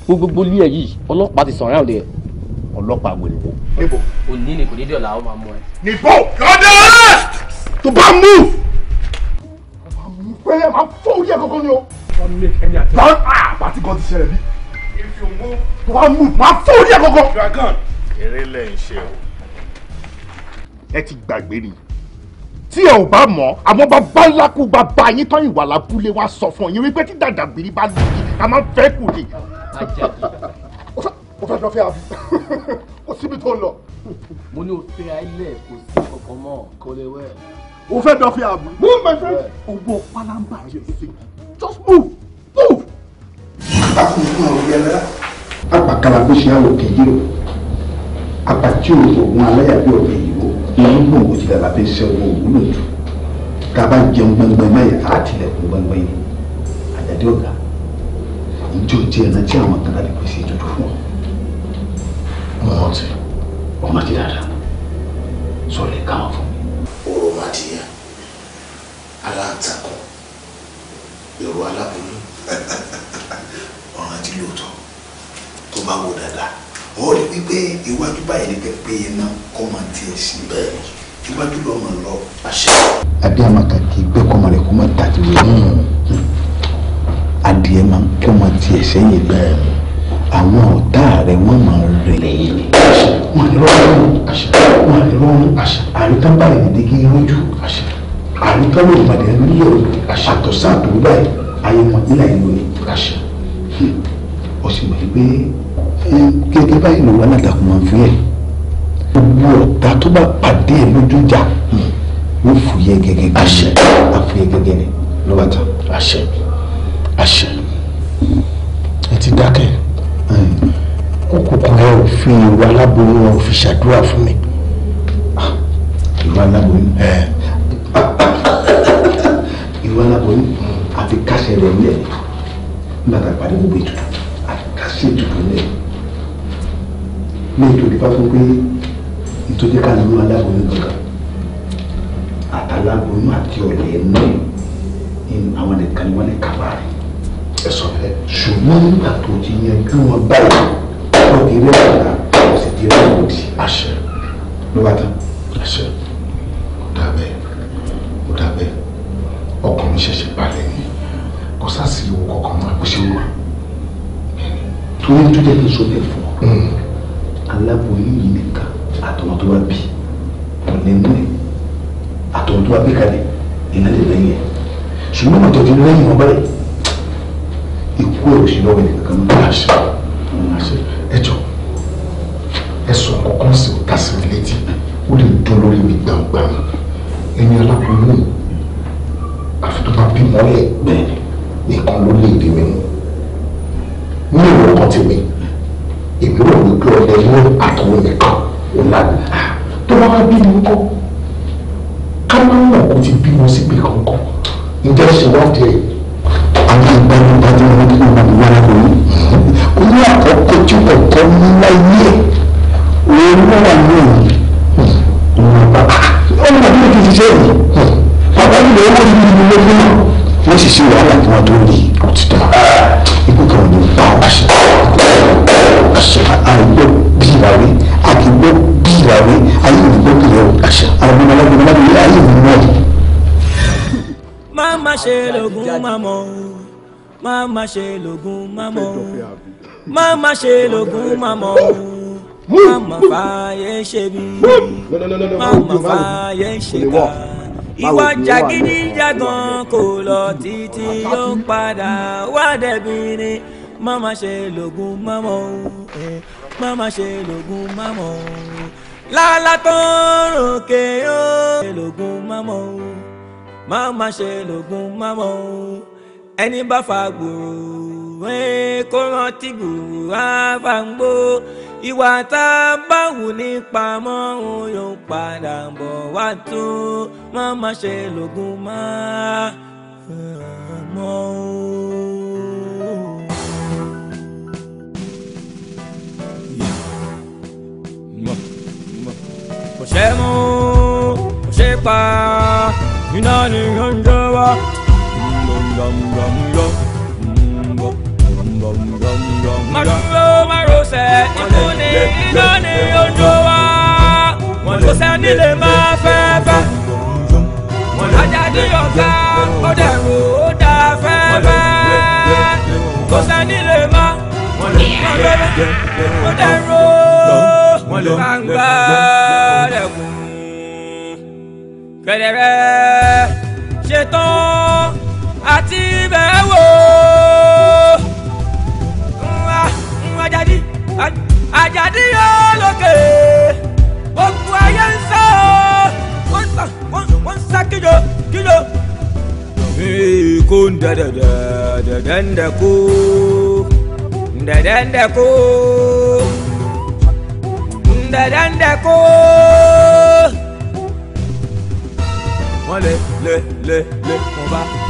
gbogbo ilé ẹ yìí ọlọ́pàá ti sọ̀rọ̀ ẹ̀ ọlọ́pàá wèrè wo. níbo òní ni kò ní dọ̀là ó máa ẹ. níbo yọ̀dọ̀ tó bá mú. àwọn àmì ìpẹ́yẹ máa fọ́ orí ẹ̀ kọ́kọ́ ni o. bá a pàtí kan ti ṣẹlẹ̀ bí you move. wàá move wàá fún orí ẹ kọkọ. you are gone. eré lẹ̀ ń ṣe o. ẹ ti gbàgbé ni tí ẹ ò bá mọ̀ àwọn bàbá ńlá kú bàbá yín tán ìwà lábúlé wa sọ fún yín wípé tí dàdàgbìrì bá lù yín a máa ń fẹ́ kù ni. o [LAUGHS] fẹ́ lọ fẹ́ àbí o [LAUGHS] síbi tó lọ. mo ní o fẹ́ ilé kò sí ọkọ̀ mọ́ kọ́lẹ́wẹ́. o fẹ́ lọ fẹ́ àbí. move my friend. owó pálábà yẹn just move move afunfun àwòrán ẹlẹ́ra apàkàlà kó ṣe àwò kẹjìrò apàtí òògùn aláyàbí ọ̀bẹ ìyìnbó ìyẹn gbọ̀n òjì làbà fẹ́ ṣe ọgbọ̀n òwúlò jù ká bá jẹun gbọngbọn mẹ́yẹ á tilẹ̀kùn gbọngbọn yìí àjàdé ọ̀gá ìjọ tiẹ̀ náà tí àwọn kan láti pèsè ìtọ́jú fún ọ. mo rántí ọ̀nà ti dáadáa sọ̀rọ̀ ẹ̀ káwọn fún mi. oró máa ti yá aláǹtakùn èrò aláboyún. [LAUGHS] ọ̀ràn tí lóòótọ́ tó bá wò dáadáa ó rí wípé iwájú báyìí ní pẹpẹ iná kọ́ máa tiẹ̀ sí bẹ́ẹ̀ iwájú lọ́ máa lọ. adé amaka kì í gbé kọ́mọ rẹ̀ kó máa tàjú rẹ̀ hmm. adìẹ máa ń kọ́ máa tiẹ̀ sẹ́yìn bẹ́ẹ̀ àwọn ọ̀tá rẹ̀ wọ́n máa ń rẹ̀ lẹ́yìn ni wọn lè rọrùn wọn lè rọrùn àríkà báyìí ní digi lójú àríkà lóògbàdàn nílò àtọ̀sá àtòwúbáyìí ayé wọn nílà ìlú ni ó sì mọ̀ pé gẹ́gẹ́ báyìí lòun alátakùn máa ń fi ẹ̀ gbogbo ọ̀tá tó bá pàdé ẹ̀ lójú ìjà wọ́n hmm, fòye gẹ́gẹ́ gẹ́gẹ́ àfòye gẹ́gẹ́ ni ló bá tán. àṣẹ àṣẹ ẹ ti dákẹ́ kókòkò rẹ ò fi ìwà aláboyún wọn ò fi ṣàdúrà fún mi. Ah, ìwà aláboyún [COUGHS] ìwà aláboyún àti kásẹ̀ rẹ̀ nílẹ̀ gbàdà pàdé gbogbo ètò àkàṣe ìdìbò lẹ ní ètò ìdìbò fún pé ìtòjú kánú aláboyún lọ́gà àtàláboyún àti ọ̀lẹ́ ẹ̀nú àwọn nìkan ni wọ́n lè kábà rẹ̀ ẹ sọ fẹ́ ṣùgbọ́n nígbà tó ti yẹn kí wọ́n báyìí wọ́n ti rí ọ̀gá wọ́n sì ti rí ọ̀gọ̀dì àṣẹ ló bá tán àṣẹ kò dà bẹ́ẹ̀ kò dà bẹ́ẹ̀ ọkùnrin ṣẹ̀ṣẹ̀ balẹ̀ ni kò sásìrò kọ̀ọ̀kan mọ́ ẹ̀kọ́ ṣe wà torí tó jẹ́ kí n sọ bẹ́ẹ̀ fún ọ hmm. aláboyún yìí nìkan àtọmọ tó wá bí kò ní mú ẹ àtọmọ tó wá bí kalẹ̀ iná lè lẹ́yìn ẹ ṣùgbọ́n àtọ̀ ti lẹ́yìn wọn báyìí ikú ẹ̀ òṣì lọ́wọ́ ẹ̀ kankan mọ́ àṣẹ àṣẹ ẹ jọ ẹ sọ kọ̀ọ̀kan sí ọ̀tá sí mi létí ó lè dún lórí mi gbàngbàng ẹni aláboyún àfi tó bá bí mọ́lẹ̀. ṣe lògùn mámọ́ Mama má ṣe lògùn mámọ́ má má fààyè ṣe bí má má fààyè ṣe kò lọ títí yóò padà wá dẹ̀bi ni má má ṣe lògùn mámọ́ má má ṣe lògùn mámọ́ lálá tó ń ròkè ó ṣe lògùn mámọ́ má ṣe lògùn mámọ́ ẹni bá fa gbòòrò ẹ kó rántí gbòòrò á fa ń gbó ìwà tá a bá wù ní pamọ́ òun yóò padà bọ̀ wá tó má má ṣe lògùn má mọ́ o. kò ṣe mú kò ṣe pa iná ni yóò ń mọ̀dúró márosẹ̀ ikú ni iná ni ojú wa mọ̀lọ́sẹ̀ nílé máa fẹ́ fẹ́ ajá ní ọ̀gá ó dẹ̀rù ó dà fẹ́ fẹ́ kò sẹ́ni lè má mọ̀lọ́sẹ̀ ó dẹ̀rù gbàngbà dẹ̀kùn kẹ̀dẹ̀rẹ́ ṣetán àti bẹ́ẹ̀ wò Àjàdí Àjàdí yóò lókè gbogbo ayé ń sá o wọ́n ń sá kíjọ kíjọ. kó ń dàdàdà dàdà ń dà kó dàdà ń dà kó dàdà ń dà kó wọ́n lè lè lè lè wọ́n bá.